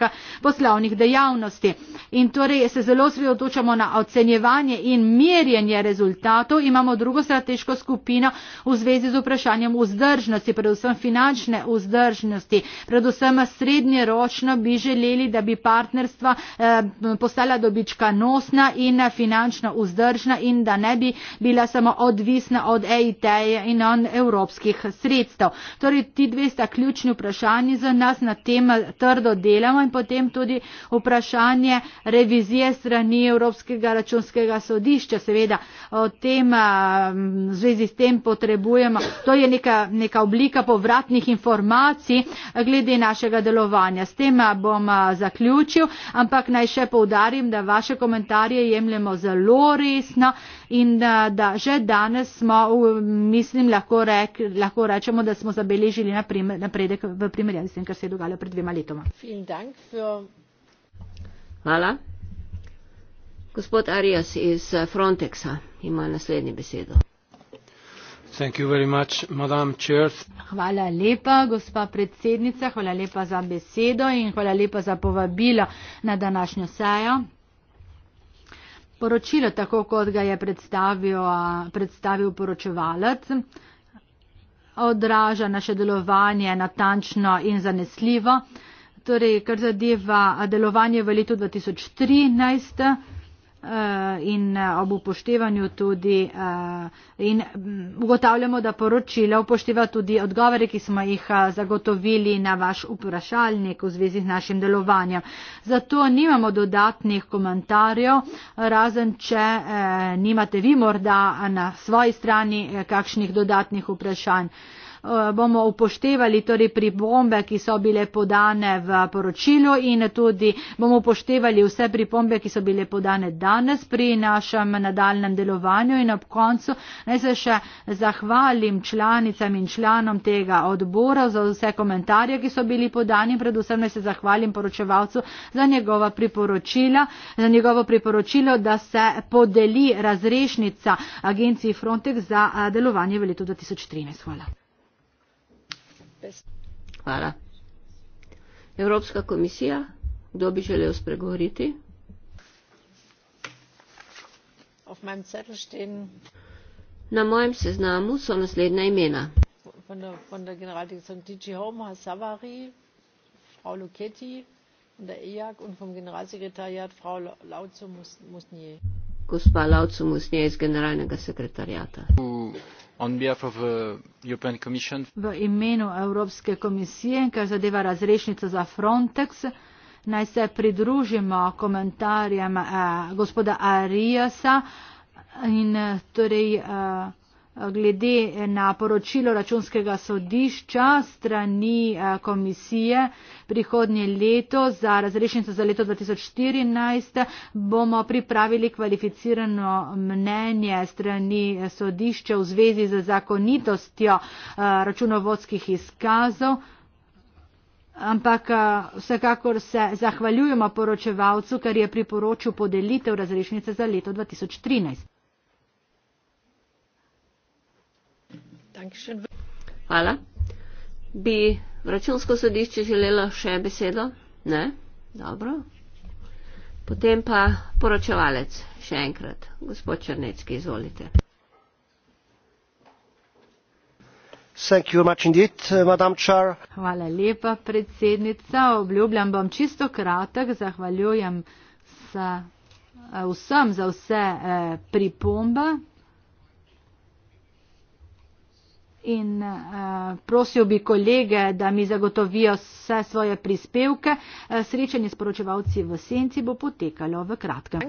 poslovnih dejavnosti. In torej se zelo sredotočamo na ocenjevanje in merjenje rezultatov. Imamo drugo strateško skupino v zvezi z vprašanjem vzdržnosti, predvsem finančne vzdržnosti. Predvsem srednjeročno bi želeli, da bi partnerstva eh, postala dobička nosna in finančno vzdržna in da ne bi bila samo odvisna od EIT-ja in od evropskih sredstev. Torej, ti dve sta ključni vprašanje vprašanje za nas, na tem trdo delamo in potem tudi vprašanje revizije strani Evropskega računskega sodišča. Seveda o tem, v zvezi s tem potrebujemo. To je neka, neka oblika povratnih informacij glede našega delovanja. S tem bom zaključil, ampak naj še poudarim, da vaše komentarje jemljemo zelo resno in da, da že danes smo, mislim, lahko, rek, lahko rečemo, da smo zabeležili napredek v primerjavi s tem, kar se je dogajalo pred dvema letoma. Hvala. Gospod Arias iz eh, Frontexa ima naslednji besedo. Much, hvala lepa, gospa predsednica, hvala lepa za besedo in hvala lepa za povabilo na današnjo sejo poročilo, tako kot ga je predstavil, predstavil poročevalec, odraža naše delovanje natančno in zanesljivo. Torej, kar zadeva delovanje v letu 2013, Eh, in eh, ob upoštevanju tudi eh, in mm, ugotavljamo, da poročilo upošteva tudi odgovore, ki smo jih zagotovili na vaš vprašalnik v zvezi z našim delovanjem. Zato nimamo dodatnih komentarjev, razen če nimate vi morda na svoji strani kakšnih dodatnih vprašanj. Eh, bomo upoštevali torej pripombe, ki so bile podane v poročilu in tudi bomo upoštevali vse pripombe, ki so bile podane danes pri našem nadaljem delovanju in ob koncu naj se še zahvalim članicam in članom tega odbora za vse komentarje, ki so bili podani. Predvsem naj se zahvalim poročevalcu za njegova priporočila, za njegovo priporočilo, da se podeli razrešnica agenciji Frontex za eh, delovanje v letu 2013. Hvala. Hvala. Evropska komisija, kdo bi želel spregovoriti? Na mojem seznamu so naslednja imena. E Gospa Lauco Musnje iz generalnega sekretarjata. Mm. Uh, v imenu Evropske komisije, kar zadeva razrešnico za Frontex, naj se pridružimo komentarjem eh, gospoda Ariasa in eh, torej eh, glede na poročilo računskega sodišča strani eh, komisije prihodnje leto za razrešnico za leto 2014 bomo pripravili kvalificirano mnenje strani sodišča v zvezi z zakonitostjo eh, računovodskih izkazov. Ampak eh, vsekakor se zahvaljujemo poročevalcu, ker je priporočil podelitev razrešnice za leto 2013. Hvala. Bi računsko sodišče želelo še besedo? Ne? Dobro. Potem pa poročevalec še enkrat. Gospod Črnecki, izvolite. Indeed, uh, Hvala lepa, predsednica. Obljubljam bom čisto kratek. Zahvaljujem se uh, vsem za vse eh, pripombe, in eh, prosil bi kolege, da mi zagotovijo vse svoje prispevke. Eh, srečanje s poročevalci v Senci bo potekalo v kratkem.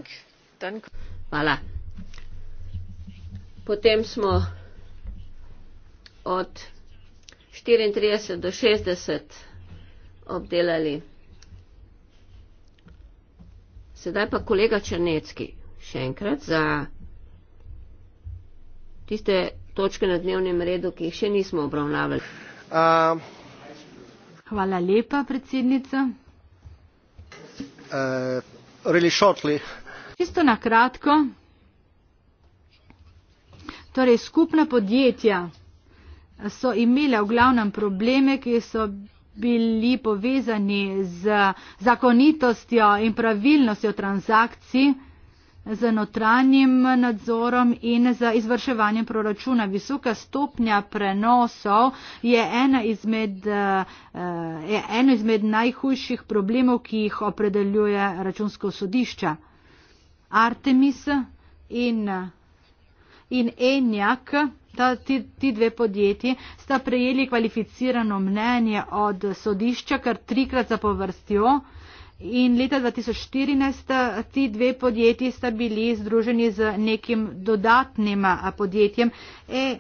Hvala. Potem smo od 34 do 60 obdelali. Sedaj pa kolega Črnecki še enkrat za tiste točke na dnevnem redu, ki jih še nismo obravnavali. A... Hvala lepa, predsednica. Uh, really shortly. Čisto na kratko. Torej, skupna podjetja so imela v glavnem probleme, ki so bili povezani z zakonitostjo in pravilnostjo transakcij z notranjim nadzorom in za izvrševanje proračuna. Visoka stopnja prenosov je ena izmed, eh, je eno izmed najhujših problemov, ki jih opredeljuje računsko sodišče. Artemis in, in Enjak, ta, ti, ti dve podjetji, sta prejeli kvalificirano mnenje od sodišča kar trikrat zapovrstjo. In leta 2014 eh, ti dve podjetji sta bili združeni z nekim dodatnim eh, podjetjem. E,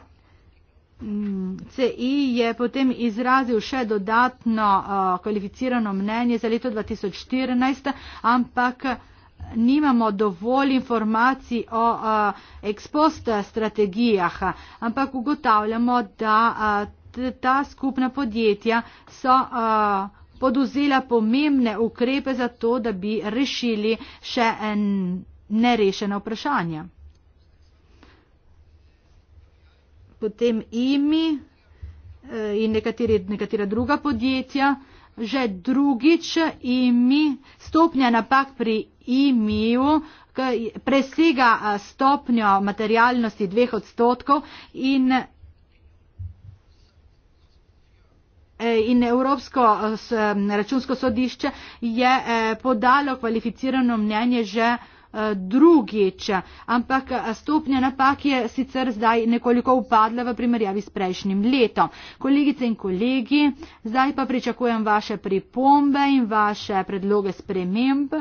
mm, CI je potem izrazil še dodatno uh, kvalificirano mnenje za leto 2014, ampak nimamo dovolj informacij o uh, ekspost strategijah, ampak ugotavljamo, da uh, ta skupna podjetja so. Uh, poduzela pomembne ukrepe za to, da bi rešili še en nerešena vprašanja. Potem IMI eh, in nekateri, nekatera druga podjetja, že drugič IMI, stopnja napak pri IMI-u presega eh, stopnjo materialnosti dveh odstotkov in Eh, in Evropsko eh, eh, računsko sodišče je podalo kvalificirano mnenje že drugič, ampak stopnja napak je sicer zdaj nekoliko upadla v primerjavi s prejšnjim letom. Kolegice in kolegi, zdaj pa pričakujem vaše pripombe in vaše predloge sprememb.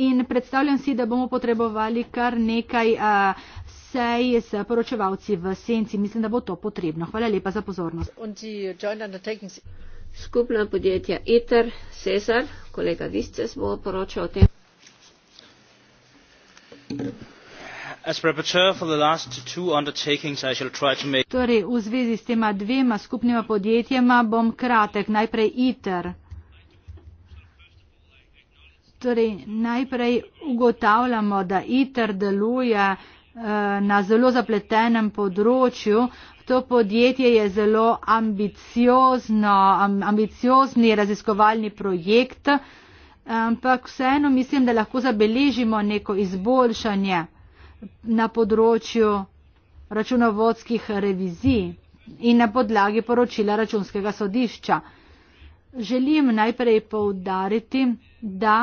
In predstavljam si, da bomo potrebovali kar nekaj uh, seji s poročevalci v senci. Mislim, da bo to potrebno. Hvala lepa za pozornost. Skupna podjetja ITER, Cesar, kolega Vistes bo poročal o tem. As preparator for the last two undertakings, I shall try to make. Torej, v zvezi s tema dvema skupnima podjetjema bom kratek. Najprej ITER. Torej, najprej ugotavljamo, da ITER deluje. Eh, na zelo zapletenem področju. To podjetje je zelo ambiciozno, ambiciozni raziskovalni projekt, ampak vseeno mislim, da lahko zabeležimo neko izboljšanje na področju računovodskih revizij in na podlagi poročila računskega sodišča. Želim najprej povdariti, da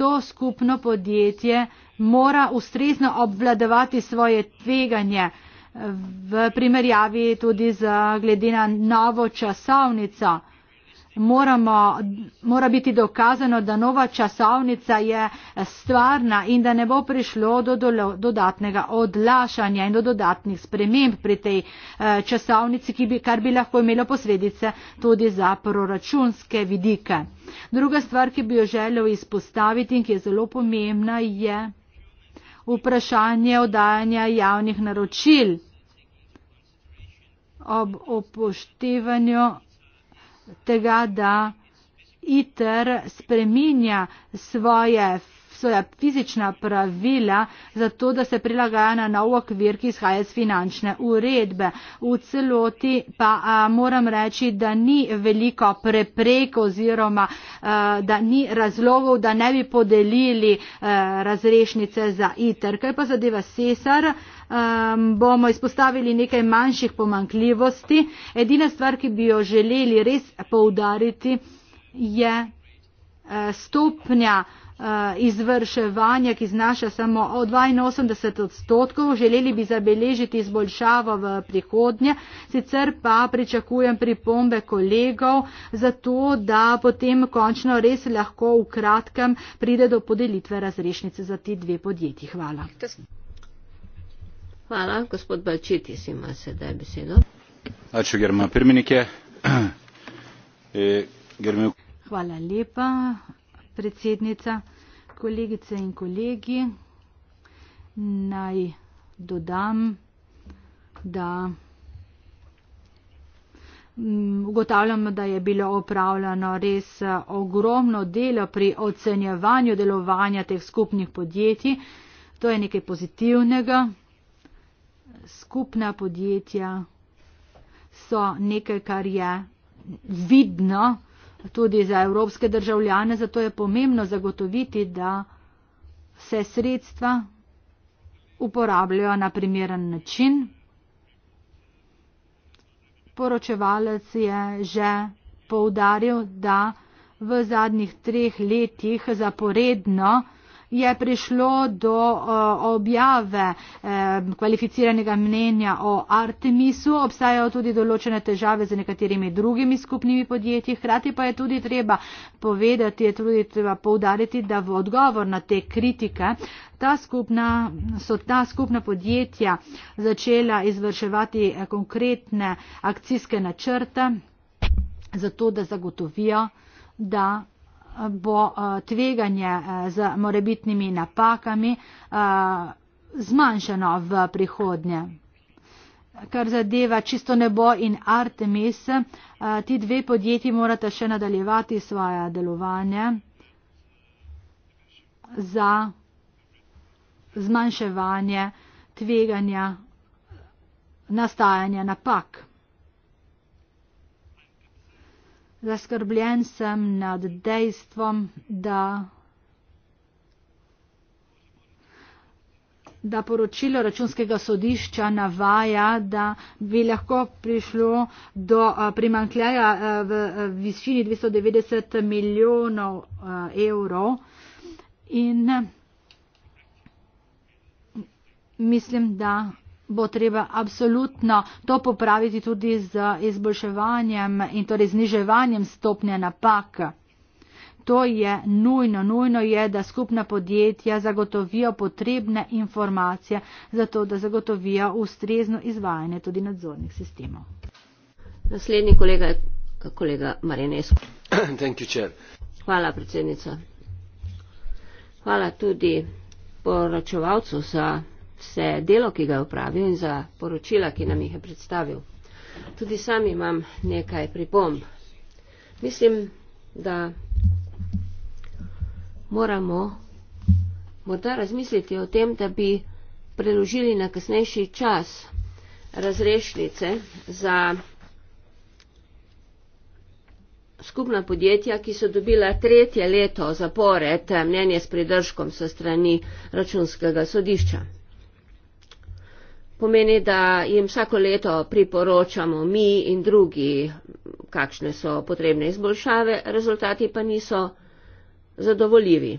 to skupno podjetje mora ustrezno obvladovati svoje tveganje v primerjavi tudi z glede na novo časovnico. Moramo, mora biti dokazano, da nova časovnica je stvarna in da ne bo prišlo do dolo, dodatnega odlašanja in do dodatnih sprememb pri tej eh, časovnici, bi, kar bi lahko imelo posledice tudi za proračunske vidike. Druga stvar, ki bi jo želel izpostaviti in ki je zelo pomembna, je vprašanje oddajanja javnih naročil ob upoštevanju tega, da ITR spreminja svoje svoja fizična pravila, zato da se prilagaja na nov okvir, ki izhaja iz finančne uredbe. V celoti pa a, moram reči, da ni veliko prepreko oziroma a, da ni razlogov, da ne bi podelili a, razrešnice za ITER. Kaj pa zadeva Cesar? Um, bomo izpostavili nekaj manjših pomankljivosti. Edina stvar, ki bi jo želeli res poudariti, je uh, stopnja uh, izvrševanja, ki znaša samo 82 odstotkov, želeli bi zabeležiti izboljšavo v prihodnje, sicer pa pričakujem pripombe kolegov, zato da potem končno res lahko v kratkem pride do podelitve razrešnice za ti dve podjetji. Hvala. Hvala. Gospod Balčitis ima sedaj besedo. Ačiū, germa pirminikė. E, Hvala lepa, predsednica kolegice in kolegi, naj dodam, da mm, ugotavljamo, da je bilo opravljeno res eh, ogromno dela pri ocenjevanju delovanja teh skupnih podjetij. To je nekaj pozitivnega. Skupna podjetja so nekaj, kar je vidno, tudi za evropske državljane, zato je pomembno zagotoviti, da se sredstva uporabljajo na primeren način. Poročevalec je že poudaril, da v zadnjih treh letih zaporedno je prišlo do objave eh, kvalificiranega mnenja o Artemisu. Obstajajo tudi določene težave z nekaterimi drugimi skupnimi podjetji. Hkrati pa je tudi treba povedati, je tudi treba poudariti, da v odgovor na te kritike ta skupna, so ta skupna podjetja začela izvrševati eh, konkretne akcijske načrte za to, da zagotovijo, da bo eh, tveganje eh, z morebitnimi napakami eh, zmanjšano v prihodnje. Kar zadeva čisto nebo in Artemis, ti dve podjetji morata še nadaljevati svoje delovanje za zmanjševanje tveganja nastajanja napak. Zaskrbljen sem nad dejstvom, da, da poročilo računskega sodišča navaja, da bi lahko prišlo do eh, primankljaja eh, v eh, višini 290 milijonov evrov. In mm, mislim, da bo treba absolutno to popraviti tudi z izboljševanjem in torej zniževanjem stopnje napak. To je nujno, nujno je, da skupna podjetja zagotovijo potrebne informacije za to, da zagotovijo ustrezno izvajanje tudi nadzornih sistemov. Naslednji kolega je kolega Marinesko. Hvala, predsednica. Hvala tudi poročevalcu za vse delo, ki ga je upravil in za poročila, ki nam jih je predstavil. Tudi sam imam nekaj pripomb. Mislim, da moramo morda razmisliti o tem, da bi preložili na kasnejši čas razrešnice za skupna podjetja, ki so dobila tretje leto zapored mnenje s pridržkom so strani računskega sodišča pomeni, da jim vsako leto priporočamo mi in drugi, kakšne so potrebne izboljšave, rezultati pa niso zadovoljivi.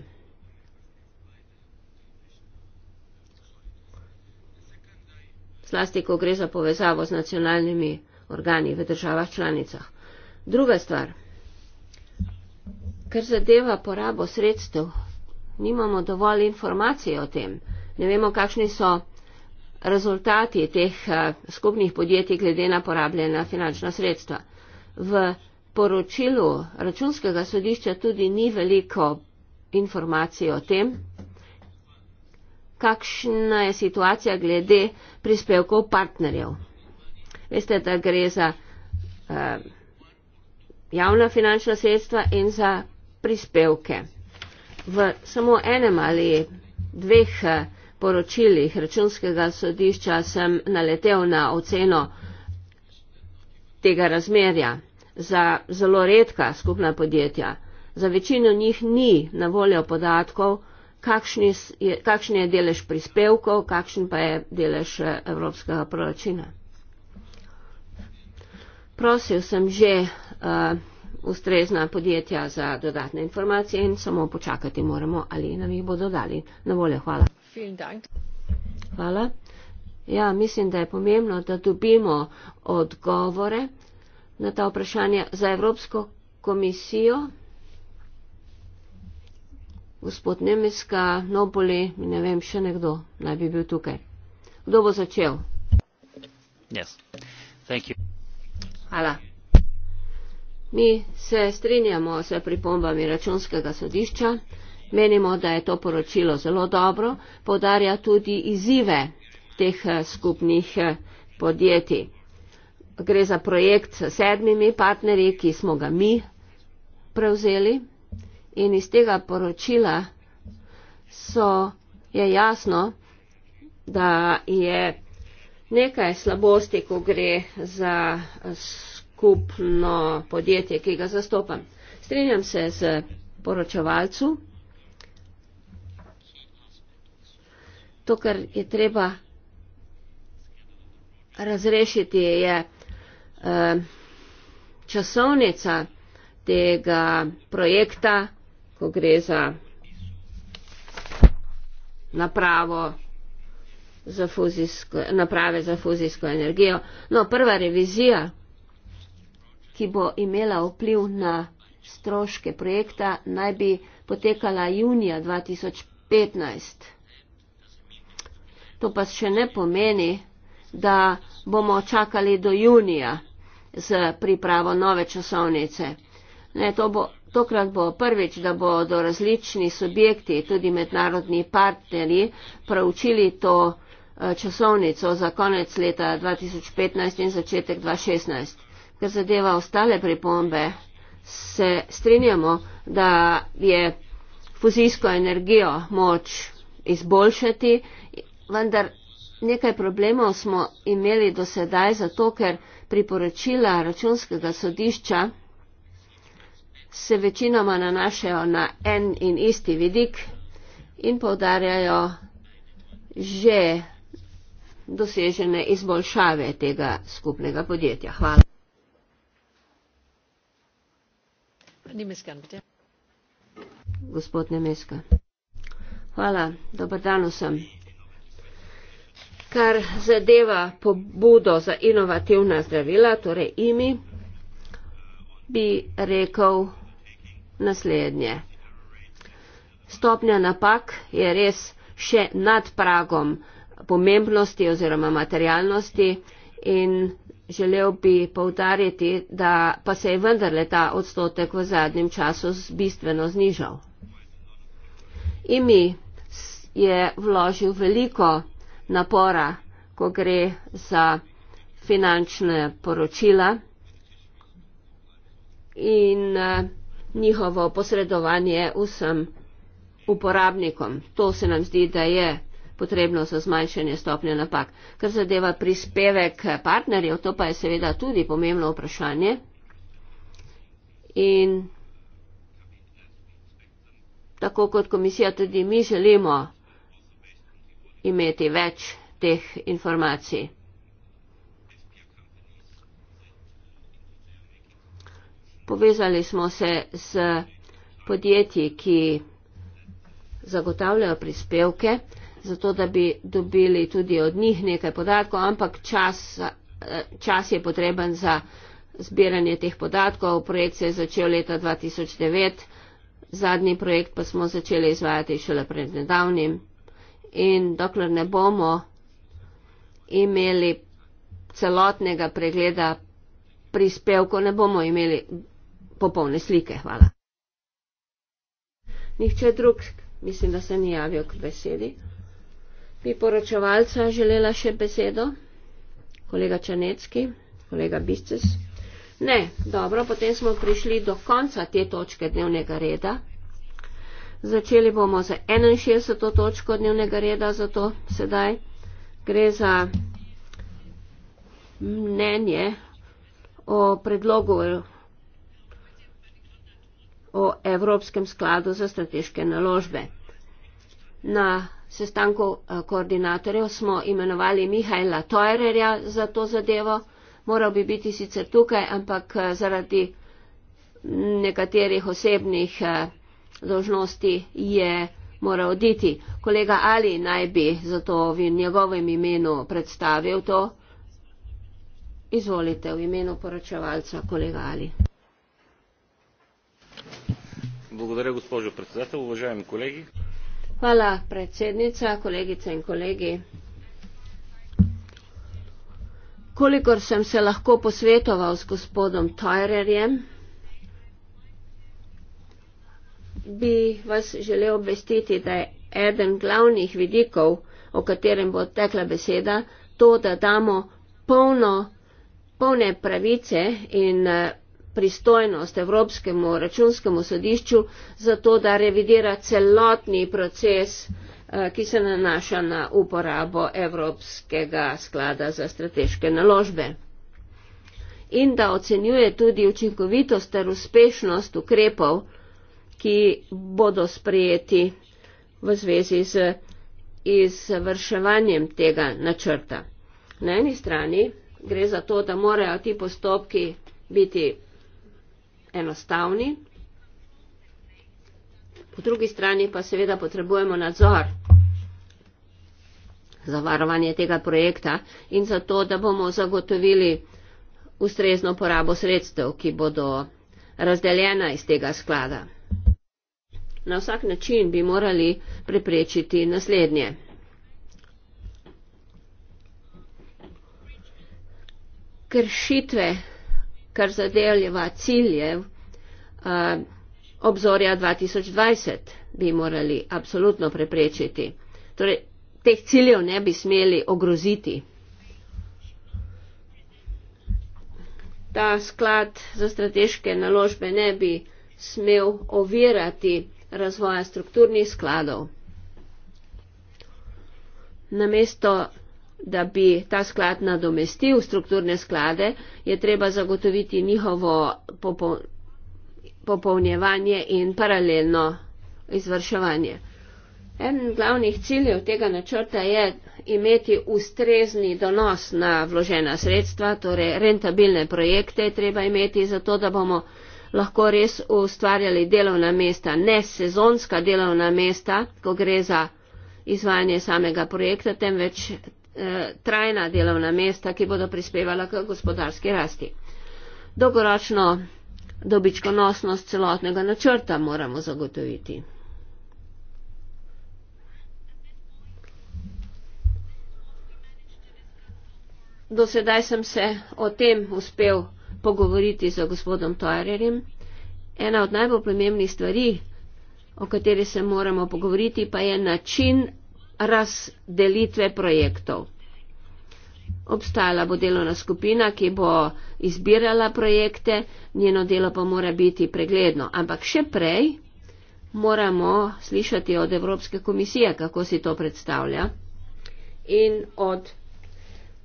Zlasti, ko gre za povezavo z nacionalnimi organi v državah članicah. Druga stvar, ker zadeva porabo sredstev, nimamo dovolj informacije o tem. Ne vemo, kakšni so rezultati teh eh, skupnih podjetij glede na porabljena finančna sredstva. V poročilu računskega sodišča tudi ni veliko informacij o tem, kakšna je situacija glede prispevkov partnerjev. Veste, da gre za uh, javna finančna sredstva in za prispevke. V samo enem ali dveh uh, poročilih računskega sodišča sem naletel na oceno tega razmerja za zelo redka skupna podjetja. Za večino njih ni na voljo podatkov, kakšni je, kakšni je delež prispevkov, kakšen pa je delež eh, evropskega proračuna. Prosil sem že uh, ustrezna podjetja za dodatne informacije in samo počakati moramo, ali nam jih bodo dali. Na voljo, hvala. Hvala. Ja, mislim, da je pomembno, da dobimo odgovore na ta vprašanja za Evropsko komisijo. Gospod Nemeska, Nopoli, ne vem, še nekdo naj bi bil tukaj. Kdo bo začel? Yes. Hvala. Mi se strinjamo s pripombami računskega sodišča. Menimo, da je to poročilo zelo dobro, podarja tudi izzive teh eh, skupnih eh, podjetij. Gre za projekt s sedmimi partnerji, ki smo ga mi prevzeli in iz tega poročila so, je jasno, da je nekaj slabosti, ko gre za eh, skupno podjetje, ki ga zastopam. Strenjam se z poročevalcu. to, kar je treba razrešiti, je eh, časovnica tega projekta, ko gre za napravo za fuzijsko, naprave za fuzijsko energijo. No, prva revizija, ki bo imela vpliv na stroške projekta, naj bi potekala junija 2015. To pa še ne pomeni, da bomo čakali do junija z pripravo nove časovnice. Ne, to bo, tokrat bo prvič, da bodo različni subjekti, tudi mednarodni partnerji, pravčili to eh, časovnico za konec leta 2015 in začetek 2016. Ker zadeva ostale pripombe, se strinjamo, da je fuzijsko energijo moč izboljšati vendar nekaj problemov smo imeli do sedaj, zato ker priporočila računskega sodišča se večinoma nanašajo na en in isti vidik in povdarjajo že dosežene izboljšave tega skupnega podjetja. Hvala. Gospod Nemeska. Hvala, dober dan vsem kar zadeva pobudo za inovativna zdravila, torej imi, bi rekel naslednje. Stopnja napak je res še nad pragom pomembnosti oziroma materialnosti in želel bi povdariti, da pa se je vendarle ta odstotek v zadnjem času bistveno znižal. Imi je vložil veliko napora, ko gre za finančne poročila in eh, njihovo posredovanje vsem uporabnikom. To se nam zdi, da je potrebno za zmanjšanje stopnje napak. Kar zadeva prispevek partnerjev, to pa je seveda tudi pomembno vprašanje. In tako kot komisija, tudi mi želimo imeti več teh informacij. Povezali smo se z podjetji, ki zagotavljajo prispevke, zato da bi dobili tudi od njih nekaj podatkov, ampak čas, čas je potreben za zbiranje teh podatkov. Projekt se je začel leta 2009, zadnji projekt pa smo začeli izvajati šele pred nedavnim in dokler ne bomo imeli celotnega pregleda prispevkov, ne bomo imeli popolne slike. Hvala. Nihče drug, mislim, da se ni javil k besedi. Bi poročevalca želela še besedo? Kolega Čanecki, kolega Bistes. Ne, dobro, potem smo prišli do konca te točke dnevnega reda. Začeli bomo z 61. točko dnevnega reda, zato sedaj gre za mnenje o predlogu o Evropskem skladu za strateške naložbe. Na sestanku eh, koordinatorjev smo imenovali Mihajla Tojererja za to zadevo. Moral bi biti sicer tukaj, ampak eh, zaradi nekaterih osebnih eh, dožnosti je moral oditi. Kolega Ali naj bi zato v njegovem imenu predstavil to. Izvolite v imenu poročevalca, kolega Ali. Благодаря, госпожо председател. Уважаеми колеги. Хвала, председница, колегица и колеги. Колико съм се лахко посветовал с господом Тайрерием, bi vas želel obvestiti, da je eden glavnih vidikov, o katerem bo tekla beseda, to, da damo polno, polne pravice in eh, pristojnost Evropskemu računskemu sodišču za to, da revidira celotni proces, eh, ki se nanaša na uporabo Evropskega sklada za strateške naložbe. In da ocenjuje tudi učinkovitost ter uspešnost ukrepov, ki bodo sprejeti v zvezi z izvrševanjem tega načrta. Na eni strani gre za to, da morajo ti postopki biti enostavni, po drugi strani pa seveda potrebujemo nadzor za varovanje tega projekta in za to, da bomo zagotovili ustrezno porabo sredstev, ki bodo razdeljena iz tega sklada na vsak način bi morali preprečiti naslednje. Kršitve, kar zadeljeva ciljev uh, obzorja 2020, bi morali absolutno preprečiti. Torej, teh ciljev ne bi smeli ogroziti. Ta sklad za strateške naložbe ne bi smel ovirati razvoja strukturnih skladov. Namesto, da bi ta sklad nadomestil strukturne sklade, je treba zagotoviti njihovo popolnjevanje in paralelno izvrševanje. En glavnih ciljev tega načrta je imeti ustrezni donos na vložena sredstva, torej rentabilne projekte treba imeti, zato da bomo lahko res ustvarjali delovna mesta, ne sezonska delovna mesta, ko gre za izvajanje samega projekta, temveč eh, trajna delovna mesta, ki bodo prispevala k gospodarski rasti. Dolgoročno dobičkonosnost celotnega načrta moramo zagotoviti. Do sedaj sem se o tem uspel pogovoriti z gospodom Toarerjem. Ena od najbolj pomembnih stvari, o kateri se moramo pogovoriti, pa je način razdelitve projektov. Obstajala bo delovna skupina, ki bo izbirala projekte, njeno delo pa mora biti pregledno. Ampak še prej moramo slišati od Evropske komisije, kako si to predstavlja in od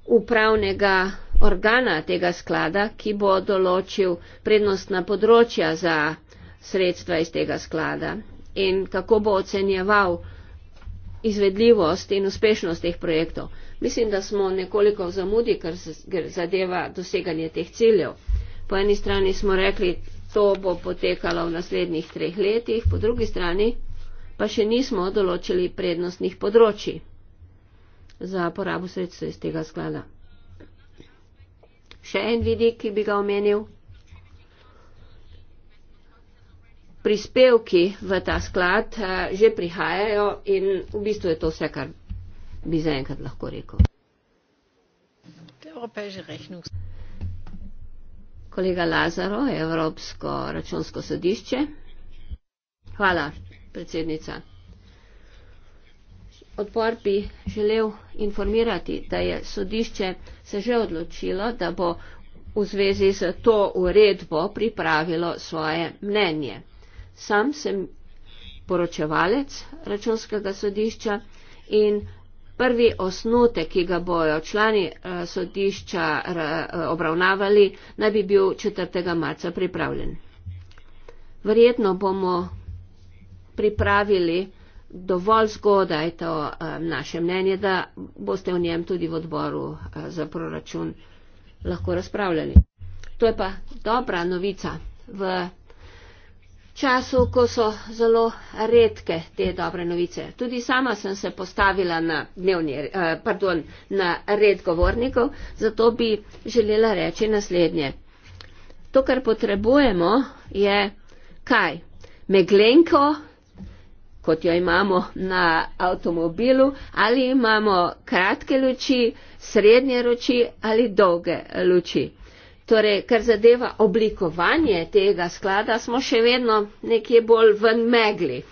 upravnega organa tega sklada, ki bo določil prednostna področja za sredstva iz tega sklada in kako bo ocenjeval izvedljivost in uspešnost teh projektov. Mislim, da smo nekoliko v zamudi, kar zadeva doseganje teh ciljev. Po eni strani smo rekli, to bo potekalo v naslednjih treh letih, po drugi strani pa še nismo določili prednostnih področji za porabo sredstva iz tega sklada še en vidik, ki bi ga omenil. Prispevki v ta sklad eh, že prihajajo in v bistvu je to vse, kar bi zaenkrat lahko rekel. Kolega Lazaro, Evropsko računsko sodišče. Hvala, predsednica. Odpor bi želel informirati, da je sodišče se že odločilo, da bo v zvezi z to uredbo pripravilo svoje mnenje. Sam sem poročevalec računskega sodišča in prvi osnutek, ki ga bojo člani eh, sodišča eh, obravnavali, naj bi bil 4. marca pripravljen. Verjetno bomo pripravili dovolj zgodaj to um, naše mnenje, da boste o njem tudi v odboru uh, za proračun lahko razpravljali. To je pa dobra novica v času, ko so zelo redke te dobre novice. Tudi sama sem se postavila na, dnevni, uh, pardon, na red govornikov, zato bi želela reči naslednje. To, kar potrebujemo, je kaj? Meglenko kot jo imamo na avtomobilu, ali imamo kratke luči, srednje luči ali dolge luči. Torej, kar zadeva oblikovanje tega sklada, smo še vedno nekje bolj v megli.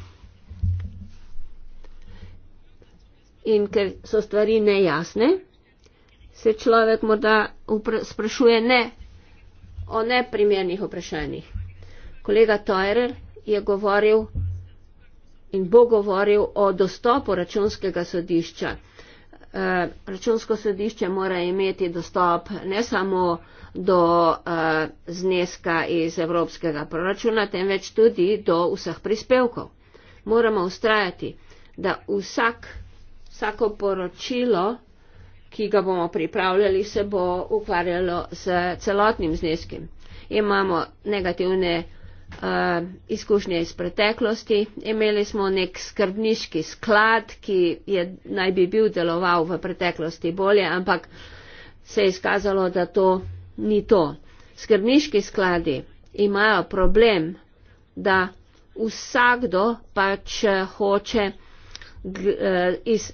In ker so stvari nejasne, se človek morda sprašuje ne o neprimernih vprašanjih. Kolega Toerer je govoril in bo govoril o dostopu računskega sodišča. Eh, računsko sodišče mora imeti dostop ne samo do eh, zneska iz evropskega proračuna, temveč tudi do vseh prispevkov. Moramo ustrajati, da vsak, vsako poročilo, ki ga bomo pripravljali, se bo ukvarjalo z celotnim zneskim. Imamo negativne uh, izkušnje iz preteklosti. Imeli smo nek skrbniški sklad, ki je naj bi bil deloval v preteklosti bolje, ampak se je izkazalo, da to ni to. Skrbniški skladi imajo problem, da vsakdo pač eh, hoče eh, iz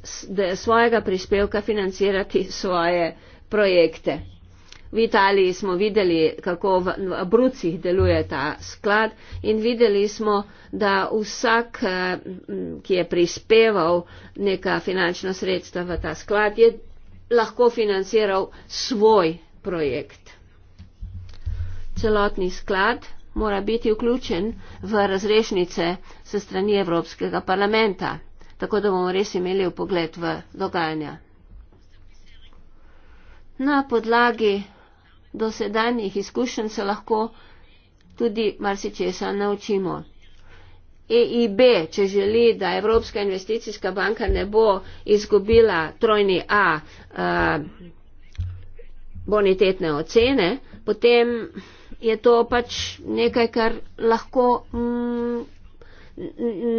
svojega prispevka financirati svoje projekte. V Italiji smo videli, kako v Abrucih deluje ta sklad in videli smo, da vsak, eh, ki je prispeval neka finančna sredstva v ta sklad, je lahko financiral svoj projekt. Celotni sklad mora biti vključen v razrešnice se strani Evropskega parlamenta, tako da bomo res imeli v pogled v dogajanja. Na podlagi dosedanjih izkušenj se lahko tudi marsičesa naučimo. EIB, če želi, da Evropska investicijska banka ne bo izgubila trojni A bonitetne ocene, potem je to pač nekaj, kar lahko mm,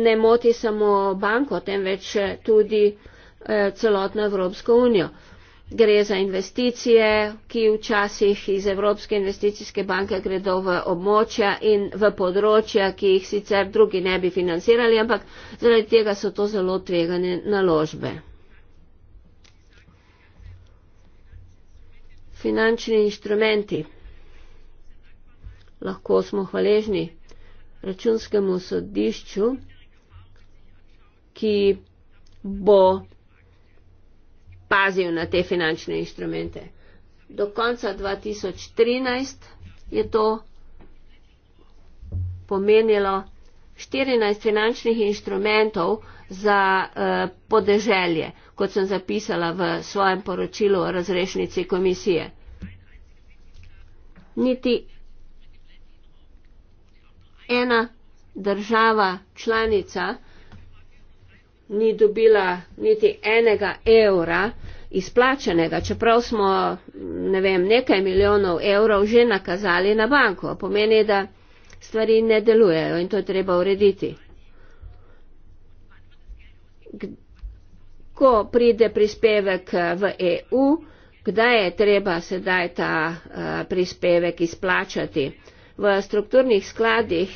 ne moti samo banko, temveč tudi eh, celotno Evropsko unijo gre za investicije, ki včasih iz Evropske investicijske banke gredo v območja in v področja, ki jih sicer drugi ne bi financirali, ampak zaradi tega so to zelo tvegane naložbe. Finančni inštrumenti. Lahko smo hvaležni računskemu sodišču, ki bo pazijo na te finančne inštrumente. Do konca 2013 je to pomenilo 14 finančnih inštrumentov za eh, podeželje, kot sem zapisala v svojem poročilu o razrešnici komisije. Niti ena država članica ni dobila niti enega evra izplačanega, čeprav smo ne vem, nekaj milijonov evrov že nakazali na banko. Pomeni, da stvari ne delujejo in to je treba urediti. Ko pride prispevek v EU, kdaj je treba sedaj ta eh, prispevek izplačati? V strukturnih skladih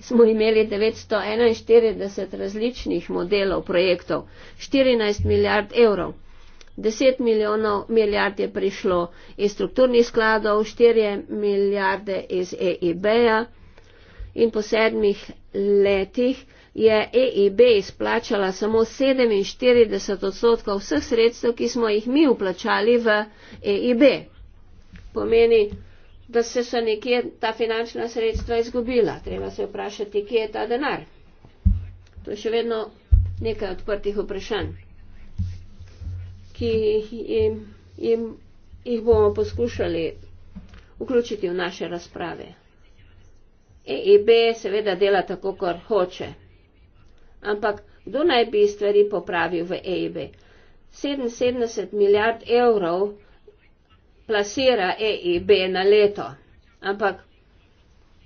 smo imeli 941 različnih modelov projektov, 14 milijard evrov. 10 milijonov milijard je prišlo iz strukturnih skladov, 4 milijarde iz EIB-ja in po sedmih letih je EIB izplačala samo 47 odstotkov vseh sredstev, ki smo jih mi vplačali v EIB. Pomeni, da se so nekje ta finančna sredstva izgubila. Treba se vprašati, kje je ta denar. To je še vedno nekaj odprtih vprašanj, ki jim, jim, jih bomo poskušali vključiti v naše razprave. EIB e seveda dela tako, kot hoče. Ampak kdo naj bi stvari popravil v EIB? E 77 milijard evrov plasira EIB na leto. Ampak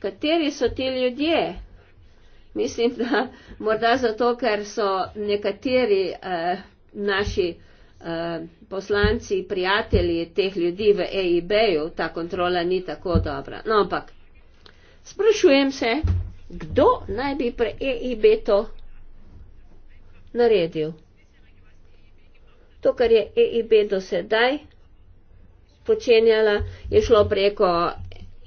kateri so ti ljudje? Mislim, da morda zato, ker so nekateri eh, naši eh, poslanci, prijatelji teh ljudi v EIB-ju, ta kontrola ni tako dobra. No, ampak sprašujem se, kdo naj bi pre EIB to naredil? To, kar je EIB do sedaj počenjala, je šlo preko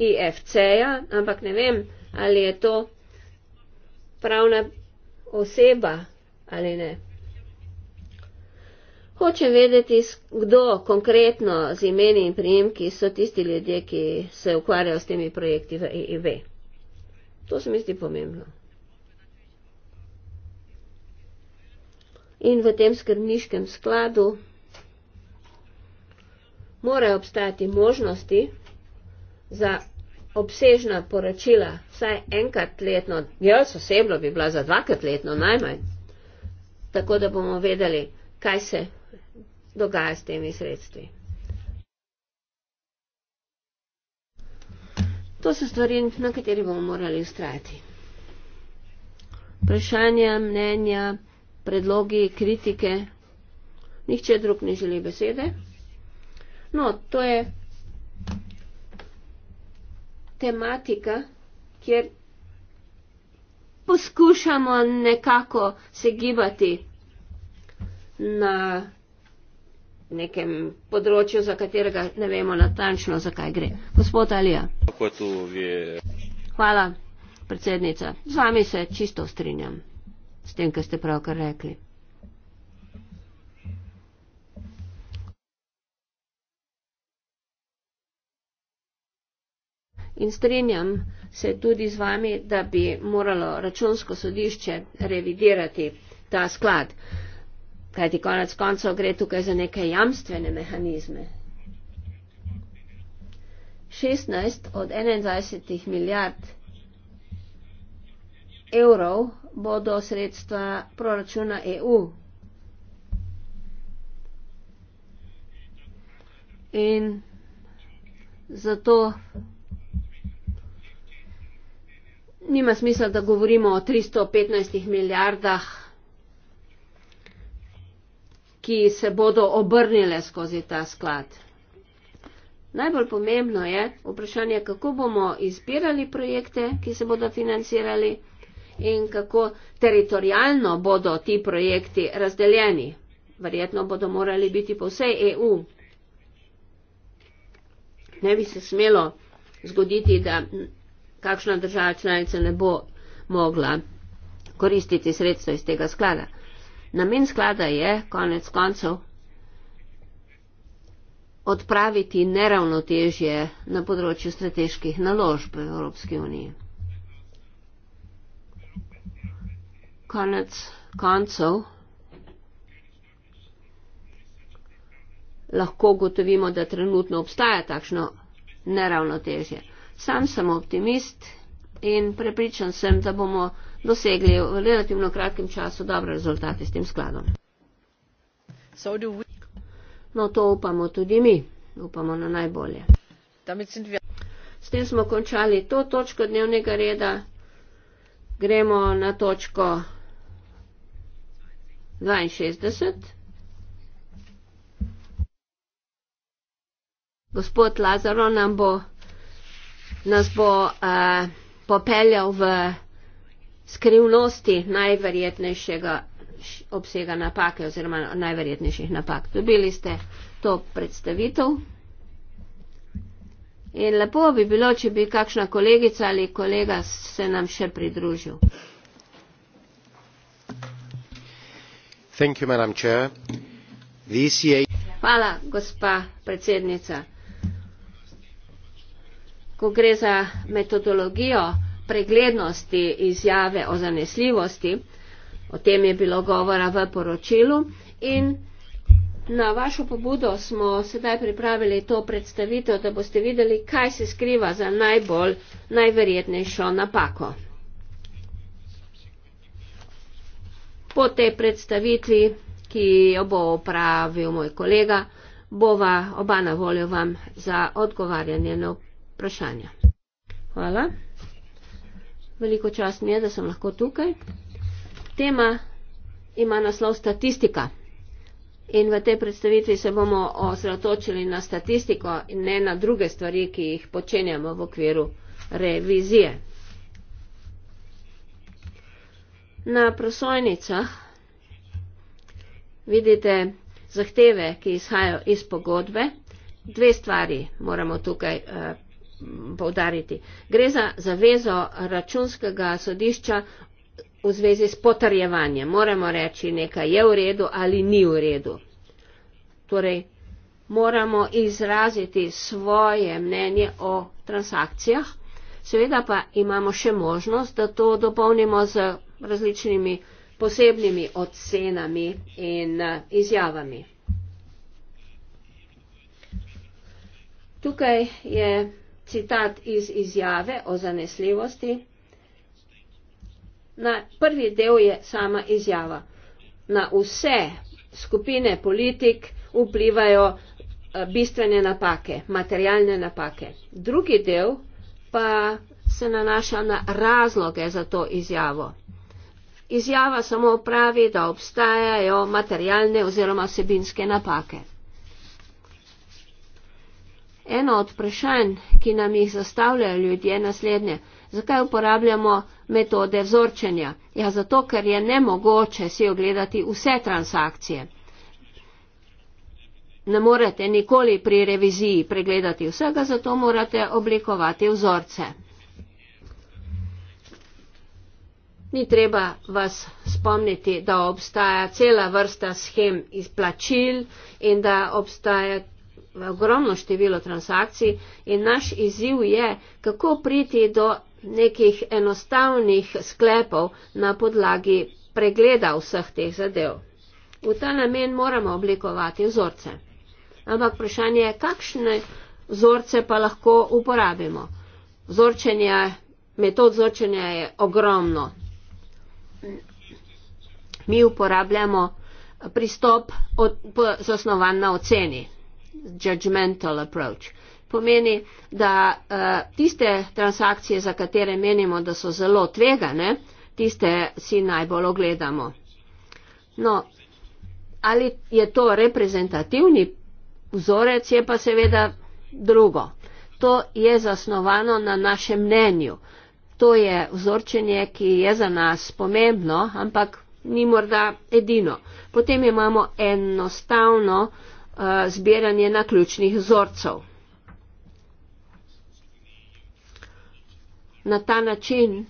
IFC-ja, ampak ne vem, ali je to pravna oseba ali ne. Hočem vedeti, kdo konkretno z imeni in prijemki so tisti ljudje, ki se ukvarjajo s temi projekti v EIV. To se mi zdi pomembno. In v tem skrbniškem skladu morajo obstajati možnosti za obsežna poročila, vsaj enkrat letno, jaz osebno bi bila za dvakrat letno najmanj, tako da bomo vedeli, kaj se dogaja s temi sredstvi. To so stvari, na kateri bomo morali ustrajati. Vprašanja, mnenja, predlogi, kritike. Nihče drug ne želi besede. No, to je tematika, kjer poskušamo nekako se gibati na nekem področju, za katerega ne vemo natančno, zakaj gre. Gospod Alija. Hvala, predsednica. Z vami se čisto strinjam s tem, kar ste pravkar rekli. In strenjam se tudi z vami, da bi moralo računsko sodišče revidirati ta sklad. Kajti konec koncev gre tukaj za neke jamstvene mehanizme. 16 od 21 milijard evrov bodo sredstva proračuna EU. In zato Nima smisla, da govorimo o 315 milijardah, ki se bodo obrnile skozi ta sklad. Najbolj pomembno je vprašanje, kako bomo izbirali projekte, ki se bodo financirali in kako teritorijalno bodo ti projekti razdeljeni. Verjetno bodo morali biti po vsej EU. Ne bi se smelo zgoditi, da kakšna država članica ne bo mogla koristiti sredstva iz tega sklada. Namen sklada je, konec koncev, odpraviti neravnotežje na področju strateških naložb v Evropski uniji. Konec koncev lahko gotovimo, da trenutno obstaja takšno neravnotežje. Sam sem optimist in prepričan sem, da bomo dosegli v relativno kratkem času dobre rezultate s tem skladom. No, to upamo tudi mi, upamo na najbolje. S tem smo končali to točko dnevnega reda. Gremo na točko 62. Gospod Lazaro nam bo nas bo uh, popeljal v skrivnosti najverjetnejšega obsega napake oziroma najverjetnejših napak. Dobili ste to predstavitev. In lepo bi bilo, če bi kakšna kolegica ali kolega se nam še pridružil. E Hvala, gospa predsednica ko gre za metodologijo preglednosti izjave o zanesljivosti, o tem je bilo govora v poročilu in na vašo pobudo smo sedaj pripravili to predstavitev, da boste videli, kaj se skriva za najbolj najverjetnejšo napako. Po tej predstavitvi, ki jo bo opravil moj kolega, bova oba na voljo vam za odgovarjanje na vprašanja. Hvala. Veliko čast mi je, da sem lahko tukaj. Tema ima naslov statistika. In v tej predstavitvi se bomo osredotočili na statistiko in ne na druge stvari, ki jih počenjamo v okviru revizije. Na prosojnicah vidite zahteve, ki izhajajo iz pogodbe. Dve stvari moramo tukaj eh, poudariti. Gre za zavezo računskega sodišča v zvezi s potrjevanjem. Moramo reči, nekaj je v redu ali ni v redu. Torej, moramo izraziti svoje mnenje o transakcijah. Seveda pa imamo še možnost, da to dopolnimo z različnimi posebnimi ocenami in eh, izjavami. Tukaj je citat iz izjave o zanesljivosti. Na prvi del je sama izjava. Na vse skupine politik vplivajo eh, bistvene napake, materialne napake. Drugi del pa se nanaša na razloge za to izjavo. Izjava samo pravi, da obstajajo materialne oziroma osebinske napake. Eno od vprašanj, ki nam jih zastavljajo ljudje, je naslednje. Zakaj uporabljamo metode vzorčenja? Ja, zato, ker je nemogoče si ogledati vse transakcije. Ne morete nikoli pri reviziji pregledati vsega, zato morate oblikovati vzorce. Ni treba vas spomniti, da obstaja cela vrsta schem izplačil in da obstajajo ogromno število transakcij in naš izziv je, kako priti do nekih enostavnih sklepov na podlagi pregleda vseh teh zadev. V ta namen moramo oblikovati vzorce. Ampak vprašanje je, kakšne vzorce pa lahko uporabimo. Zorčenja, metod vzorčenja je ogromno. Mi uporabljamo pristop od, po, zasnovan na oceni judgmental approach. Pomeni, da uh, tiste transakcije, za katere menimo, da so zelo tvegane, tiste si najbolj ogledamo. No, ali je to reprezentativni vzorec, je pa seveda drugo. To je zasnovano na našem mnenju. To je vzorčenje, ki je za nas pomembno, ampak ni morda edino. Potem imamo enostavno uh, Eh, zbiranje naključnih vzorcev. Na ta način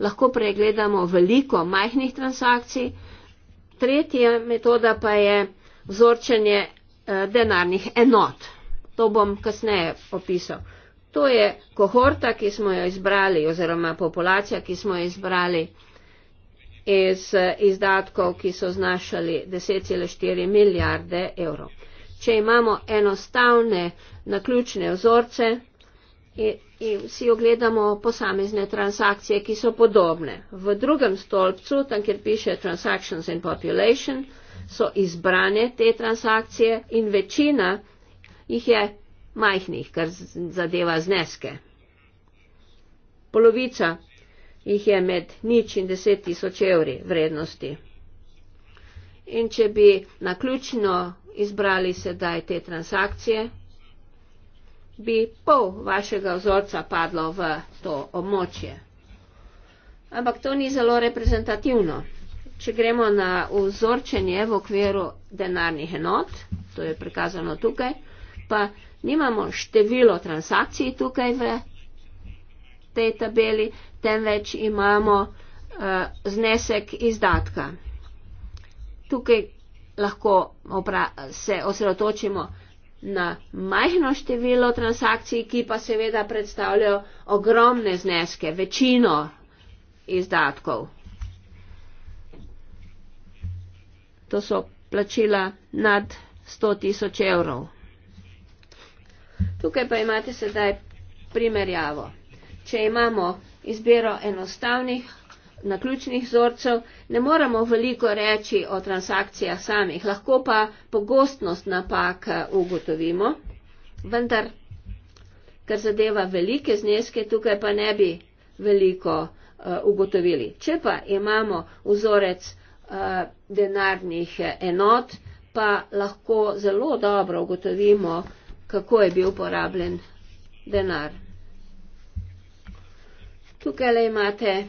lahko pregledamo veliko majhnih transakcij. Tretja metoda pa je vzorčenje eh, denarnih enot. To bom kasneje opisal. To je kohorta, ki smo jo izbrali, oziroma populacija, ki smo jo izbrali iz eh, izdatkov, ki so znašali 10,4 milijarde evrov če imamo enostavne naključne vzorce in, in si ogledamo posamezne transakcije, ki so podobne. V drugem stolpcu, tam kjer piše Transactions and Population, so izbrane te transakcije in večina jih je majhnih, kar zadeva zneske. Polovica jih je med nič in deset tisoč evri vrednosti. In če bi na ključno izbrali sedaj te transakcije, bi pol vašega vzorca padlo v to območje. Ampak to ni zelo reprezentativno. Če gremo na vzorčenje v okviru denarnih enot, to je prikazano tukaj, pa nimamo število transakcij tukaj v tej tabeli, temveč imamo uh, znesek izdatka. Tukaj lahko opra, se osredotočimo na majhno število transakcij, ki pa seveda predstavljajo ogromne zneske, večino izdatkov. To so plačila nad 100 tisoč evrov. Tukaj pa imate sedaj primerjavo. Če imamo izbiro enostavnih naključnih vzorcev, ne moremo veliko reči o transakcijah samih, lahko pa pogostnost napak eh, ugotovimo. Vendar, kar zadeva velike zneske, tukaj pa ne bi veliko uh, ugotovili. Če pa imamo vzorec uh, denarnih enot, pa lahko zelo dobro ugotovimo, kako je bil porabljen denar. Tukaj le imate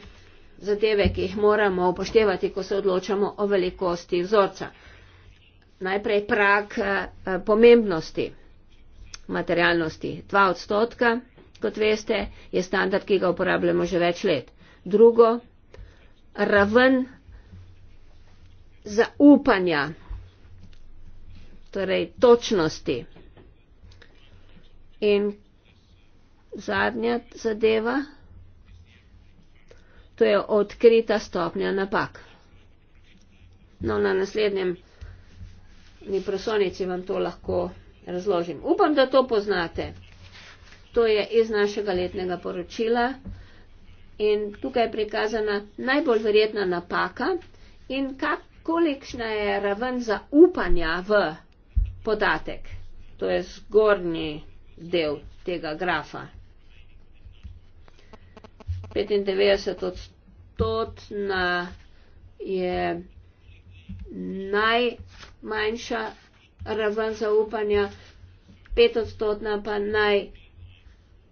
zadeve, ki jih moramo upoštevati, ko se odločamo o velikosti vzorca. Najprej prak eh, eh, pomembnosti materialnosti. Dva odstotka, kot veste, je standard, ki ga uporabljamo že več let. Drugo, raven zaupanja, torej točnosti. In zadnja zadeva, To je odkrita stopnja napak. No, na naslednjem prosonici vam to lahko razložim. Upam, da to poznate. To je iz našega letnega poročila in tukaj je prikazana najbolj verjetna napaka in kakolikšna je raven zaupanja v podatek. To je zgornji del tega grafa. 95 odstotna je najmanjša raven zaupanja, 5 odstotna pa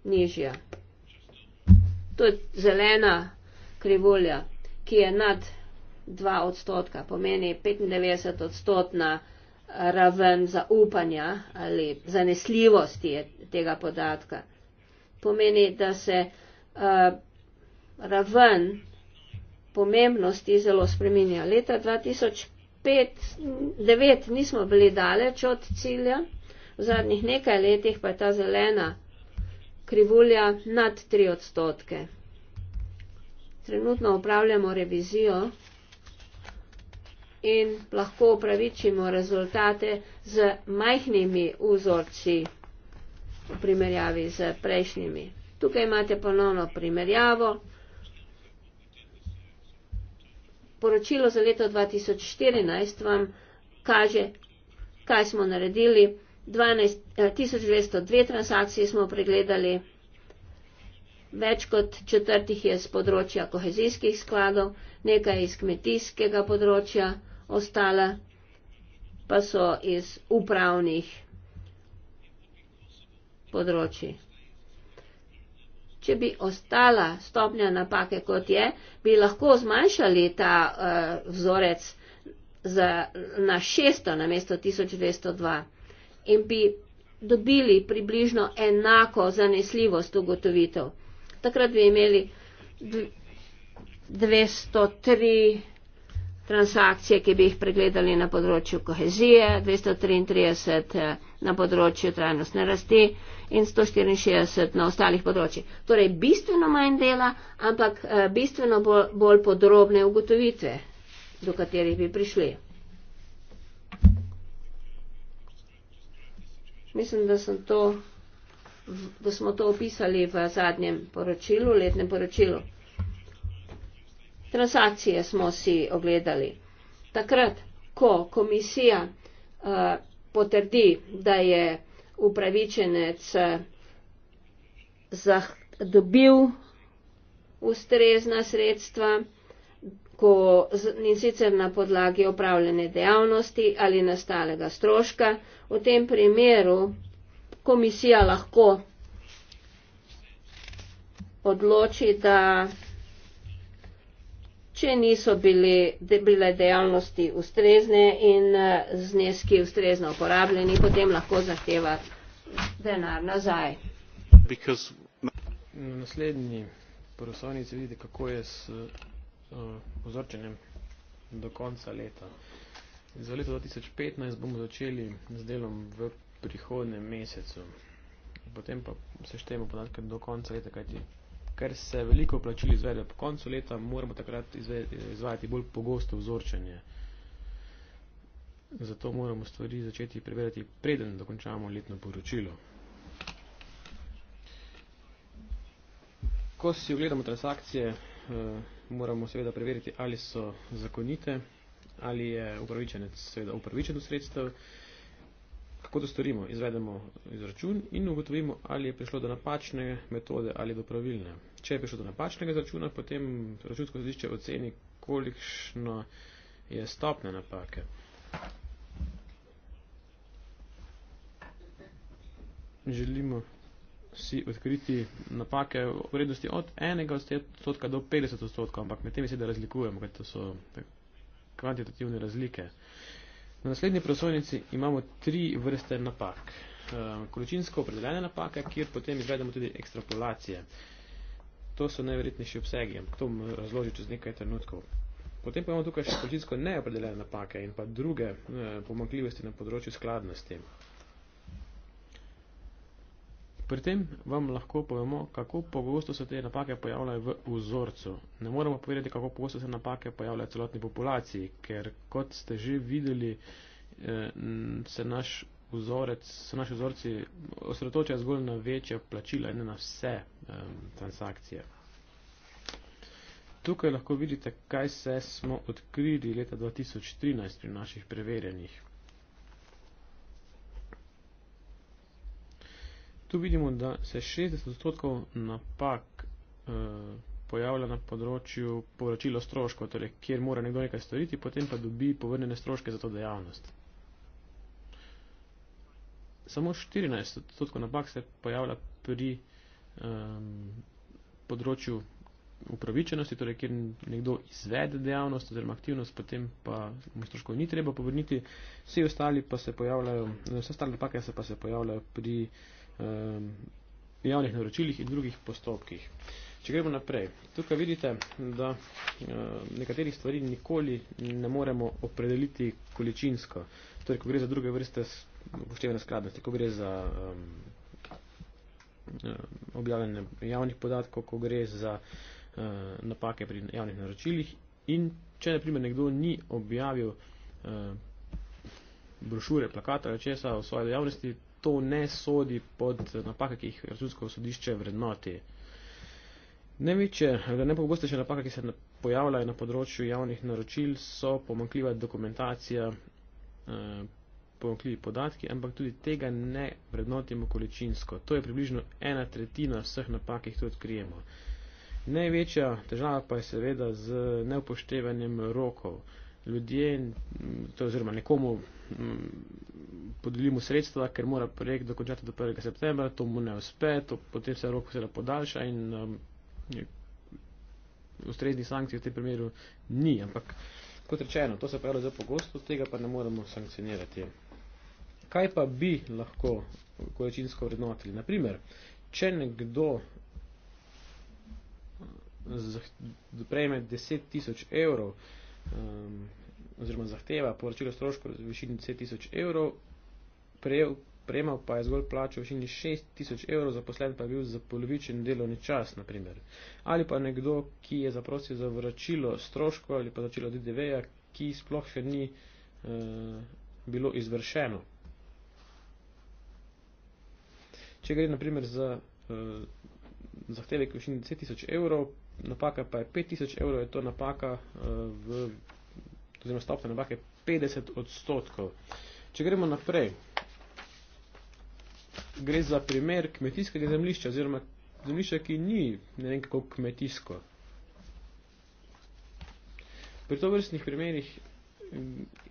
najnižja. To je zelena krivulja, ki je nad 2 odstotka, pomeni 95 odstotna raven zaupanja ali zanesljivosti tega podatka. Pomeni, da se uh, raven pomembnosti zelo spreminja. Leta 2009 nismo bili daleč od cilja, v zadnjih nekaj letih pa je ta zelena krivulja nad 3 odstotke. Trenutno upravljamo revizijo in lahko upravičimo rezultate z majhnimi vzorci v primerjavi z prejšnjimi. Tukaj imate ponovno primerjavo. poročilo za leto 2014 vam kaže, kaj smo naredili. 12, 1202 eh, transakcije smo pregledali, več kot četrtih je z področja kohezijskih skladov, nekaj iz kmetijskega področja, ostala pa so iz upravnih področji. Če bi ostala stopnja napake kot je, bi lahko zmanjšali ta uh, vzorec za, na 600 na mesto 1202 in bi dobili približno enako zanesljivost ugotovitev. Takrat bi imeli 203 transakcije, ki bi jih pregledali na področju kohezije, 233 eh, na področju trajnostne rasti in 164 na ostalih področjih. Torej bistveno manj dela, ampak eh, bistveno bolj, bolj podrobne ugotovitve, do katerih bi prišli. Mislim, da, to, da smo to opisali v zadnjem poročilu, letnem poročilu. Transakcije smo si ogledali. Takrat, ko komisija uh, potrdi, da je upravičenec eh, zah, dobil ustrezna sredstva, ko in sicer na podlagi opravljene dejavnosti ali nastalega stroška, v tem primeru komisija lahko odloči, da če niso bili, bile dejavnosti ustrezne in eh, zneski ustrezno uporabljeni, potem lahko zahteva denar nazaj. Na naslednji prosovnici vidite, kako je s eh, ozorčenjem uh, do konca leta. Za leto 2015 bomo začeli z delom v prihodnem mesecu, potem pa seštejemo podatke do konca leta, kajti ker se veliko plačil izvede po koncu leta, moramo takrat izvajati bolj pogosto vzorčenje. Zato moramo stvari začeti preverjati preden dokončamo letno poročilo. Ko si ogledamo transakcije, eh, moramo seveda preveriti, ali so zakonite, ali je upravičenec seveda upravičen do sredstev, lahko to storimo? Izvedemo izračun in ugotovimo, ali je prišlo do napačne metode ali do pravilne. Če je prišlo do napačnega izračuna, potem računsko zdišče oceni, kolikšno je stopne napake. Želimo si odkriti napake v vrednosti od 1 odstotka do 50 odstotkov, ampak med tem se da razlikujemo, ker to so kvantitativne razlike. Uh, Na naslednji prosojnici imamo tri vrste napak. Eh, količinsko opredeljene napake, kjer potem izvedemo tudi ekstrapolacije. To so najverjetnejši obsegi, to bom razložil čez nekaj trenutkov. Potem pa imamo tukaj še količinsko neopredeljene napake in pa druge eh, pomakljivosti na področju skladnosti. Pri tem vam lahko povemo, kako pogosto se te napake pojavljajo v vzorcu. Ne moremo povedati, kako pogosto se napake pojavljajo celotni populaciji, ker kot ste že videli, eh, se naš vzorec, se naši vzorci osredotočajo zgolj na večje plačila in ne na vse um, transakcije. Tukaj lahko vidite, kaj se smo odkrili leta 2013 pri naših preverjenih. Tu vidimo, da se 60% napak uh, pojavlja na področju povračilo stroškov, torej kjer mora nekdo nekaj storiti, potem pa dobi povrnjene stroške za to dejavnost. Samo 14% napak se pojavlja pri um, področju upravičenosti, torej kjer nekdo izvede dejavnost oziroma aktivnost, potem pa mu stroškov ni treba povrniti, vse ostale napake se pa se pojavljajo pri. Uh, Um, javnih naročilih in drugih postopkih. Če gremo naprej, tukaj vidite, da um, nekaterih stvari nikoli ne moremo opredeliti količinsko. Torej, ko gre za druge vrste upoštevene skladnosti, ko gre za um, um, objavljanje javnih podatkov, ko gre za uh, napake pri javnih naročilih in če naprimer nekdo ni objavil uh, brošure, plakata ali česa v svoji dejavnosti, to ne sodi pod napake, ki jih računsko sodišče vrednoti. Največje, najpogostejše napake, ki se pojavljajo na področju javnih naročil, so pomankljiva dokumentacija, eh, pomankljivi podatki, ampak tudi tega ne vrednotimo količinsko. To je približno ena tretjina vseh napak, ki jih tu odkrijemo. Največja težava pa je seveda z neupoštevanjem rokov. Ljudje, oziroma nekomu Mm, podelimo sredstva, ker mora projekt dokončati do 1. septembra, to mu ne uspe, to, potem se rok seveda podaljša in um, ustreznih sankcij v tem primeru ni. Ampak, kot rečeno, to se pravi zelo pogosto, tega pa ne moremo sankcionirati. Kaj pa bi lahko količinsko vrednotili? Naprimer, če nekdo eh, prejme 10 tisoč evrov, um, oziroma zahteva poročilo stroškov v višini 1000 evrov, prejel, prejemal pa je zgolj plačo v višini 6000 evrov, zaposlen pa je bil za polovičen delovni čas, naprimer. Ali pa nekdo, ki je zaprosil za vračilo stroškov ali pa začelo DDV-ja, ki sploh še ni eh, bilo izvršeno. Če gre naprimer za eh, zahteve v višini 10 tisoč evrov, napaka pa je 5 tisoč evrov, je to napaka eh, v oziroma stopnja napake 50 odstotkov. Če gremo naprej, gre za primer kmetijskega zemljišča oziroma zemljišča, ki ni ne vem kako kmetijsko. Pri to vrstnih primerih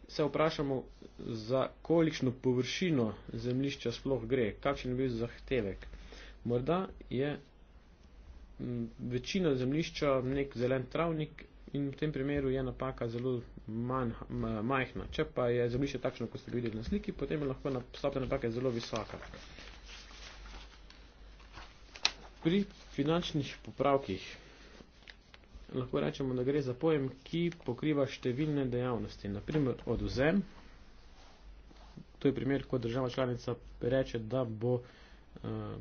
se vprašamo, za kolikšno površino zemljišča sploh gre, kakšen je bil zahtevek. Morda je večina zemljišča nek zelen travnik in v tem primeru je napaka zelo manj, majhna. Če pa je zemljišče takšno, kot ste videli na sliki, potem je lahko stopnja napake zelo visoka. Pri finančnih popravkih lahko rečemo, da gre za pojem, ki pokriva številne dejavnosti. Naprimer, oduzem, to je primer, ko država članica reče, da bo. Uh,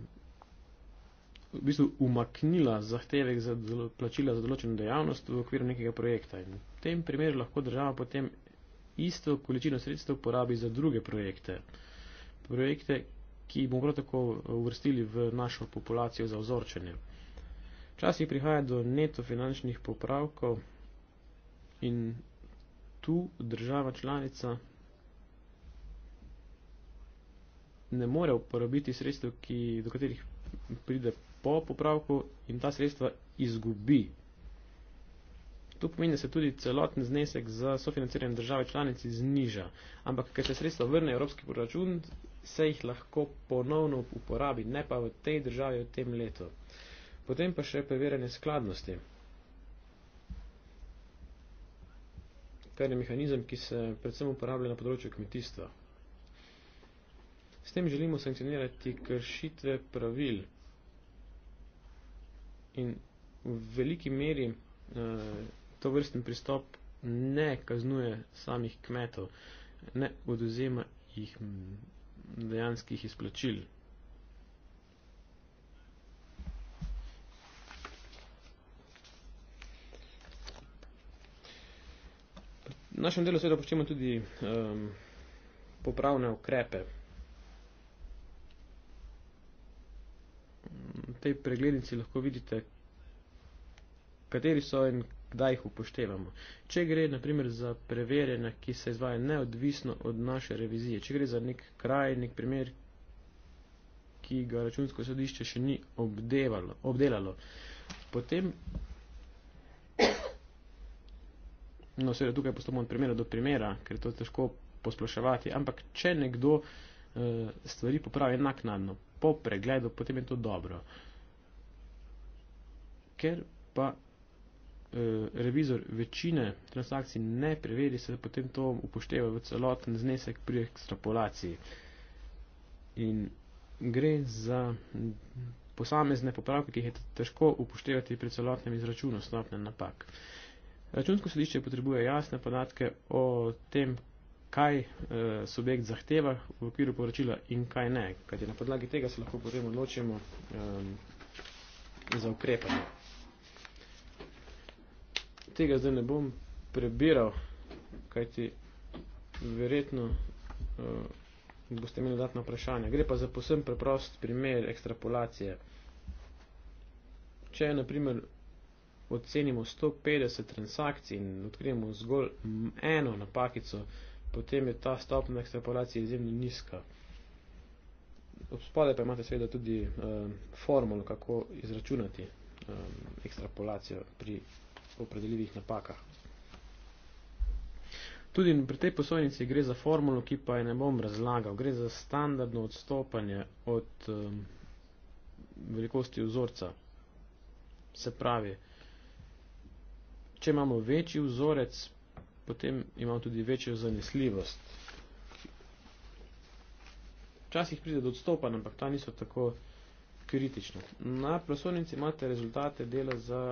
v bistvu umaknila zahtevek za delo, plačila za določeno dejavnost v okviru nekega projekta. In v tem primeru lahko država potem isto količino sredstev porabi za druge projekte. Projekte, ki bomo prav tako eh, uvrstili v našo populacijo za ozorčenje. Včasih prihaja do neto finančnih popravkov in tu država članica ne more uporabiti sredstev, ki, do katerih pride po popravku in ta sredstva izgubi. To pomeni, da se tudi celoten znesek za sofinanciranje države članici zniža. Ampak, ker se sredstva vrne v evropski proračun, se jih lahko ponovno uporabi, ne pa v tej državi v tem letu. Potem pa še preverjanje skladnosti. Kar je mehanizem, ki se predvsem uporablja na področju kmetijstva. S tem želimo sankcionirati kršitve pravil, in v veliki meri eh, to vrsten pristop ne kaznuje samih kmetov, ne oduzema jih mm, dejanskih izplačil. V našem delu seveda poštemo tudi um, popravne ukrepe. tej preglednici lahko vidite, kateri so in kdaj jih upoštevamo. Če gre naprimer za preverjanja, ki se izvaja neodvisno od naše revizije, če gre za nek kraj, nek primer, ki ga računsko sodišče še ni obdevalo, obdelalo, potem, no seveda tukaj postopamo od primera do primera, ker to je težko posploševati, ampak če nekdo eh, stvari popravi enak nadno, po pregledu, potem je to dobro. Uh, ker pa eh, revizor večine transakcij ne preveri, se potem to upošteva v celoten znesek pri ekstrapolaciji. In gre za posamezne popravke, ki jih je težko upoštevati pri celotnem izračunu stopne napak. Računsko sodišče potrebuje jasne podatke o tem, kaj e, subjekt zahteva v okviru poročila in kaj ne, kajti na podlagi tega se lahko potem odločimo e, za ukrepanje tega zdaj ne bom prebiral, kajti verjetno uh, boste imeli dodatno vprašanje. Gre pa za posem preprost primer ekstrapolacije. Če naprimer ocenimo 150 transakcij in odkrijemo zgolj eno napakico, potem je ta stopna ekstrapolacija izjemno nizka. Obspode pa imate seveda tudi uh, formulo, kako izračunati um, ekstrapolacijo pri v predeljivih napakah. Tudi pri tej posojnici gre za formulo, ki pa je ne bom razlagal. Gre za standardno odstopanje od um, velikosti vzorca. Se pravi, če imamo večji vzorec, potem imamo tudi večjo zanesljivost. Včasih pride do odstopanja, ampak ta niso tako kritična. Na prosovnici imate rezultate dela za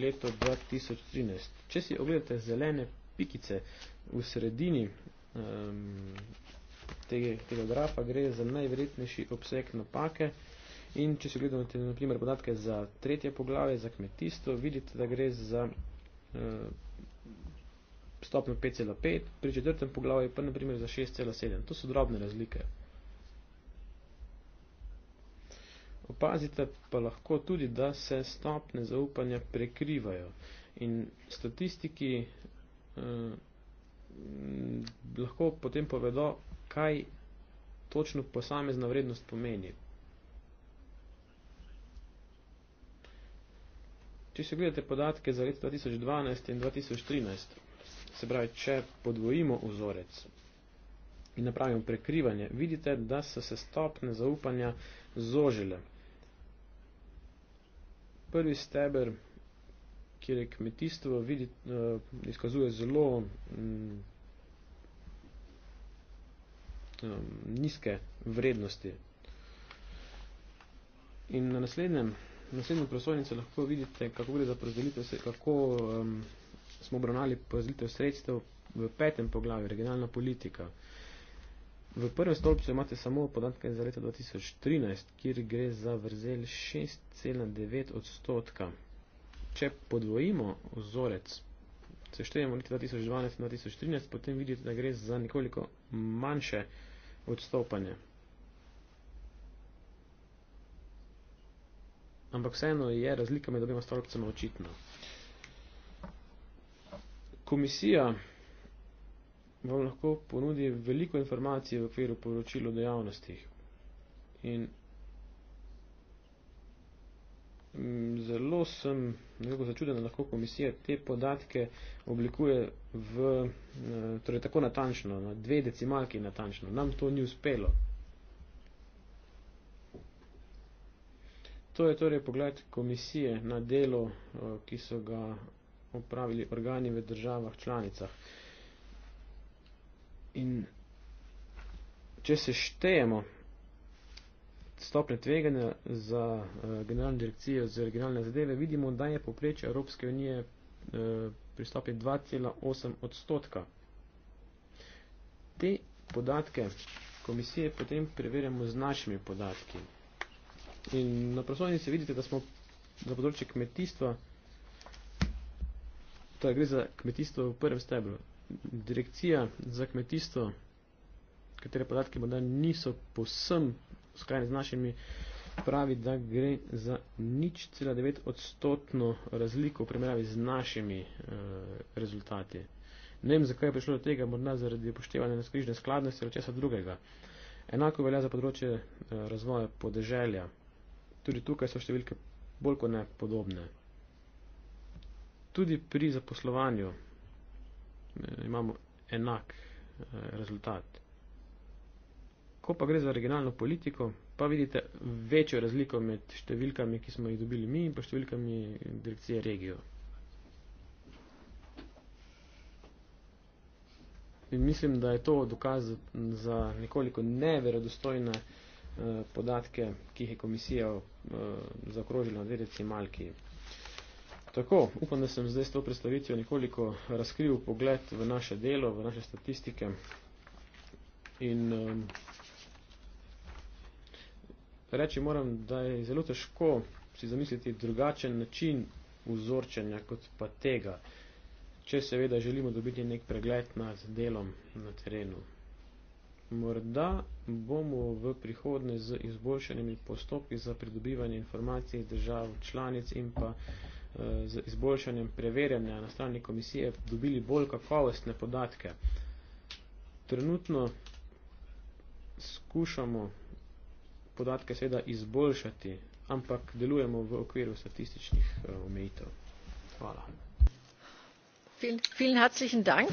leto 2013. Če si ogledate zelene pikice v sredini um, tega, tega grafa, gre za najverjetnejši obseg napake. In če si ogledamo te, na primer, podatke za tretje poglave, za kmetijstvo, vidite, da gre za uh, stopno 5,5, pri četrtem poglavju pa na primer za 6,7. To so drobne razlike. Opazite pa lahko tudi, da se stopne zaupanja prekrivajo in statistiki eh, lahko potem povedo, kaj točno posamezna vrednost pomeni. Če se gledate podatke za leto 2012 in 2013, se pravi, če podvojimo vzorec in napravimo prekrivanje, vidite, da so se stopne zaupanja zožile prvi steber, kjer je kmetijstvo, vidi, uh, izkazuje zelo um, nizke vrednosti. In na naslednjem, naslednjem prosojnici lahko vidite, kako gre za porazdelitev, kako um, smo obravnali porazdelitev sredstev v petem poglavju, regionalna politika. Uh, V prvem stolpcu imate samo podatke za leto 2013, kjer gre za vrzel 6,9 odstotka. Če podvojimo ozorec, se štejemo leto 2012 in 2013, potem vidite, da gre za nekoliko manjše odstopanje. Ampak vseeno je razlika med obima stolpcema očitna. Komisija vam lahko ponudi veliko informacij v okviru poročilo dejavnostih. In zelo sem nekako začuden, da lahko komisija te podatke oblikuje v, eh, torej tako natančno, na dve decimalki natančno. Nam to ni uspelo. To je torej pogled komisije na delo, eh, ki so ga opravili organi v državah članicah. In če se štejemo stopne tveganja za uh, generalno direkcijo za regionalne zadeve, vidimo, da je poprečje Evropske unije uh, pristopi 2,8 odstotka. Te podatke komisije potem preverjamo z našimi podatki. In na prosojni se vidite, da smo za področje kmetijstva, to torej gre za kmetijstvo v prvem steblu, direkcija za kmetijstvo, katere podatke morda niso posem skrajne z našimi, pravi, da gre za nič cela devet odstotno razliko v primerjavi z našimi eh, rezultati. Ne vem, zakaj je prišlo do tega, morda zaradi upoštevanja naskrižne skladnosti ali česa drugega. Enako velja za področje eh, razvoja podeželja. Tudi tukaj so številke bolj kot ne podobne. Tudi pri zaposlovanju imamo enak eh, rezultat. Ko pa gre za regionalno politiko, pa vidite večjo razliko med številkami, ki smo jih dobili mi in pa številkami direkcije regijo. In mislim, da je to dokaz za nekoliko neverodostojne eh, podatke, ki jih je komisija eh, zakrožila na dve decimalki. Tako, upam, da sem zdaj s to predstavitvijo nekoliko razkril pogled v naše delo, v naše statistike. In um, reči moram, da je zelo težko si zamisliti drugačen način vzorčenja kot pa tega, če seveda želimo dobiti nek pregled nad delom na terenu. Morda bomo v prihodnje z izboljšanimi postopki za pridobivanje informacij iz držav članic in pa z izboljšanjem preverjanja na strani komisije dobili bolj kakovostne podatke. Trenutno skušamo podatke seveda izboljšati, ampak delujemo v okviru statističnih eh, omejitev. Hvala. Vielen herzlichen Dank.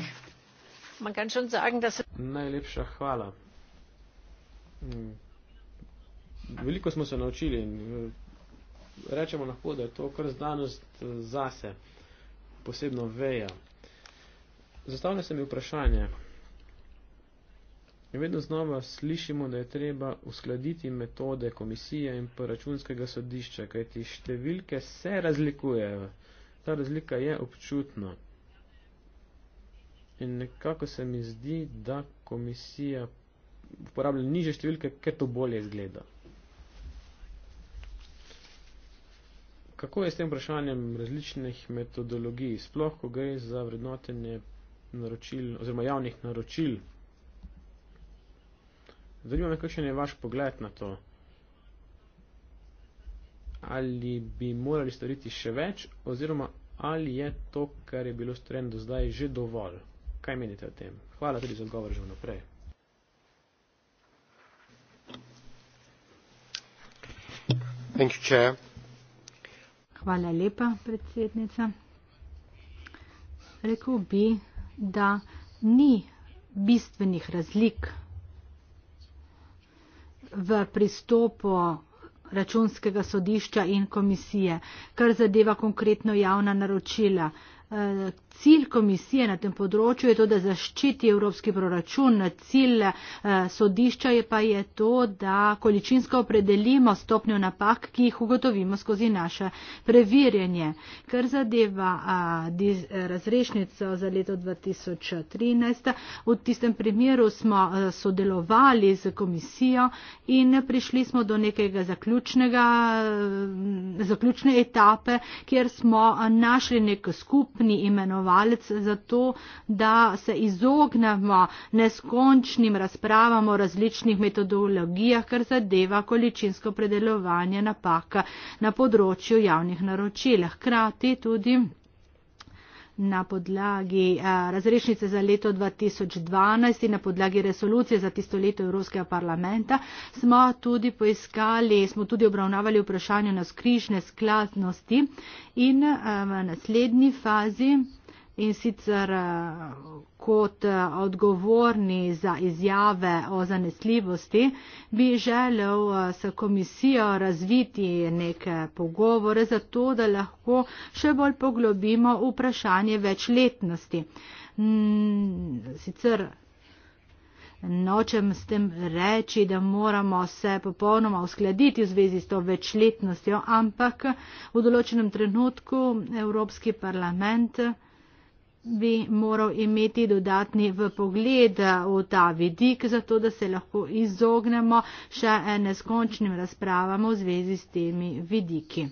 Man kann schon sagen, dass Najlepša hvala. Hm. Veliko smo se naučili in eh, rečemo lahko, da je to kar znanost eh, zase, posebno veja. Zastavlja se mi vprašanje. Vedno znova slišimo, da je treba uskladiti metode komisije in računskega sodišča, kajti številke se razlikujejo. Ta razlika je občutna. In nekako se mi zdi, da komisija uporablja niže številke, ker to bolje izgleda. kako je s tem vprašanjem različnih metodologij, sploh ko gre za vrednotenje naročil oziroma javnih naročil? Zanima me, kakšen je vaš pogled na to. Ali bi morali storiti še več, oziroma ali je to, kar je bilo storjeno do zdaj, že dovolj? Kaj menite o tem? Hvala tudi za odgovor že vnaprej. Thank you, Chair. Hvala lepa, predsednica. Rekl bi, da ni bistvenih razlik v pristopu računskega sodišča in komisije, kar zadeva konkretno javna naročila. Eh, cilj komisije na tem področju je to, da zaščiti evropski proračun, cilj eh, sodišča je pa je to, da količinsko opredelimo stopnjo napak, ki jih ugotovimo skozi naše preverjanje. Kar zadeva eh, razrešnico za leto 2013, v tistem primeru smo sodelovali z komisijo in prišli smo do nekega zaključnega, zaključne etape, kjer smo našli nek skup skupni imenovalec za to, da se izognemo neskončnim razpravam o različnih metodologijah, kar zadeva količinsko predelovanje napaka na področju javnih naročil. Hkrati tudi na podlagi eh, razrešnice za leto 2012 in na podlagi resolucije za tisto leto Evropskega parlamenta smo tudi poiskali, smo tudi obravnavali vprašanje na skrižne skladnosti in eh, v naslednji fazi in sicer eh, kot eh, odgovorni za izjave o zanesljivosti, bi želel eh, s komisijo razviti neke pogovore za to, da lahko še bolj poglobimo vprašanje večletnosti. Mm, sicer nočem s tem reči, da moramo se popolnoma uskladiti v zvezi s to večletnostjo, ampak v določenem trenutku Evropski parlament bi moral imeti dodatni pogled eh, v ta vidik, zato da se lahko izognemo še neskončnim razpravam v zvezi s temi vidiki.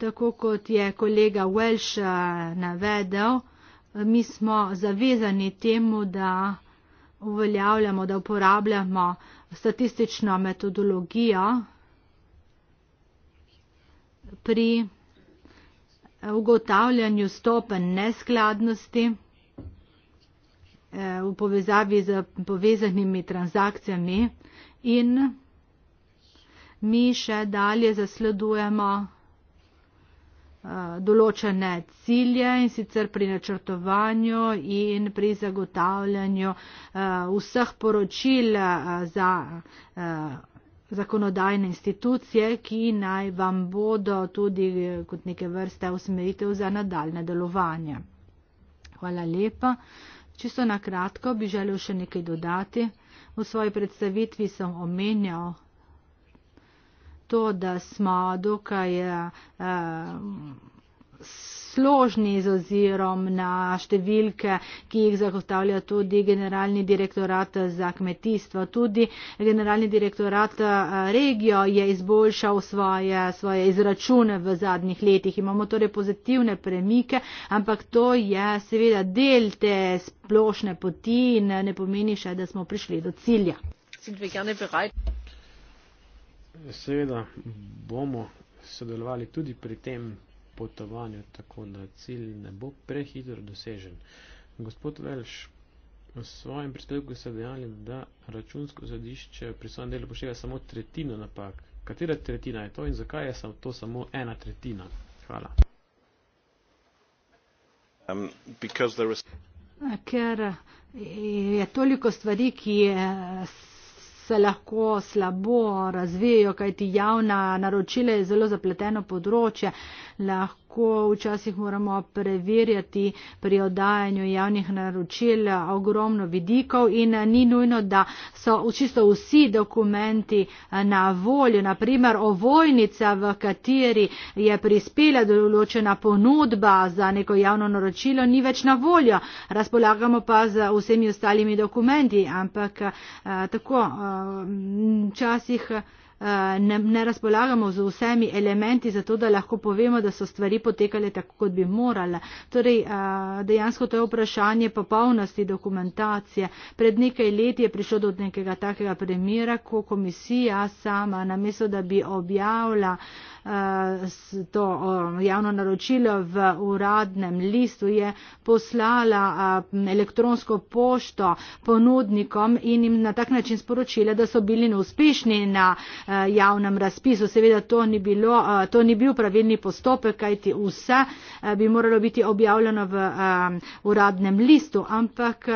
Tako kot je kolega Welsh eh, navedel, eh, mi smo zavezani temu, da uveljavljamo, da uporabljamo statistično metodologijo pri Eh, ugotavljanju stopen neskladnosti eh, v povezavi z povezanimi transakcijami in mi še dalje zasledujemo eh, določene cilje in sicer pri načrtovanju in pri zagotavljanju vseh poročil za zakonodajne institucije, ki naj vam bodo tudi eh, kot neke vrste usmeritev za nadaljne delovanje. Hvala lepa. Čisto na kratko bi želel še nekaj dodati. V svoji predstavitvi sem omenjal to, da smo dokaj eh, s složni z ozirom na številke, ki jih zagotavlja tudi generalni direktorat za kmetijstvo. Tudi generalni direktorat eh, regijo je izboljšal svoje, svoje izračune v zadnjih letih. Imamo torej pozitivne premike, ampak to je seveda del te splošne poti in ne pomeni še, da smo prišli do cilja. Seveda bomo sodelovali tudi pri tem potovanju, tako da cilj ne bo prehitro dosežen. Gospod Velš, v svojem prispevku ste dejali, da računsko zadišče pri svojem delu pošteva samo tretjino napak. Katera tretjina je to in zakaj je to samo ena tretjina? Hvala. Um, Ker je toliko stvari, ki je, s, se lahko slabo razvijajo, kajti javna naročila je zelo zapleteno področje. Lahko lahko včasih moramo preverjati pri oddajanju javnih naročil ogromno vidikov in eh, ni nujno, da so čisto vsi dokumenti eh, na voljo. Naprimer, ovojnica, v kateri je prispela določena ponudba za neko javno naročilo, ni več na voljo. Razpolagamo pa z vsemi ostalimi dokumenti, ampak eh, tako včasih. Eh, ne, ne razpolagamo z vsemi elementi, zato da lahko povemo, da so stvari potekale tako, kot bi morale. Torej, eh, dejansko to je vprašanje popolnosti dokumentacije. Pred nekaj leti je prišlo do nekega takega premjera, ko komisija sama, namesto da bi objavila, Eh, to eh, javno naročilo v uradnem listu, je poslala eh, elektronsko pošto ponudnikom in jim na tak način sporočila, da so bili neuspešni na javnem razpisu. Seveda to ni, bilo, to ni bil pravilni postopek, kajti vse bi moralo biti objavljeno v uradnem listu, ampak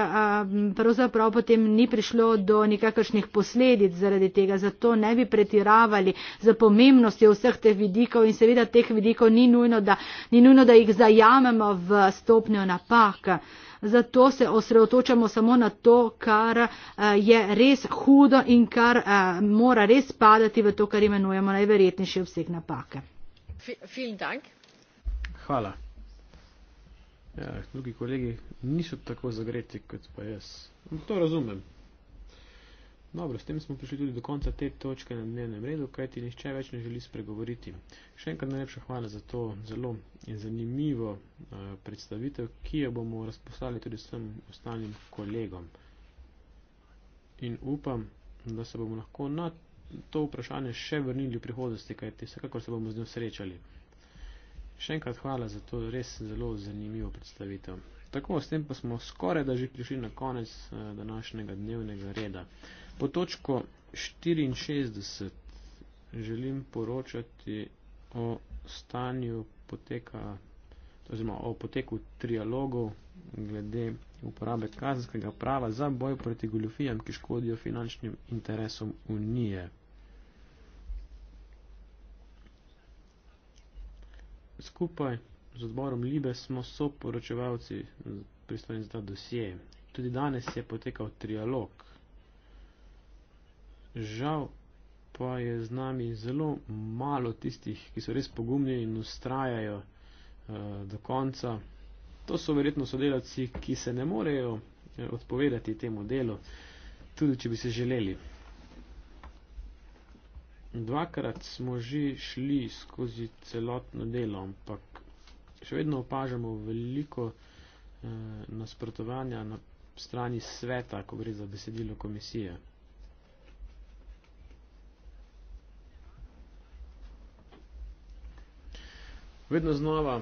pravzaprav potem ni prišlo do nikakršnih posledic zaradi tega, zato ne bi pretiravali za pomembnosti vseh teh teh vidikov in seveda teh vidikov ni nujno, da, ni nujno, da jih zajamemo v stopnjo napak. Zato se osredotočamo samo na to, kar eh, je res hudo in kar eh, mora res padati v to, kar imenujemo najverjetnejši obseg napake. Hvala. Ja, drugi kolegi niso tako zagreti kot pa jaz. To razumem. Dobro, s tem smo prišli tudi do konca te točke na dnevnem redu, kajti nišče več ne želi spregovoriti. Še enkrat najlepša hvala za to zelo zanimivo eh, predstavitev, ki jo bomo razposlali tudi vsem ostalim kolegom. In upam, da se bomo lahko na to vprašanje še vrnili v prihodnosti, kajti vsekakor se bomo z njo srečali. Še enkrat hvala za to res zelo zanimivo predstavitev. Tako, s tem pa smo skoraj da že prišli na konec eh, današnjega dnevnega reda. Po točko 64 želim poročati o stanju poteka, oziroma o poteku trialogov glede uporabe kazenskega prava za boj proti goljofijam, ki škodijo finančnim interesom Unije. Skupaj z odborom Libe smo soporočevalci pristojni za ta dosje. Tudi danes je potekal trialog žal pa je z nami zelo malo tistih, ki so res pogumni in ustrajajo uh, eh, do konca. To so verjetno sodelavci, ki se ne morejo eh, odpovedati temu delu, tudi če bi se želeli. Dvakrat smo že šli skozi celotno delo, ampak še vedno opažamo veliko eh, nasprotovanja na strani sveta, ko gre za besedilo komisije. Vedno znova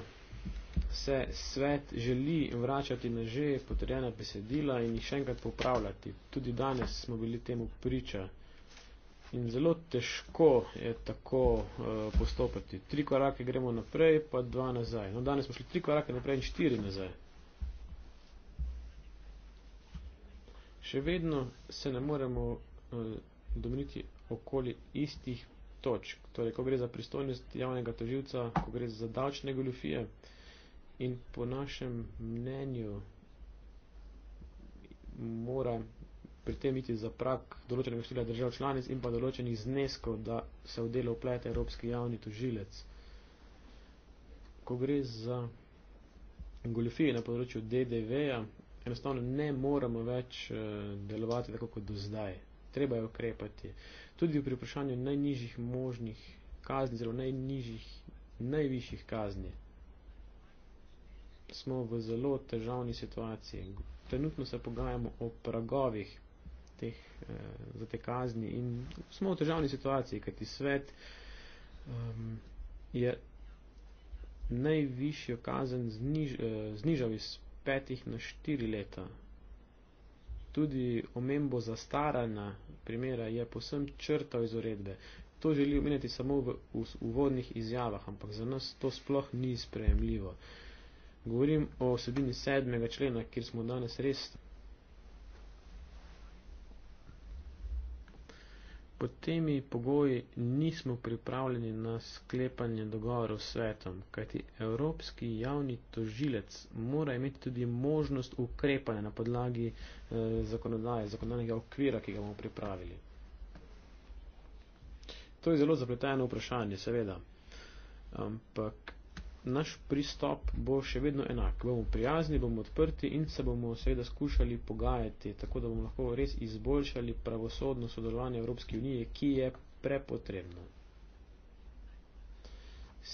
se svet želi vračati na že potrjena besedila in jih še enkrat popravljati. Tudi danes smo bili temu priča. In zelo težko je tako uh, postopati. Tri korake gremo naprej, pa dva nazaj. No, danes smo šli tri korake naprej in štiri nazaj. Še vedno se ne moremo uh, eh, domniti okoli istih točk, torej ko gre za pristojnost javnega toživca, ko gre za davčne goljofije in po našem mnenju mora pri tem iti za prak določenega števila držav članic in pa določenih zneskov, da se v delo vplete Evropski javni tožilec. Ko gre za goljofije na področju DDV-ja, enostavno ne moramo več eh, delovati tako kot do zdaj treba je ukrepati. Tudi pri vprašanju najnižjih možnih kazni, zelo najnižjih, najvišjih kazni, smo v zelo težavni situaciji. Trenutno se pogajamo o pragovih. Teh, eh, za te kazni in smo v težavni situaciji, kajti svet um, je najvišjo kazen zniž, eh, znižal iz petih na štiri leta tudi omembo zastaranja primera je posem črtal iz uredbe. To želi omeniti samo v uvodnih izjavah, ampak za nas to sploh ni sprejemljivo. Govorim o sedini sedmega člena, kjer smo danes res pod temi pogoji nismo pripravljeni na sklepanje dogovorov s svetom, kajti Evropski javni tožilec mora imeti tudi možnost ukrepanja na podlagi eh, zakonodaje, zakonodajnega okvira, ki ga bomo pripravili. To je zelo zapleteno vprašanje, seveda. Ampak naš pristop bo še vedno enak. Bomo prijazni, bomo odprti in se bomo seveda skušali pogajati, tako da bomo lahko res izboljšali pravosodno sodelovanje Evropske unije, ki je prepotrebno.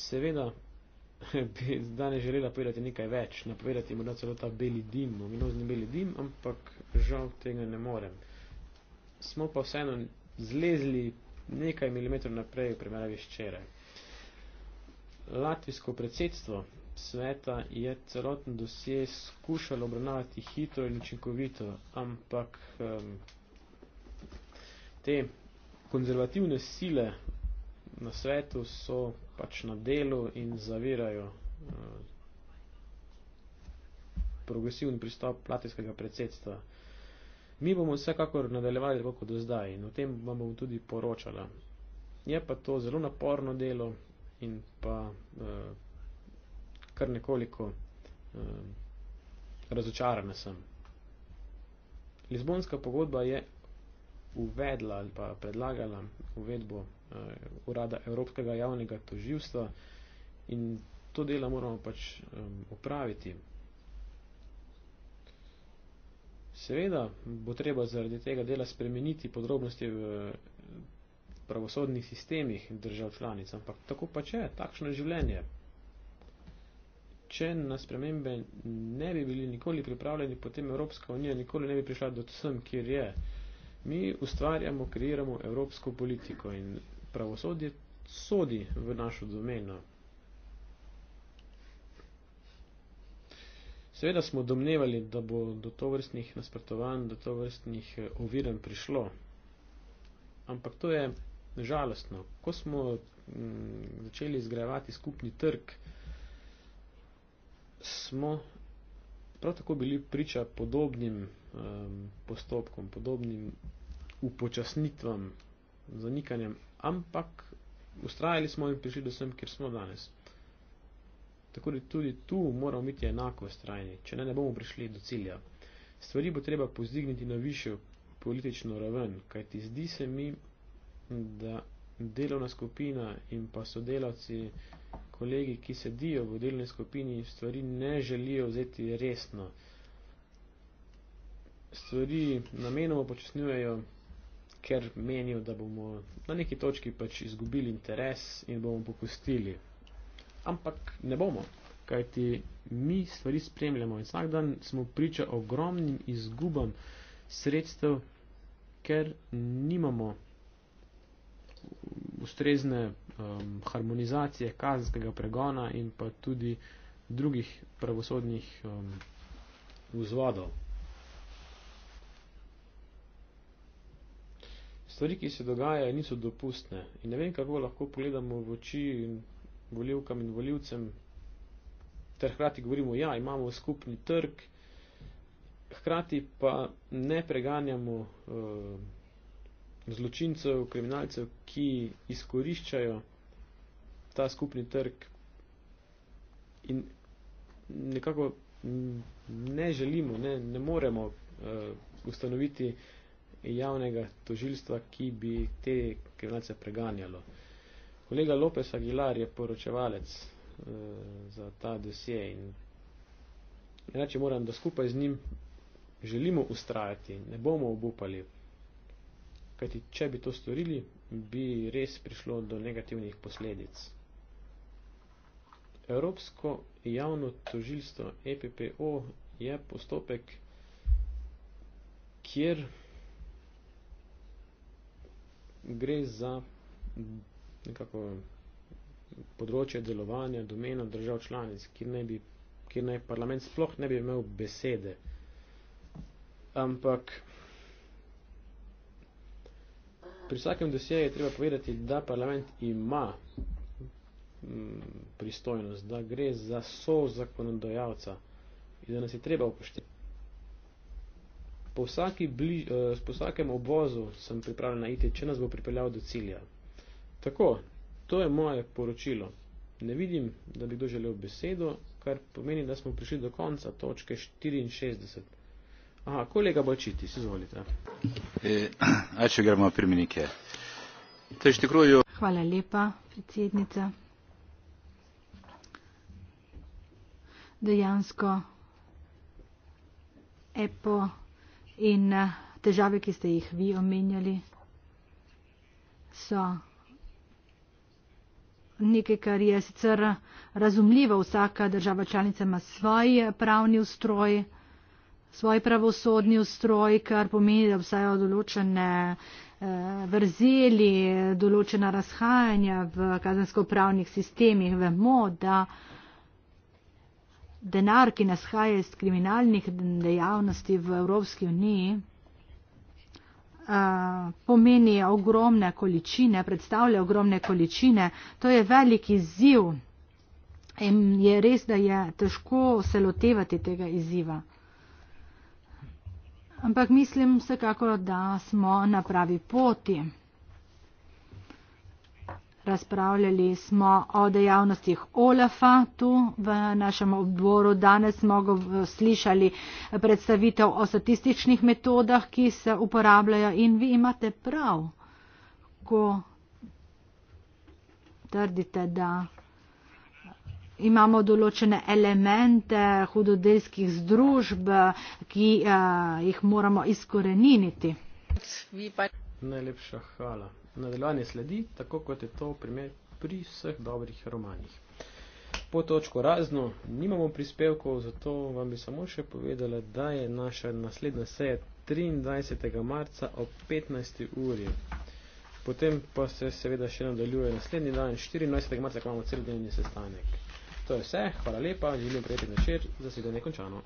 Seveda bi danes želela povedati nekaj več, napovedati morda celo ta beli dim, ominozni beli dim, ampak žal tega ne morem. Smo pa vseeno zlezli nekaj milimetrov naprej v primerjavi s včeraj latvijsko predsedstvo sveta je celoten dosje skušalo obravnavati hitro in učinkovito, ampak um, te konzervativne sile na svetu so pač na delu in zavirajo um, progresivni pristop latvijskega predsedstva. Mi bomo vsekakor nadaljevali tako kot do zdaj in o tem vam bom tudi poročala. Je pa to zelo naporno delo in pa uh, kar nekoliko uh, razočarana sem. Lizbonska pogodba je uvedla ali pa predlagala uvedbo uh, urada Evropskega javnega toživstva in to dela moramo pač um, opraviti. Seveda bo treba zaradi tega dela spremeniti podrobnosti v pravosodnih sistemih držav članic, ampak tako pa če, takšno je življenje. Če na spremembe ne bi bili nikoli pripravljeni, potem Evropska unija nikoli ne bi prišla do tem, kjer je. Mi ustvarjamo, kreiramo evropsko politiko in pravosodje sodi v našo domeno. Seveda smo domnevali, da bo do tovrstnih nasprotovanj, do tovrstnih eh, oviran prišlo. Ampak to je žalostno. Ko smo mm, začeli izgrajevati skupni trg, smo prav tako bili priča podobnim postopkom, podobnim upočasnitvam, zanikanjem, ampak ustrajali smo in prišli do sem, kjer smo danes. Tako da tudi tu moramo biti enako ustrajni, če ne, ne bomo prišli do cilja. Stvari bo treba pozdigniti na višjo politično raven, kajti zdi se mi, da delovna skupina in pa sodelavci, kolegi, ki sedijo v delovni skupini, stvari ne želijo vzeti resno. Stvari namenoma počasnjujejo, ker menijo, da bomo na neki točki pač izgubili interes in bomo popustili. Ampak ne bomo, kajti mi stvari spremljamo in vsak dan smo priča ogromnim izgubam sredstev, ker nimamo ustrezne um, harmonizacije kazenskega pregona in pa tudi drugih pravosodnih um, vzvodov. Stvari, ki se dogajajo, niso dopustne in ne vem, kako lahko pogledamo v oči in voljivkam in voljivcem, ter hkrati govorimo, ja, imamo skupni trg, hkrati pa ne preganjamo uh, zločincev, kriminalcev, ki izkoriščajo ta skupni trg in nekako ne želimo, ne, ne moremo uh, ustanoviti javnega tožilstva, ki bi te kriminalce preganjalo. Kolega Lopes Aguilar je poročevalec uh, za ta dosje in reče moram, da skupaj z njim želimo ustrajati, ne bomo obupali kajti če bi to storili, bi res prišlo do negativnih posledic. Evropsko javno tožilstvo EPPO je postopek, kjer gre za nekako področje delovanja domena držav članic, kjer naj, bi, kjer naj parlament sploh ne bi imel besede. Ampak pri vsakem dosjeju je treba povedati, da parlament ima mm, pristojnost, da gre za so zakonodajalca in da nas je treba upoštevati. Po, vsaki bliž, eh, po vsakem obozu sem pripravljen iti, če nas bo pripeljal do cilja. Tako, to je moje poročilo. Ne vidim, da bi kdo želel besedo, kar pomeni, da smo prišli do konca točke 64. E, Hvala lepa, predsednica. Dejansko EPO in eh, težave, ki ste jih vi omenjali, so nekaj, kar je sicer razumljivo. Vsaka država članica ima svoj eh, pravni ustroj svoj pravosodni ustroj, kar pomeni, da obstajajo določene eh, vrzeli, določena razhajanja v kazensko-pravnih sistemih. Vemo, da denar, ki nashaja iz kriminalnih dejavnosti v Evropski uniji, eh, pomeni ogromne količine, predstavlja ogromne količine. To je veliki ziv in je res, da je težko se lotevati tega izziva. Ampak mislim vsekako, da smo na pravi poti. Razpravljali smo o dejavnostih OLAFA tu v našem odboru. Danes smo slišali predstavitev o statističnih metodah, ki se uporabljajo in vi imate prav, ko trdite, da imamo določene elemente hudodelskih združb, ki uh, jih moramo izkoreniniti. Najlepša hvala. Nadaljevanje sledi, tako kot je to primer pri vseh dobrih romanih. Po točko razno nimamo prispevkov, zato vam bi samo še povedala, da je naša naslednja seja 23. marca ob 15. uri. Potem pa se seveda še nadaljuje naslednji dan, 24. marca, ko imamo celodnevni sestanek. To je vse, hvala lepa, želim prijeten večer, zasedanje je končano.